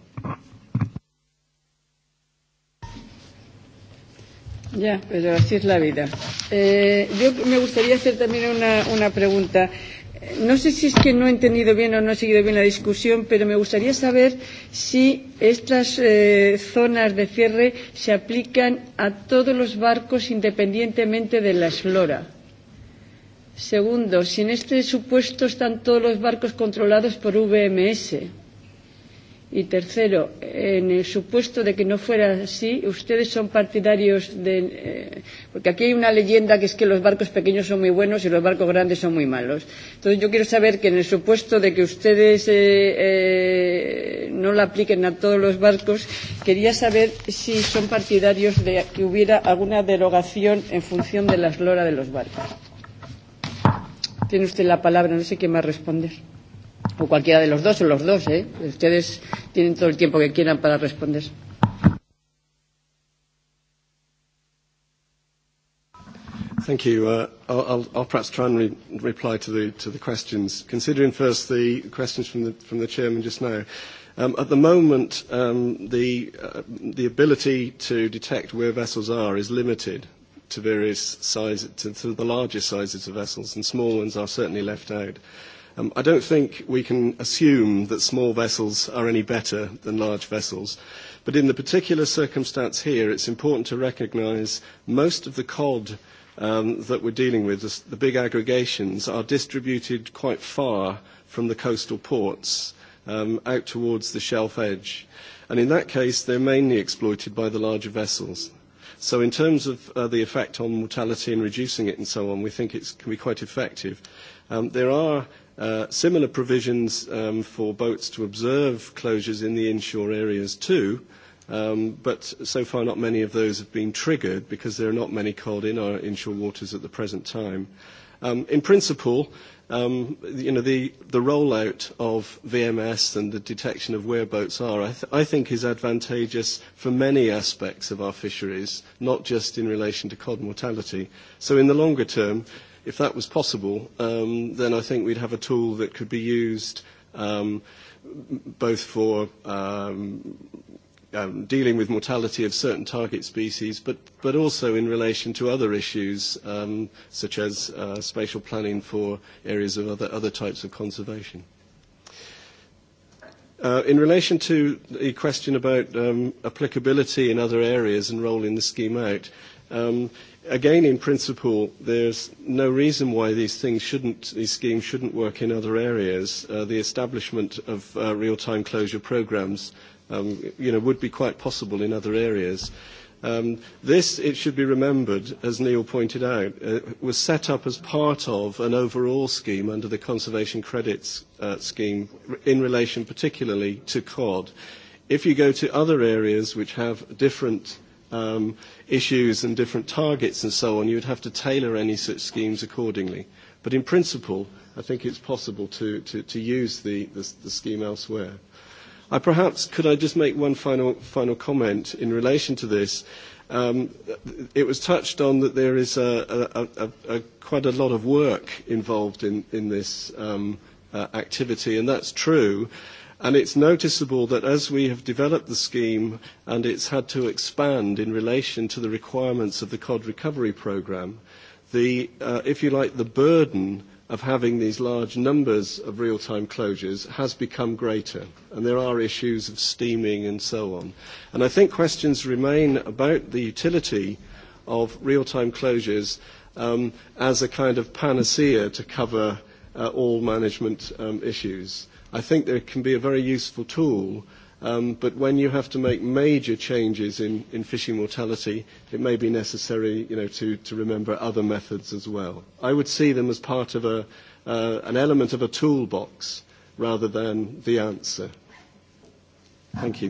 Ya, pero así es la vida. Eh, yo me gustaría hacer también una, una pregunta no sé si es que no he entendido bien o no he seguido bien la discusión, pero me gustaría saber si estas eh, zonas de cierre se aplican a todos los barcos independientemente de la eslora. Segundo, si en este supuesto están todos los barcos controlados por VMS. Y tercero, en el supuesto de que no fuera así, ustedes son partidarios de. Eh, porque aquí hay una leyenda que es que los barcos pequeños son muy buenos y los barcos grandes son muy malos. Entonces, yo quiero saber que en el supuesto de que ustedes eh, eh, no la apliquen a todos los barcos, quería saber si son partidarios de que hubiera alguna derogación en función de la eslora de los barcos. Tiene usted la palabra, no sé quién va a responder o cualquiera de los dos, o los dos, ¿eh? Ustedes tienen todo el tiempo que quieran para responder. Thank you. Uh, I'll, I'll perhaps try and re reply to the, to the questions. Considering first the questions from the, from the chairman just now, um, at the moment um, the, uh, the ability to detect where vessels are is limited to various sizes, to, to the larger sizes of vessels, and small ones are certainly left out. Um, I don't think we can assume that small vessels are any better than large vessels. But in the particular circumstance here, it's important to recognise most of the cod um, that we're dealing with, the, the big aggregations, are distributed quite far from the coastal ports um, out towards the shelf edge. And in that case, they're mainly exploited by the larger vessels. So in terms of uh, the effect on mortality and reducing it and so on, we think it can be quite effective. Um, there are similar provisions for boats to observe closures in the inshore areas too, but so far not many of those have been triggered because there are not many called in our inshore waters at the present time. in principle, you know, the, the rollout of VMS and the detection of where boats are, I, th- I think is advantageous for many aspects of our fisheries, not just in relation to cod mortality. So in the longer term, If that was possible, um, then I think we'd have a tool that could be used um, both for um, um, dealing with mortality of certain target species, but, but also in relation to other issues um, such as uh, spatial planning for areas of other, other types of conservation. Uh, in relation to the question about um, applicability in other areas and rolling the scheme out, um, again, in principle, there's no reason why these things shouldn't, these schemes shouldn't work in other areas. Uh, the establishment of uh, real-time closure programs, um, you know, would be quite possible in other areas. Um, this, it should be remembered, as Neil pointed out, uh, was set up as part of an overall scheme under the conservation credits uh, scheme in relation particularly to COD. If you go to other areas which have different um, issues and different targets and so on, you would have to tailor any such schemes accordingly. But in principle, I think it's possible to, to, to use the, the, the scheme elsewhere. I perhaps could I just make one final, final comment in relation to this. Um, it was touched on that there is a, a, a, a quite a lot of work involved in, in this um, uh, activity, and that's true. Uh, And it's noticeable that as we have developed the scheme and it's had to expand in relation to the requirements of the COD recovery programme, the, uh, if you like, the burden of having these large numbers of real-time closures has become greater, and there are issues of steaming and so on. And I think questions remain about the utility of real-time closures um, as a kind of panacea to cover uh, all management um, issues. I think they can be a very useful tool, um, but when you have to make major changes in, in fishing mortality, it may be necessary you know, to, to remember other methods as well. I would see them as part of a, uh, an element of a toolbox rather than the answer. Thank you.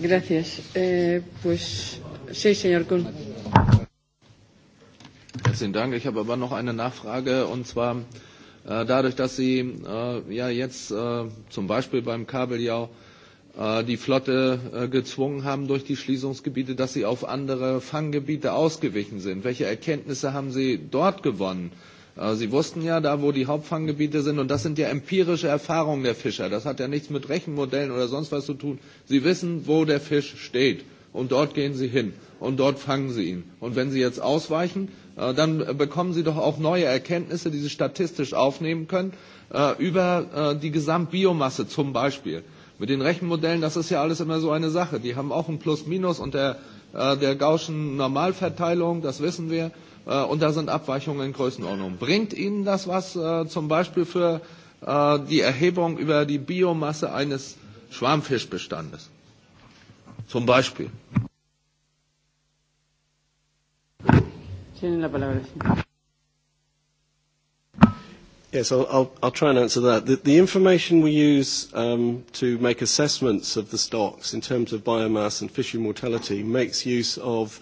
Gracias. Eh, pues sí, señor Kuhn. Herzlichen Dank. Ich habe aber noch eine Nachfrage und zwar dadurch, dass Sie ja jetzt zum Beispiel beim Kabeljau die Flotte gezwungen haben durch die Schließungsgebiete, dass sie auf andere Fanggebiete ausgewichen sind. Welche Erkenntnisse haben Sie dort gewonnen? Sie wussten ja, da wo die Hauptfanggebiete sind, und das sind ja empirische Erfahrungen der Fischer. Das hat ja nichts mit Rechenmodellen oder sonst was zu tun. Sie wissen, wo der Fisch steht. Und dort gehen Sie hin. Und dort fangen Sie ihn. Und wenn Sie jetzt ausweichen, dann bekommen Sie doch auch neue Erkenntnisse, die Sie statistisch aufnehmen können, über die Gesamtbiomasse zum Beispiel. Mit den Rechenmodellen, das ist ja alles immer so eine Sache. Die haben auch ein Plus-Minus und der, der Gaußschen Normalverteilung, das wissen wir, und da sind Abweichungen in Größenordnung. Bringt Ihnen das was zum Beispiel für die Erhebung über die Biomasse eines Schwarmfischbestandes? Zum Beispiel. la palabra. Yes, I'll, I'll, I'll try and answer that. The, the information we use um, to make assessments of the stocks in terms of biomass and fishery mortality makes use of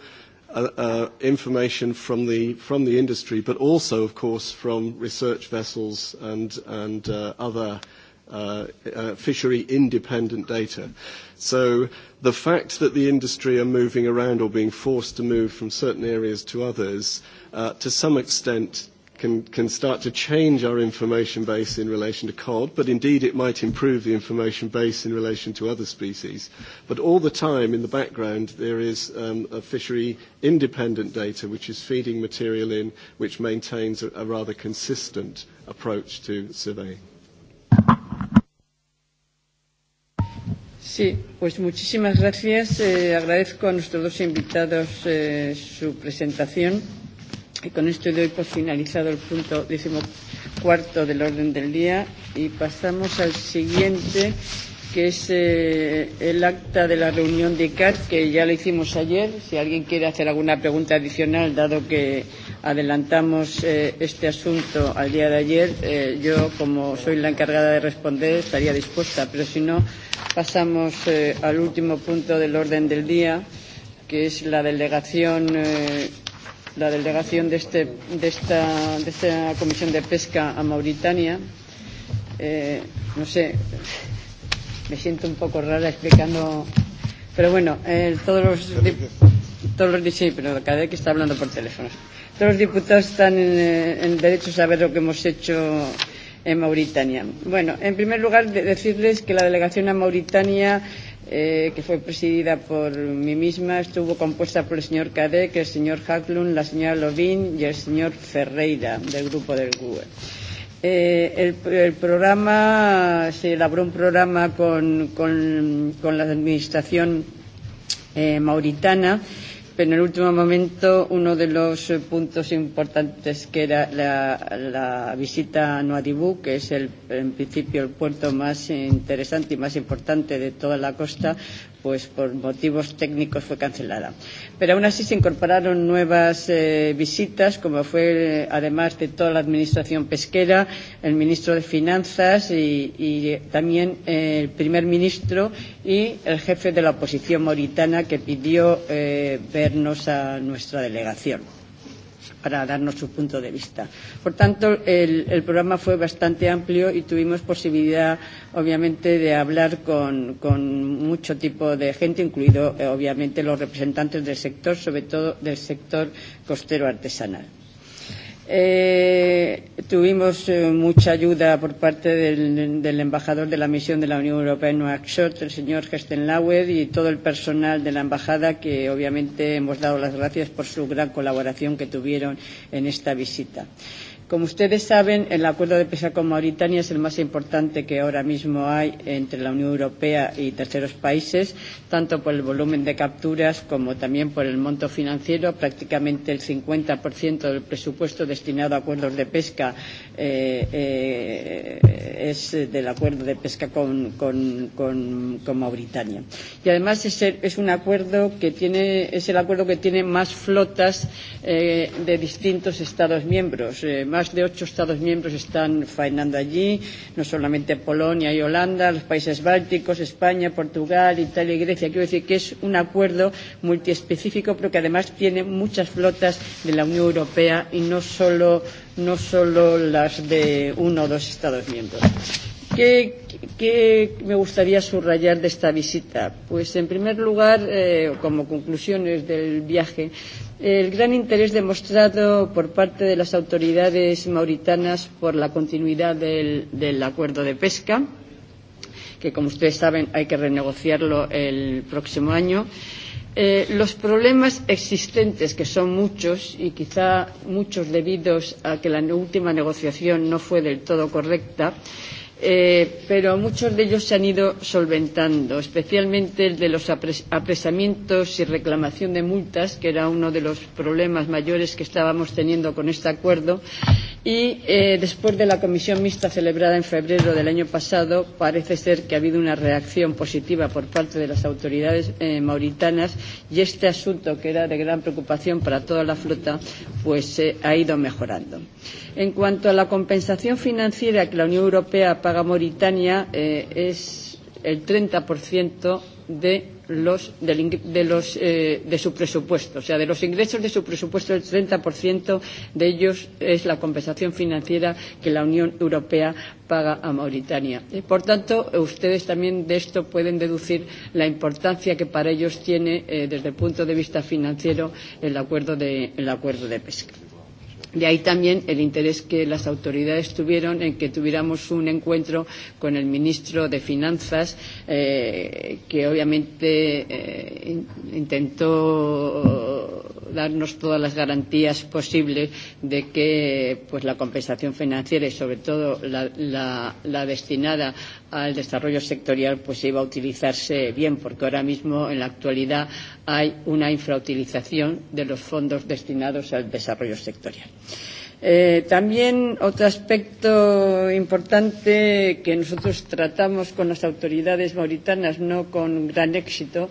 uh, uh, information from the, from the industry, but also, of course, from research vessels and, and uh, other uh, uh, uh, fishery independent data. So the fact that the industry are moving around or being forced to move from certain areas to others, uh, to some extent, can, can start to change our information base in relation to cod, but indeed it might improve the information base in relation to other species. But all the time in the background there is um, a fishery independent data which is feeding material in, which maintains a, a rather consistent approach to surveying. Sí, pues muchísimas gracias. Eh, agradezco a nuestros dos invitados eh, su presentación. Y con esto doy por finalizado el punto decimocuarto del orden del día y pasamos al siguiente que es eh, el acta de la reunión de ICAR, que ya lo hicimos ayer. Si alguien quiere hacer alguna pregunta adicional, dado que adelantamos eh, este asunto al día de ayer, eh, yo, como soy la encargada de responder, estaría dispuesta. Pero si no, pasamos eh, al último punto del orden del día, que es la delegación. Eh, la delegación de, este, de, esta, de esta Comisión de Pesca a Mauritania. Eh, no sé, Me siento un poco rara explicando. Pero bueno, eh, todos los. Todos los, sí, pero cada vez que está hablando por teléfono. Todos los diputados están en, en derecho a saber lo que hemos hecho en Mauritania. Bueno, en primer lugar, de decirles que la delegación a Mauritania eh, que fue presidida por mí misma, estuvo compuesta por el señor Cadec, el señor Haklund, la señora Lovin y el señor Ferreira, del grupo del Google. Eh, Eh, el, el programa, se elaboró un programa con, con, con la administración eh, mauritana, pero en el último momento uno de los puntos importantes que era la, la visita a Nuadibú, que es el, en principio el puerto más interesante y más importante de toda la costa, pues por motivos técnicos fue cancelada. Pero aún así se incorporaron nuevas eh, visitas, como fue además de toda la Administración Pesquera, el ministro de Finanzas y, y también eh, el primer ministro y el jefe de la oposición mauritana que pidió eh, vernos a nuestra delegación para darnos su punto de vista. Por tanto, el, el programa fue bastante amplio y tuvimos posibilidad, obviamente, de hablar con, con mucho tipo de gente, incluido, eh, obviamente, los representantes del sector, sobre todo del sector costero artesanal. Eh, tuvimos eh, mucha ayuda por parte del, del embajador de la misión de la Unión Europea en Nouakchott, el señor Gestenlauer, y todo el personal de la embajada, que obviamente hemos dado las gracias por su gran colaboración que tuvieron en esta visita. Como ustedes saben, el acuerdo de pesca con Mauritania es el más importante que ahora mismo hay entre la Unión Europea y terceros países, tanto por el volumen de capturas como también por el monto financiero. Prácticamente el 50% del presupuesto destinado a acuerdos de pesca eh, eh, es del acuerdo de pesca con, con, con, con Mauritania. Y además es, el, es un acuerdo que tiene, es el acuerdo que tiene más flotas eh, de distintos Estados miembros, eh, más más de ocho Estados miembros están faenando allí, no solamente Polonia y Holanda, los países bálticos, España, Portugal, Italia y Grecia. Quiero decir que es un acuerdo multiespecífico, pero que además tiene muchas flotas de la Unión Europea y no solo, no solo las de uno o dos Estados miembros. ¿Qué, ¿Qué me gustaría subrayar de esta visita? Pues, en primer lugar, eh, como conclusiones del viaje, el gran interés demostrado por parte de las autoridades mauritanas por la continuidad del, del acuerdo de pesca, que como ustedes saben hay que renegociarlo el próximo año. Eh, los problemas existentes, que son muchos y quizá muchos debidos a que la última negociación no fue del todo correcta, eh, pero muchos de ellos se han ido solventando, especialmente el de los apres apresamientos y reclamación de multas, que era uno de los problemas mayores que estábamos teniendo con este acuerdo. Y eh, después de la comisión mixta celebrada en febrero del año pasado, parece ser que ha habido una reacción positiva por parte de las autoridades eh, mauritanas y este asunto, que era de gran preocupación para toda la flota, pues eh, ha ido mejorando. En cuanto a la compensación financiera que la Unión Europea paga Mauritania eh, es el 30% de los, de, de, los, eh, de su presupuesto. O sea, de los ingresos de su presupuesto, el 30% de ellos es la compensación financiera que la Unión Europea paga a Mauritania. Y, por tanto, ustedes también de esto pueden deducir la importancia que para ellos tiene, eh, desde el punto de vista financiero, el acuerdo de, el acuerdo de pesca. De ahí también el interés que las autoridades tuvieron en que tuviéramos un encuentro con el ministro de Finanzas, eh, que obviamente eh, intentó darnos todas las garantías posibles de que pues, la compensación financiera y sobre todo la, la, la destinada al desarrollo sectorial pues iba a utilizarse bien, porque ahora mismo en la actualidad hay una infrautilización de los fondos destinados al desarrollo sectorial. Eh, también otro aspecto importante que nosotros tratamos con las autoridades mauritanas, no con gran éxito,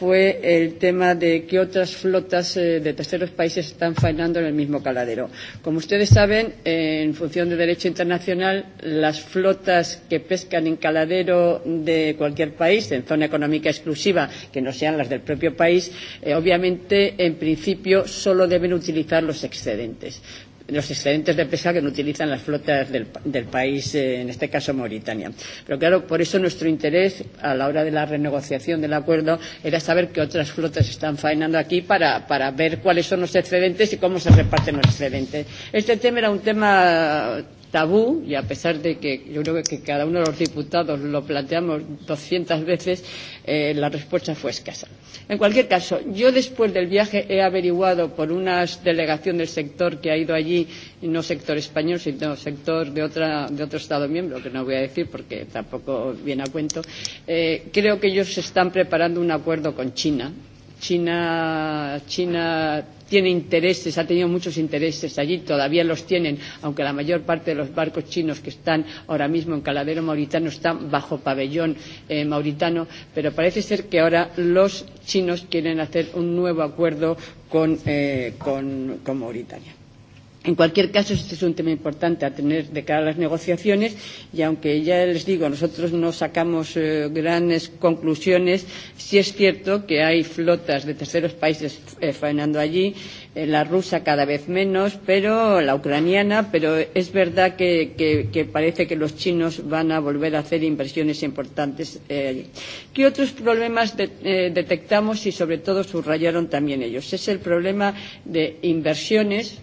fue el tema de que otras flotas eh, de terceros países están faenando en el mismo caladero. Como ustedes saben, eh, en función del derecho internacional, las flotas que pescan en caladero de cualquier país, en zona económica exclusiva, que no sean las del propio país, eh, obviamente, en principio, solo deben utilizar los excedentes los excedentes de pesca que utilizan las flotas del, del país, eh, en este caso Mauritania. Pero claro, por eso nuestro interés a la hora de la renegociación del acuerdo era saber qué otras flotas están faenando aquí para, para ver cuáles son los excedentes y cómo se reparten los excedentes. Este tema era un tema tabú, y a pesar de que yo creo que cada uno de los diputados lo planteamos 200 veces, eh, la respuesta fue escasa. En cualquier caso, yo después del viaje he averiguado por una delegación del sector que ha ido allí, no sector español, sino sector de, otra, de otro Estado miembro, que no voy a decir porque tampoco viene a cuento, eh, creo que ellos están preparando un acuerdo con China China, China tiene intereses, ha tenido muchos intereses allí, todavía los tienen, aunque la mayor parte de los barcos chinos que están ahora mismo en Caladero Mauritano están bajo pabellón eh, mauritano, pero parece ser que ahora los chinos quieren hacer un nuevo acuerdo con, eh, con, con Mauritania. En cualquier caso, este es un tema importante a tener de cara a las negociaciones y aunque ya les digo, nosotros no sacamos eh, grandes conclusiones, sí es cierto que hay flotas de terceros países eh, faenando allí, eh, la rusa cada vez menos, pero la ucraniana, pero es verdad que, que, que parece que los chinos van a volver a hacer inversiones importantes eh, allí. ¿Qué otros problemas de, eh, detectamos y sobre todo subrayaron también ellos? Es el problema de inversiones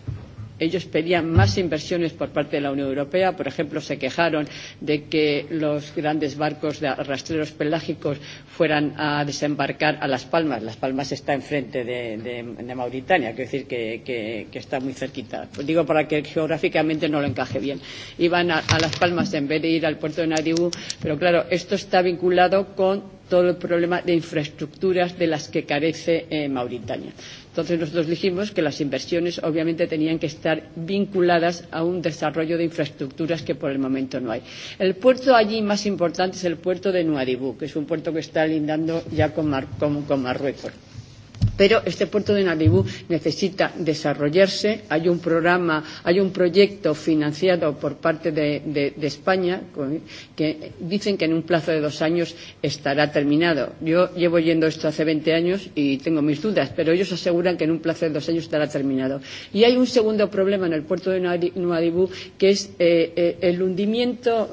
Ellos pedían más inversiones por parte de la Unión Europea. Por ejemplo, se quejaron de que los grandes barcos de arrastreros pelágicos fueran a desembarcar a Las Palmas. Las Palmas está enfrente de, de, de Mauritania, quiero decir que, que, que está muy cerquita. Digo para que geográficamente no lo encaje bien. Iban a, a Las Palmas en vez de ir al puerto de Nadibu, pero claro, esto está vinculado con todo el problema de infraestructuras de las que carece eh, Mauritania. Entonces nosotros dijimos que las inversiones obviamente tenían que estar vinculadas a un desarrollo de infraestructuras que por el momento no hay. El puerto allí más importante es el puerto de Nuadibú, que es un puerto que está lindando ya con, Mar con, con Marruecos. Pero este puerto de Nalibú necesita desarrollarse. Hay un programa, hay un proyecto financiado por parte de, de, de España que dicen que en un plazo de dos años estará terminado. Yo llevo yendo esto hace 20 años y tengo mis dudas, pero ellos aseguran que en un plazo de dos años estará terminado. Y hay un segundo problema en el puerto de Nalibú que es eh, eh, el hundimiento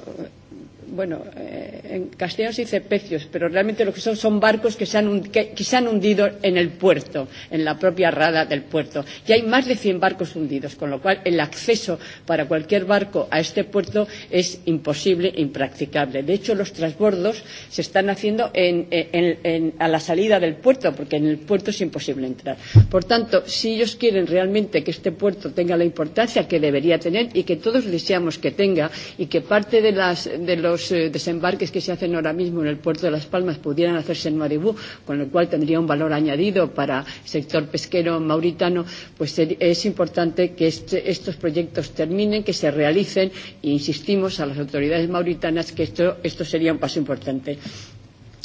bueno, eh, en castellano se dice pecios, pero realmente lo que son son barcos que se, han, que, que se han hundido en el puerto, en la propia rada del puerto. Y hay más de 100 barcos hundidos, con lo cual el acceso para cualquier barco a este puerto es imposible, e impracticable. De hecho, los transbordos se están haciendo en, en, en, a la salida del puerto, porque en el puerto es imposible entrar. Por tanto, si ellos quieren realmente que este puerto tenga la importancia que debería tener y que todos deseamos que tenga y que parte de, las, de los los eh, desembarques que se hacen ahora mismo en el puerto de Las Palmas pudieran hacerse en Maribú, con lo cual tendría un valor añadido para el sector pesquero mauritano, pues es importante que este, estos proyectos terminen, que se realicen e insistimos a las autoridades mauritanas que esto, esto sería un paso importante.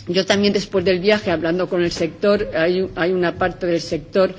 Yo también después del viaje, hablando con el sector, hay, hay una parte del sector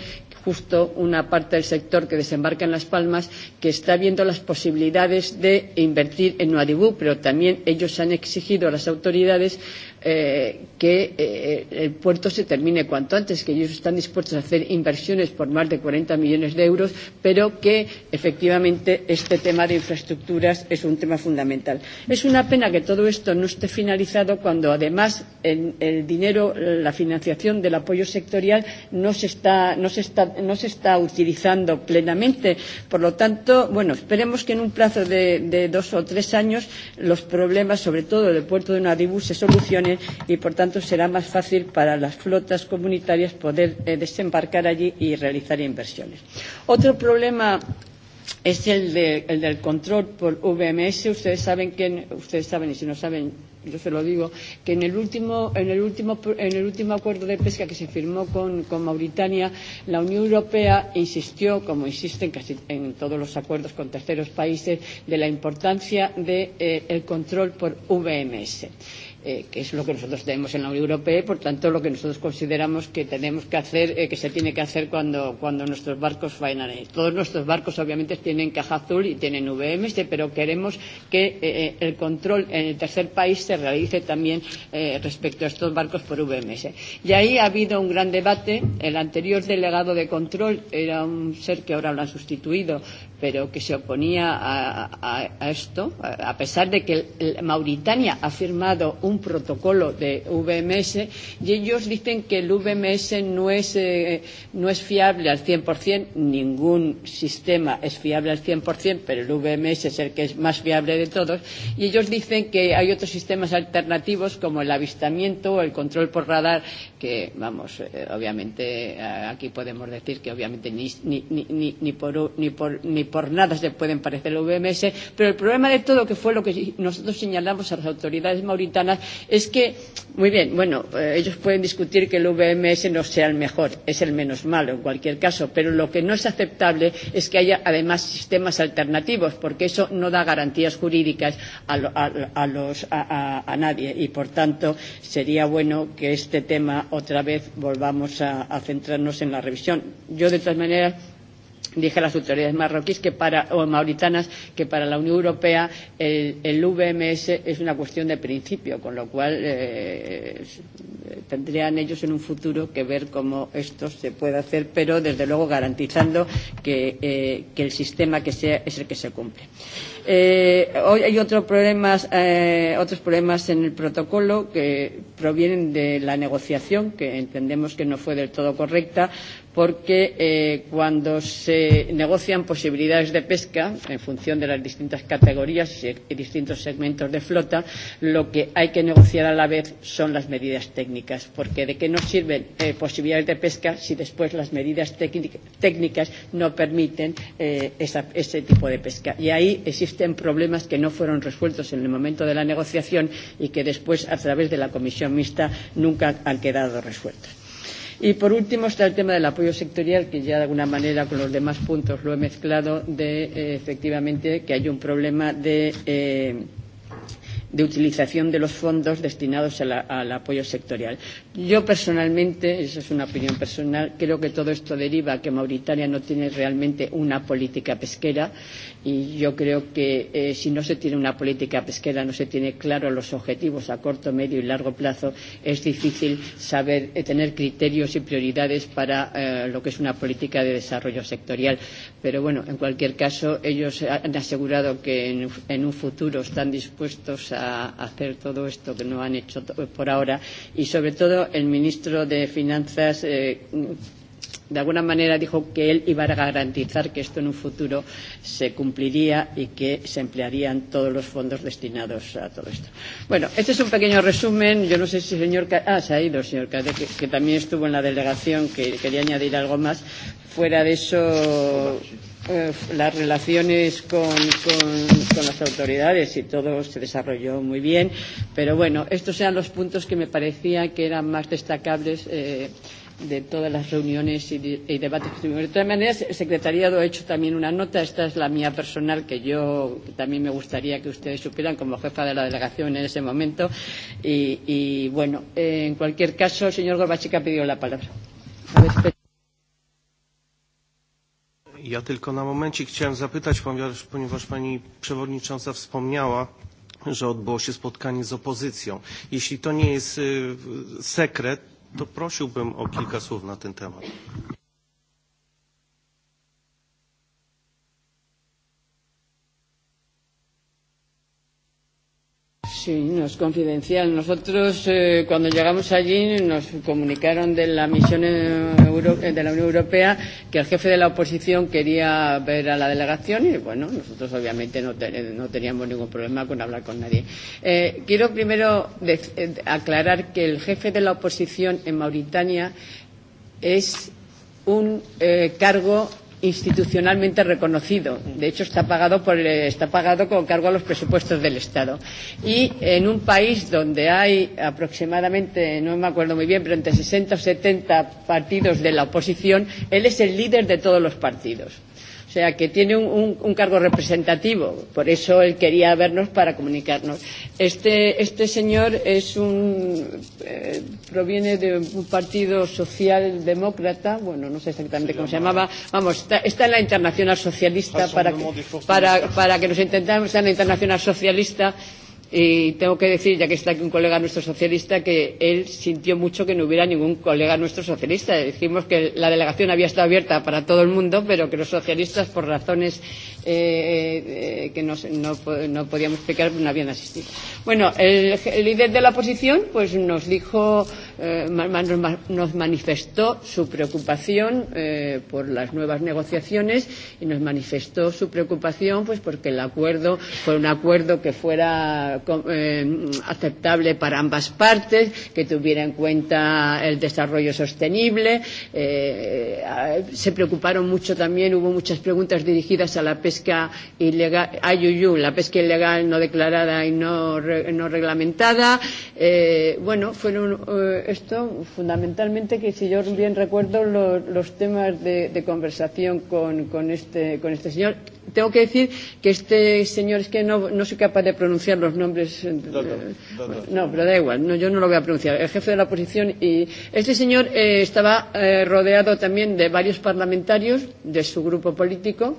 justo una parte del sector que desembarca en Las Palmas que está viendo las posibilidades de invertir en Nuadibú, pero también ellos han exigido a las autoridades eh, que eh, el puerto se termine cuanto antes, que ellos están dispuestos a hacer inversiones por más de 40 millones de euros, pero que efectivamente este tema de infraestructuras es un tema fundamental. Es una pena que todo esto no esté finalizado cuando además el, el dinero, la financiación del apoyo sectorial no se está, no se está no se está utilizando plenamente. Por lo tanto, bueno, esperemos que en un plazo de, de dos o tres años los problemas, sobre todo del puerto de Nadibú, se solucionen y, por tanto, será más fácil para las flotas comunitarias poder eh, desembarcar allí y realizar inversiones. Otro problema es el, de, el del control por VMS. Ustedes saben que, ustedes saben y si no saben, yo se lo digo, que en el último, en el último, en el último acuerdo de pesca que se firmó con, con Mauritania, la Unión Europea insistió, como insisten casi en todos los acuerdos con terceros países, de la importancia del de, eh, control por VMS eh, que es lo que nosotros tenemos en la Unión Europea y, por tanto, lo que nosotros consideramos que tenemos que hacer, eh, que se tiene que hacer cuando, cuando nuestros barcos faenan. Todos nuestros barcos, obviamente, tienen caja azul y tienen VMS, pero queremos que eh, el control en el tercer país se realice también eh, respecto a estos barcos por VMS. Y ahí ha habido un gran debate. El anterior delegado de control era un ser que ahora lo han sustituido, pero que se oponía a, a, a esto, a pesar de que Mauritania ha firmado un protocolo de VMS y ellos dicen que el VMS no es, eh, no es fiable al 100%, ningún sistema es fiable al 100%, pero el VMS es el que es más fiable de todos, y ellos dicen que hay otros sistemas alternativos como el avistamiento o el control por radar, que vamos, eh, obviamente aquí podemos decir que obviamente ni, ni, ni, ni, por, ni, por, ni por nada se pueden parecer al VMS, pero el problema de todo, que fue lo que nosotros señalamos a las autoridades mauritanas, es que, muy bien, bueno, eh, ellos pueden discutir que el VMS no sea el mejor, es el menos malo en cualquier caso, pero lo que no es aceptable es que haya además sistemas alternativos, porque eso no da garantías jurídicas a, a, a, los, a, a, a nadie y, por tanto, sería bueno que este tema otra vez volvamos a, a centrarnos en la revisión. Yo, de todas maneras, dije a las autoridades marroquíes que para, o mauritanas que para la Unión Europea el, el VMS es una cuestión de principio, con lo cual eh, tendrían ellos en un futuro que ver cómo esto se puede hacer, pero desde luego garantizando que, eh, que el sistema que sea es el que se cumple. Eh, hoy hay problemas, eh, otros problemas en el protocolo que provienen de la negociación, que entendemos que no fue del todo correcta, porque eh, cuando se negocian posibilidades de pesca en función de las distintas categorías y distintos segmentos de flota, lo que hay que negociar a la vez son las medidas técnicas, porque de qué nos sirven eh, posibilidades de pesca si después las medidas técnicas no permiten eh, esa, ese tipo de pesca. Y ahí existen problemas que no fueron resueltos en el momento de la negociación y que después a través de la comisión mixta nunca han quedado resueltos. Y por último está el tema del apoyo sectorial, que ya de alguna manera con los demás puntos lo he mezclado, de eh, efectivamente que hay un problema de. Eh, de utilización de los fondos destinados a la, al apoyo sectorial. Yo personalmente, esa es una opinión personal, creo que todo esto deriva que Mauritania no tiene realmente una política pesquera y yo creo que eh, si no se tiene una política pesquera, no se tiene claro los objetivos a corto, medio y largo plazo, es difícil saber eh, tener criterios y prioridades para eh, lo que es una política de desarrollo sectorial. Pero bueno, en cualquier caso, ellos han asegurado que en, en un futuro están dispuestos a a hacer todo esto que no han hecho por ahora. Y sobre todo el ministro de Finanzas. Eh, de alguna manera dijo que él iba a garantizar que esto en un futuro se cumpliría y que se emplearían todos los fondos destinados a todo esto. Bueno, este es un pequeño resumen. Yo no sé si el señor. Ah, se ha ido, señor Cade, que, que también estuvo en la delegación, que quería añadir algo más. Fuera de eso las relaciones con, con, con las autoridades y todo se desarrolló muy bien. Pero bueno, estos eran los puntos que me parecía que eran más destacables. Eh, de todas las reuniones y, de, y debates que tuvimos. De todas maneras, el secretariado ha hecho también una nota, esta es la mía personal, que yo que también me gustaría que ustedes supieran como jefa de la delegación en ese momento. Y, y bueno, eh, en cualquier caso, el señor Gorbachica ha pedido la palabra. A ver, Ja tylko na momencik chciałem zapytać, ponieważ, ponieważ pani przewodnicząca wspomniała, że odbyło się spotkanie z opozycją. Jeśli to nie jest sekret, to prosiłbym o kilka słów na ten temat. Sí, no es confidencial. Nosotros, eh, cuando llegamos allí, nos comunicaron de la misión Euro de la Unión Europea que el jefe de la oposición quería ver a la delegación y, bueno, nosotros obviamente no, ten no teníamos ningún problema con hablar con nadie. Eh, quiero primero de aclarar que el jefe de la oposición en Mauritania es un eh, cargo institucionalmente reconocido. De hecho, está pagado, por, está pagado con cargo a los presupuestos del Estado. Y en un país donde hay aproximadamente, no me acuerdo muy bien, pero entre 60 o 70 partidos de la oposición, él es el líder de todos los partidos O sea, que tiene un, un, un cargo representativo. Por eso él quería vernos para comunicarnos. Este, este señor es un, eh, proviene de un partido socialdemócrata, bueno, no sé exactamente cómo se llamaba. Vamos, está, está en la internacional socialista para que, para, para que nos intentamos, está en la internacional socialista Y tengo que decir, ya que está aquí un colega nuestro socialista, que él sintió mucho que no hubiera ningún colega nuestro socialista. Dijimos que la delegación había estado abierta para todo el mundo, pero que los socialistas, por razones eh, eh, que no, no, no podíamos explicar, no habían asistido. Bueno, el, el líder de la oposición pues nos dijo eh, nos manifestó su preocupación eh, por las nuevas negociaciones y nos manifestó su preocupación pues porque el acuerdo fue un acuerdo que fuera eh, aceptable para ambas partes, que tuviera en cuenta el desarrollo sostenible. Eh, se preocuparon mucho también, hubo muchas preguntas dirigidas a la pesca ilegal, Yuyu, la pesca ilegal no declarada y no, no reglamentada. Eh, bueno, fueron. Eh, esto fundamentalmente que si yo bien recuerdo lo, los temas de, de conversación con, con, este, con este señor. Tengo que decir que este señor es que no, no soy capaz de pronunciar los nombres. No, pero da igual, no, yo no lo voy a pronunciar. El jefe de la oposición y este señor eh, estaba eh, rodeado también de varios parlamentarios de su grupo político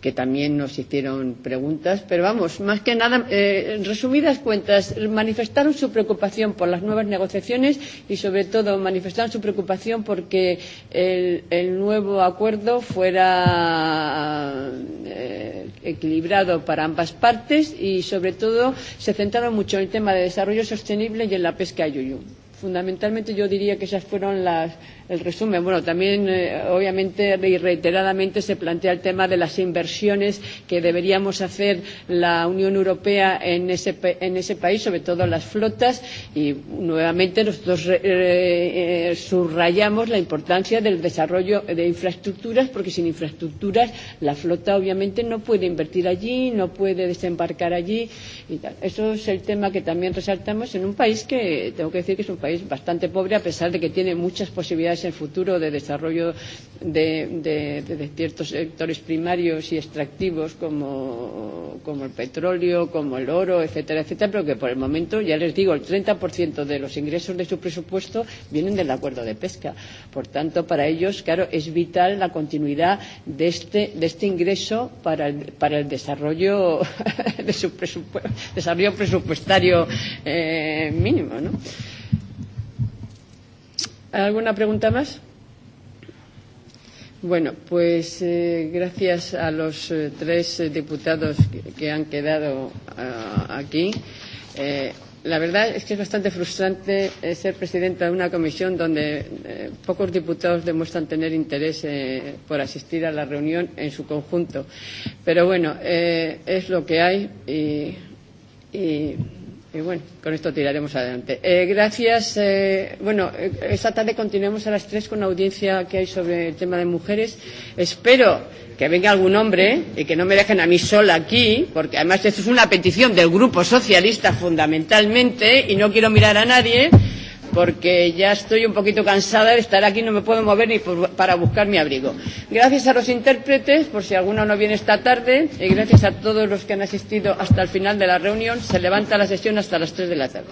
que también nos hicieron preguntas, pero vamos, más que nada, eh, en resumidas cuentas, manifestaron su preocupación por las nuevas negociaciones y, sobre todo, manifestaron su preocupación porque el, el nuevo acuerdo fuera eh, equilibrado para ambas partes y, sobre todo, se centraron mucho en el tema de desarrollo sostenible y en la pesca yuyu. Fundamentalmente, yo diría que esas fueron las el resumen. Bueno, también, eh, obviamente y reiteradamente se plantea el tema de las inversiones que deberíamos hacer la Unión Europea en ese, en ese país, sobre todo las flotas, y nuevamente nosotros eh, eh, subrayamos la importancia del desarrollo de infraestructuras, porque sin infraestructuras la flota obviamente no puede invertir allí, no puede desembarcar allí y tal. Eso es el tema que también resaltamos en un país que, tengo que decir que es un país bastante pobre, a pesar de que tiene muchas posibilidades necesidades en futuro de desarrollo de, de, de ciertos sectores primarios y extractivos como, como el petróleo, como el oro, etcétera, etcétera, pero que por el momento, ya les digo, el 30% de los ingresos de su presupuesto vienen del acuerdo de pesca. Por tanto, para ellos, claro, es vital la continuidad de este, de este ingreso para el, para el desarrollo, de su presupuesto, desarrollo presupuestario eh, mínimo. ¿no? ¿Alguna pregunta más? Bueno, pues eh, gracias a los eh, tres eh, diputados que, que han quedado uh, aquí. Eh, la verdad es que es bastante frustrante eh, ser presidenta de una comisión donde eh, pocos diputados demuestran tener interés eh, por asistir a la reunión en su conjunto. Pero bueno, eh, es lo que hay y. y Y bueno, con esto tiraremos adelante. Eh, gracias. Eh, bueno, esta tarde continuamos a las tres con la audiencia que hay sobre el tema de mujeres. Espero que venga algún hombre y que no me dejen a mí sola aquí, porque además esto es una petición del Grupo Socialista fundamentalmente y no quiero mirar a nadie porque ya estoy un poquito cansada de estar aquí, no me puedo mover ni por, para buscar mi abrigo. Gracias a los intérpretes, por si alguno no viene esta tarde, y gracias a todos los que han asistido hasta el final de la reunión. Se levanta la sesión hasta las 3 de la tarde.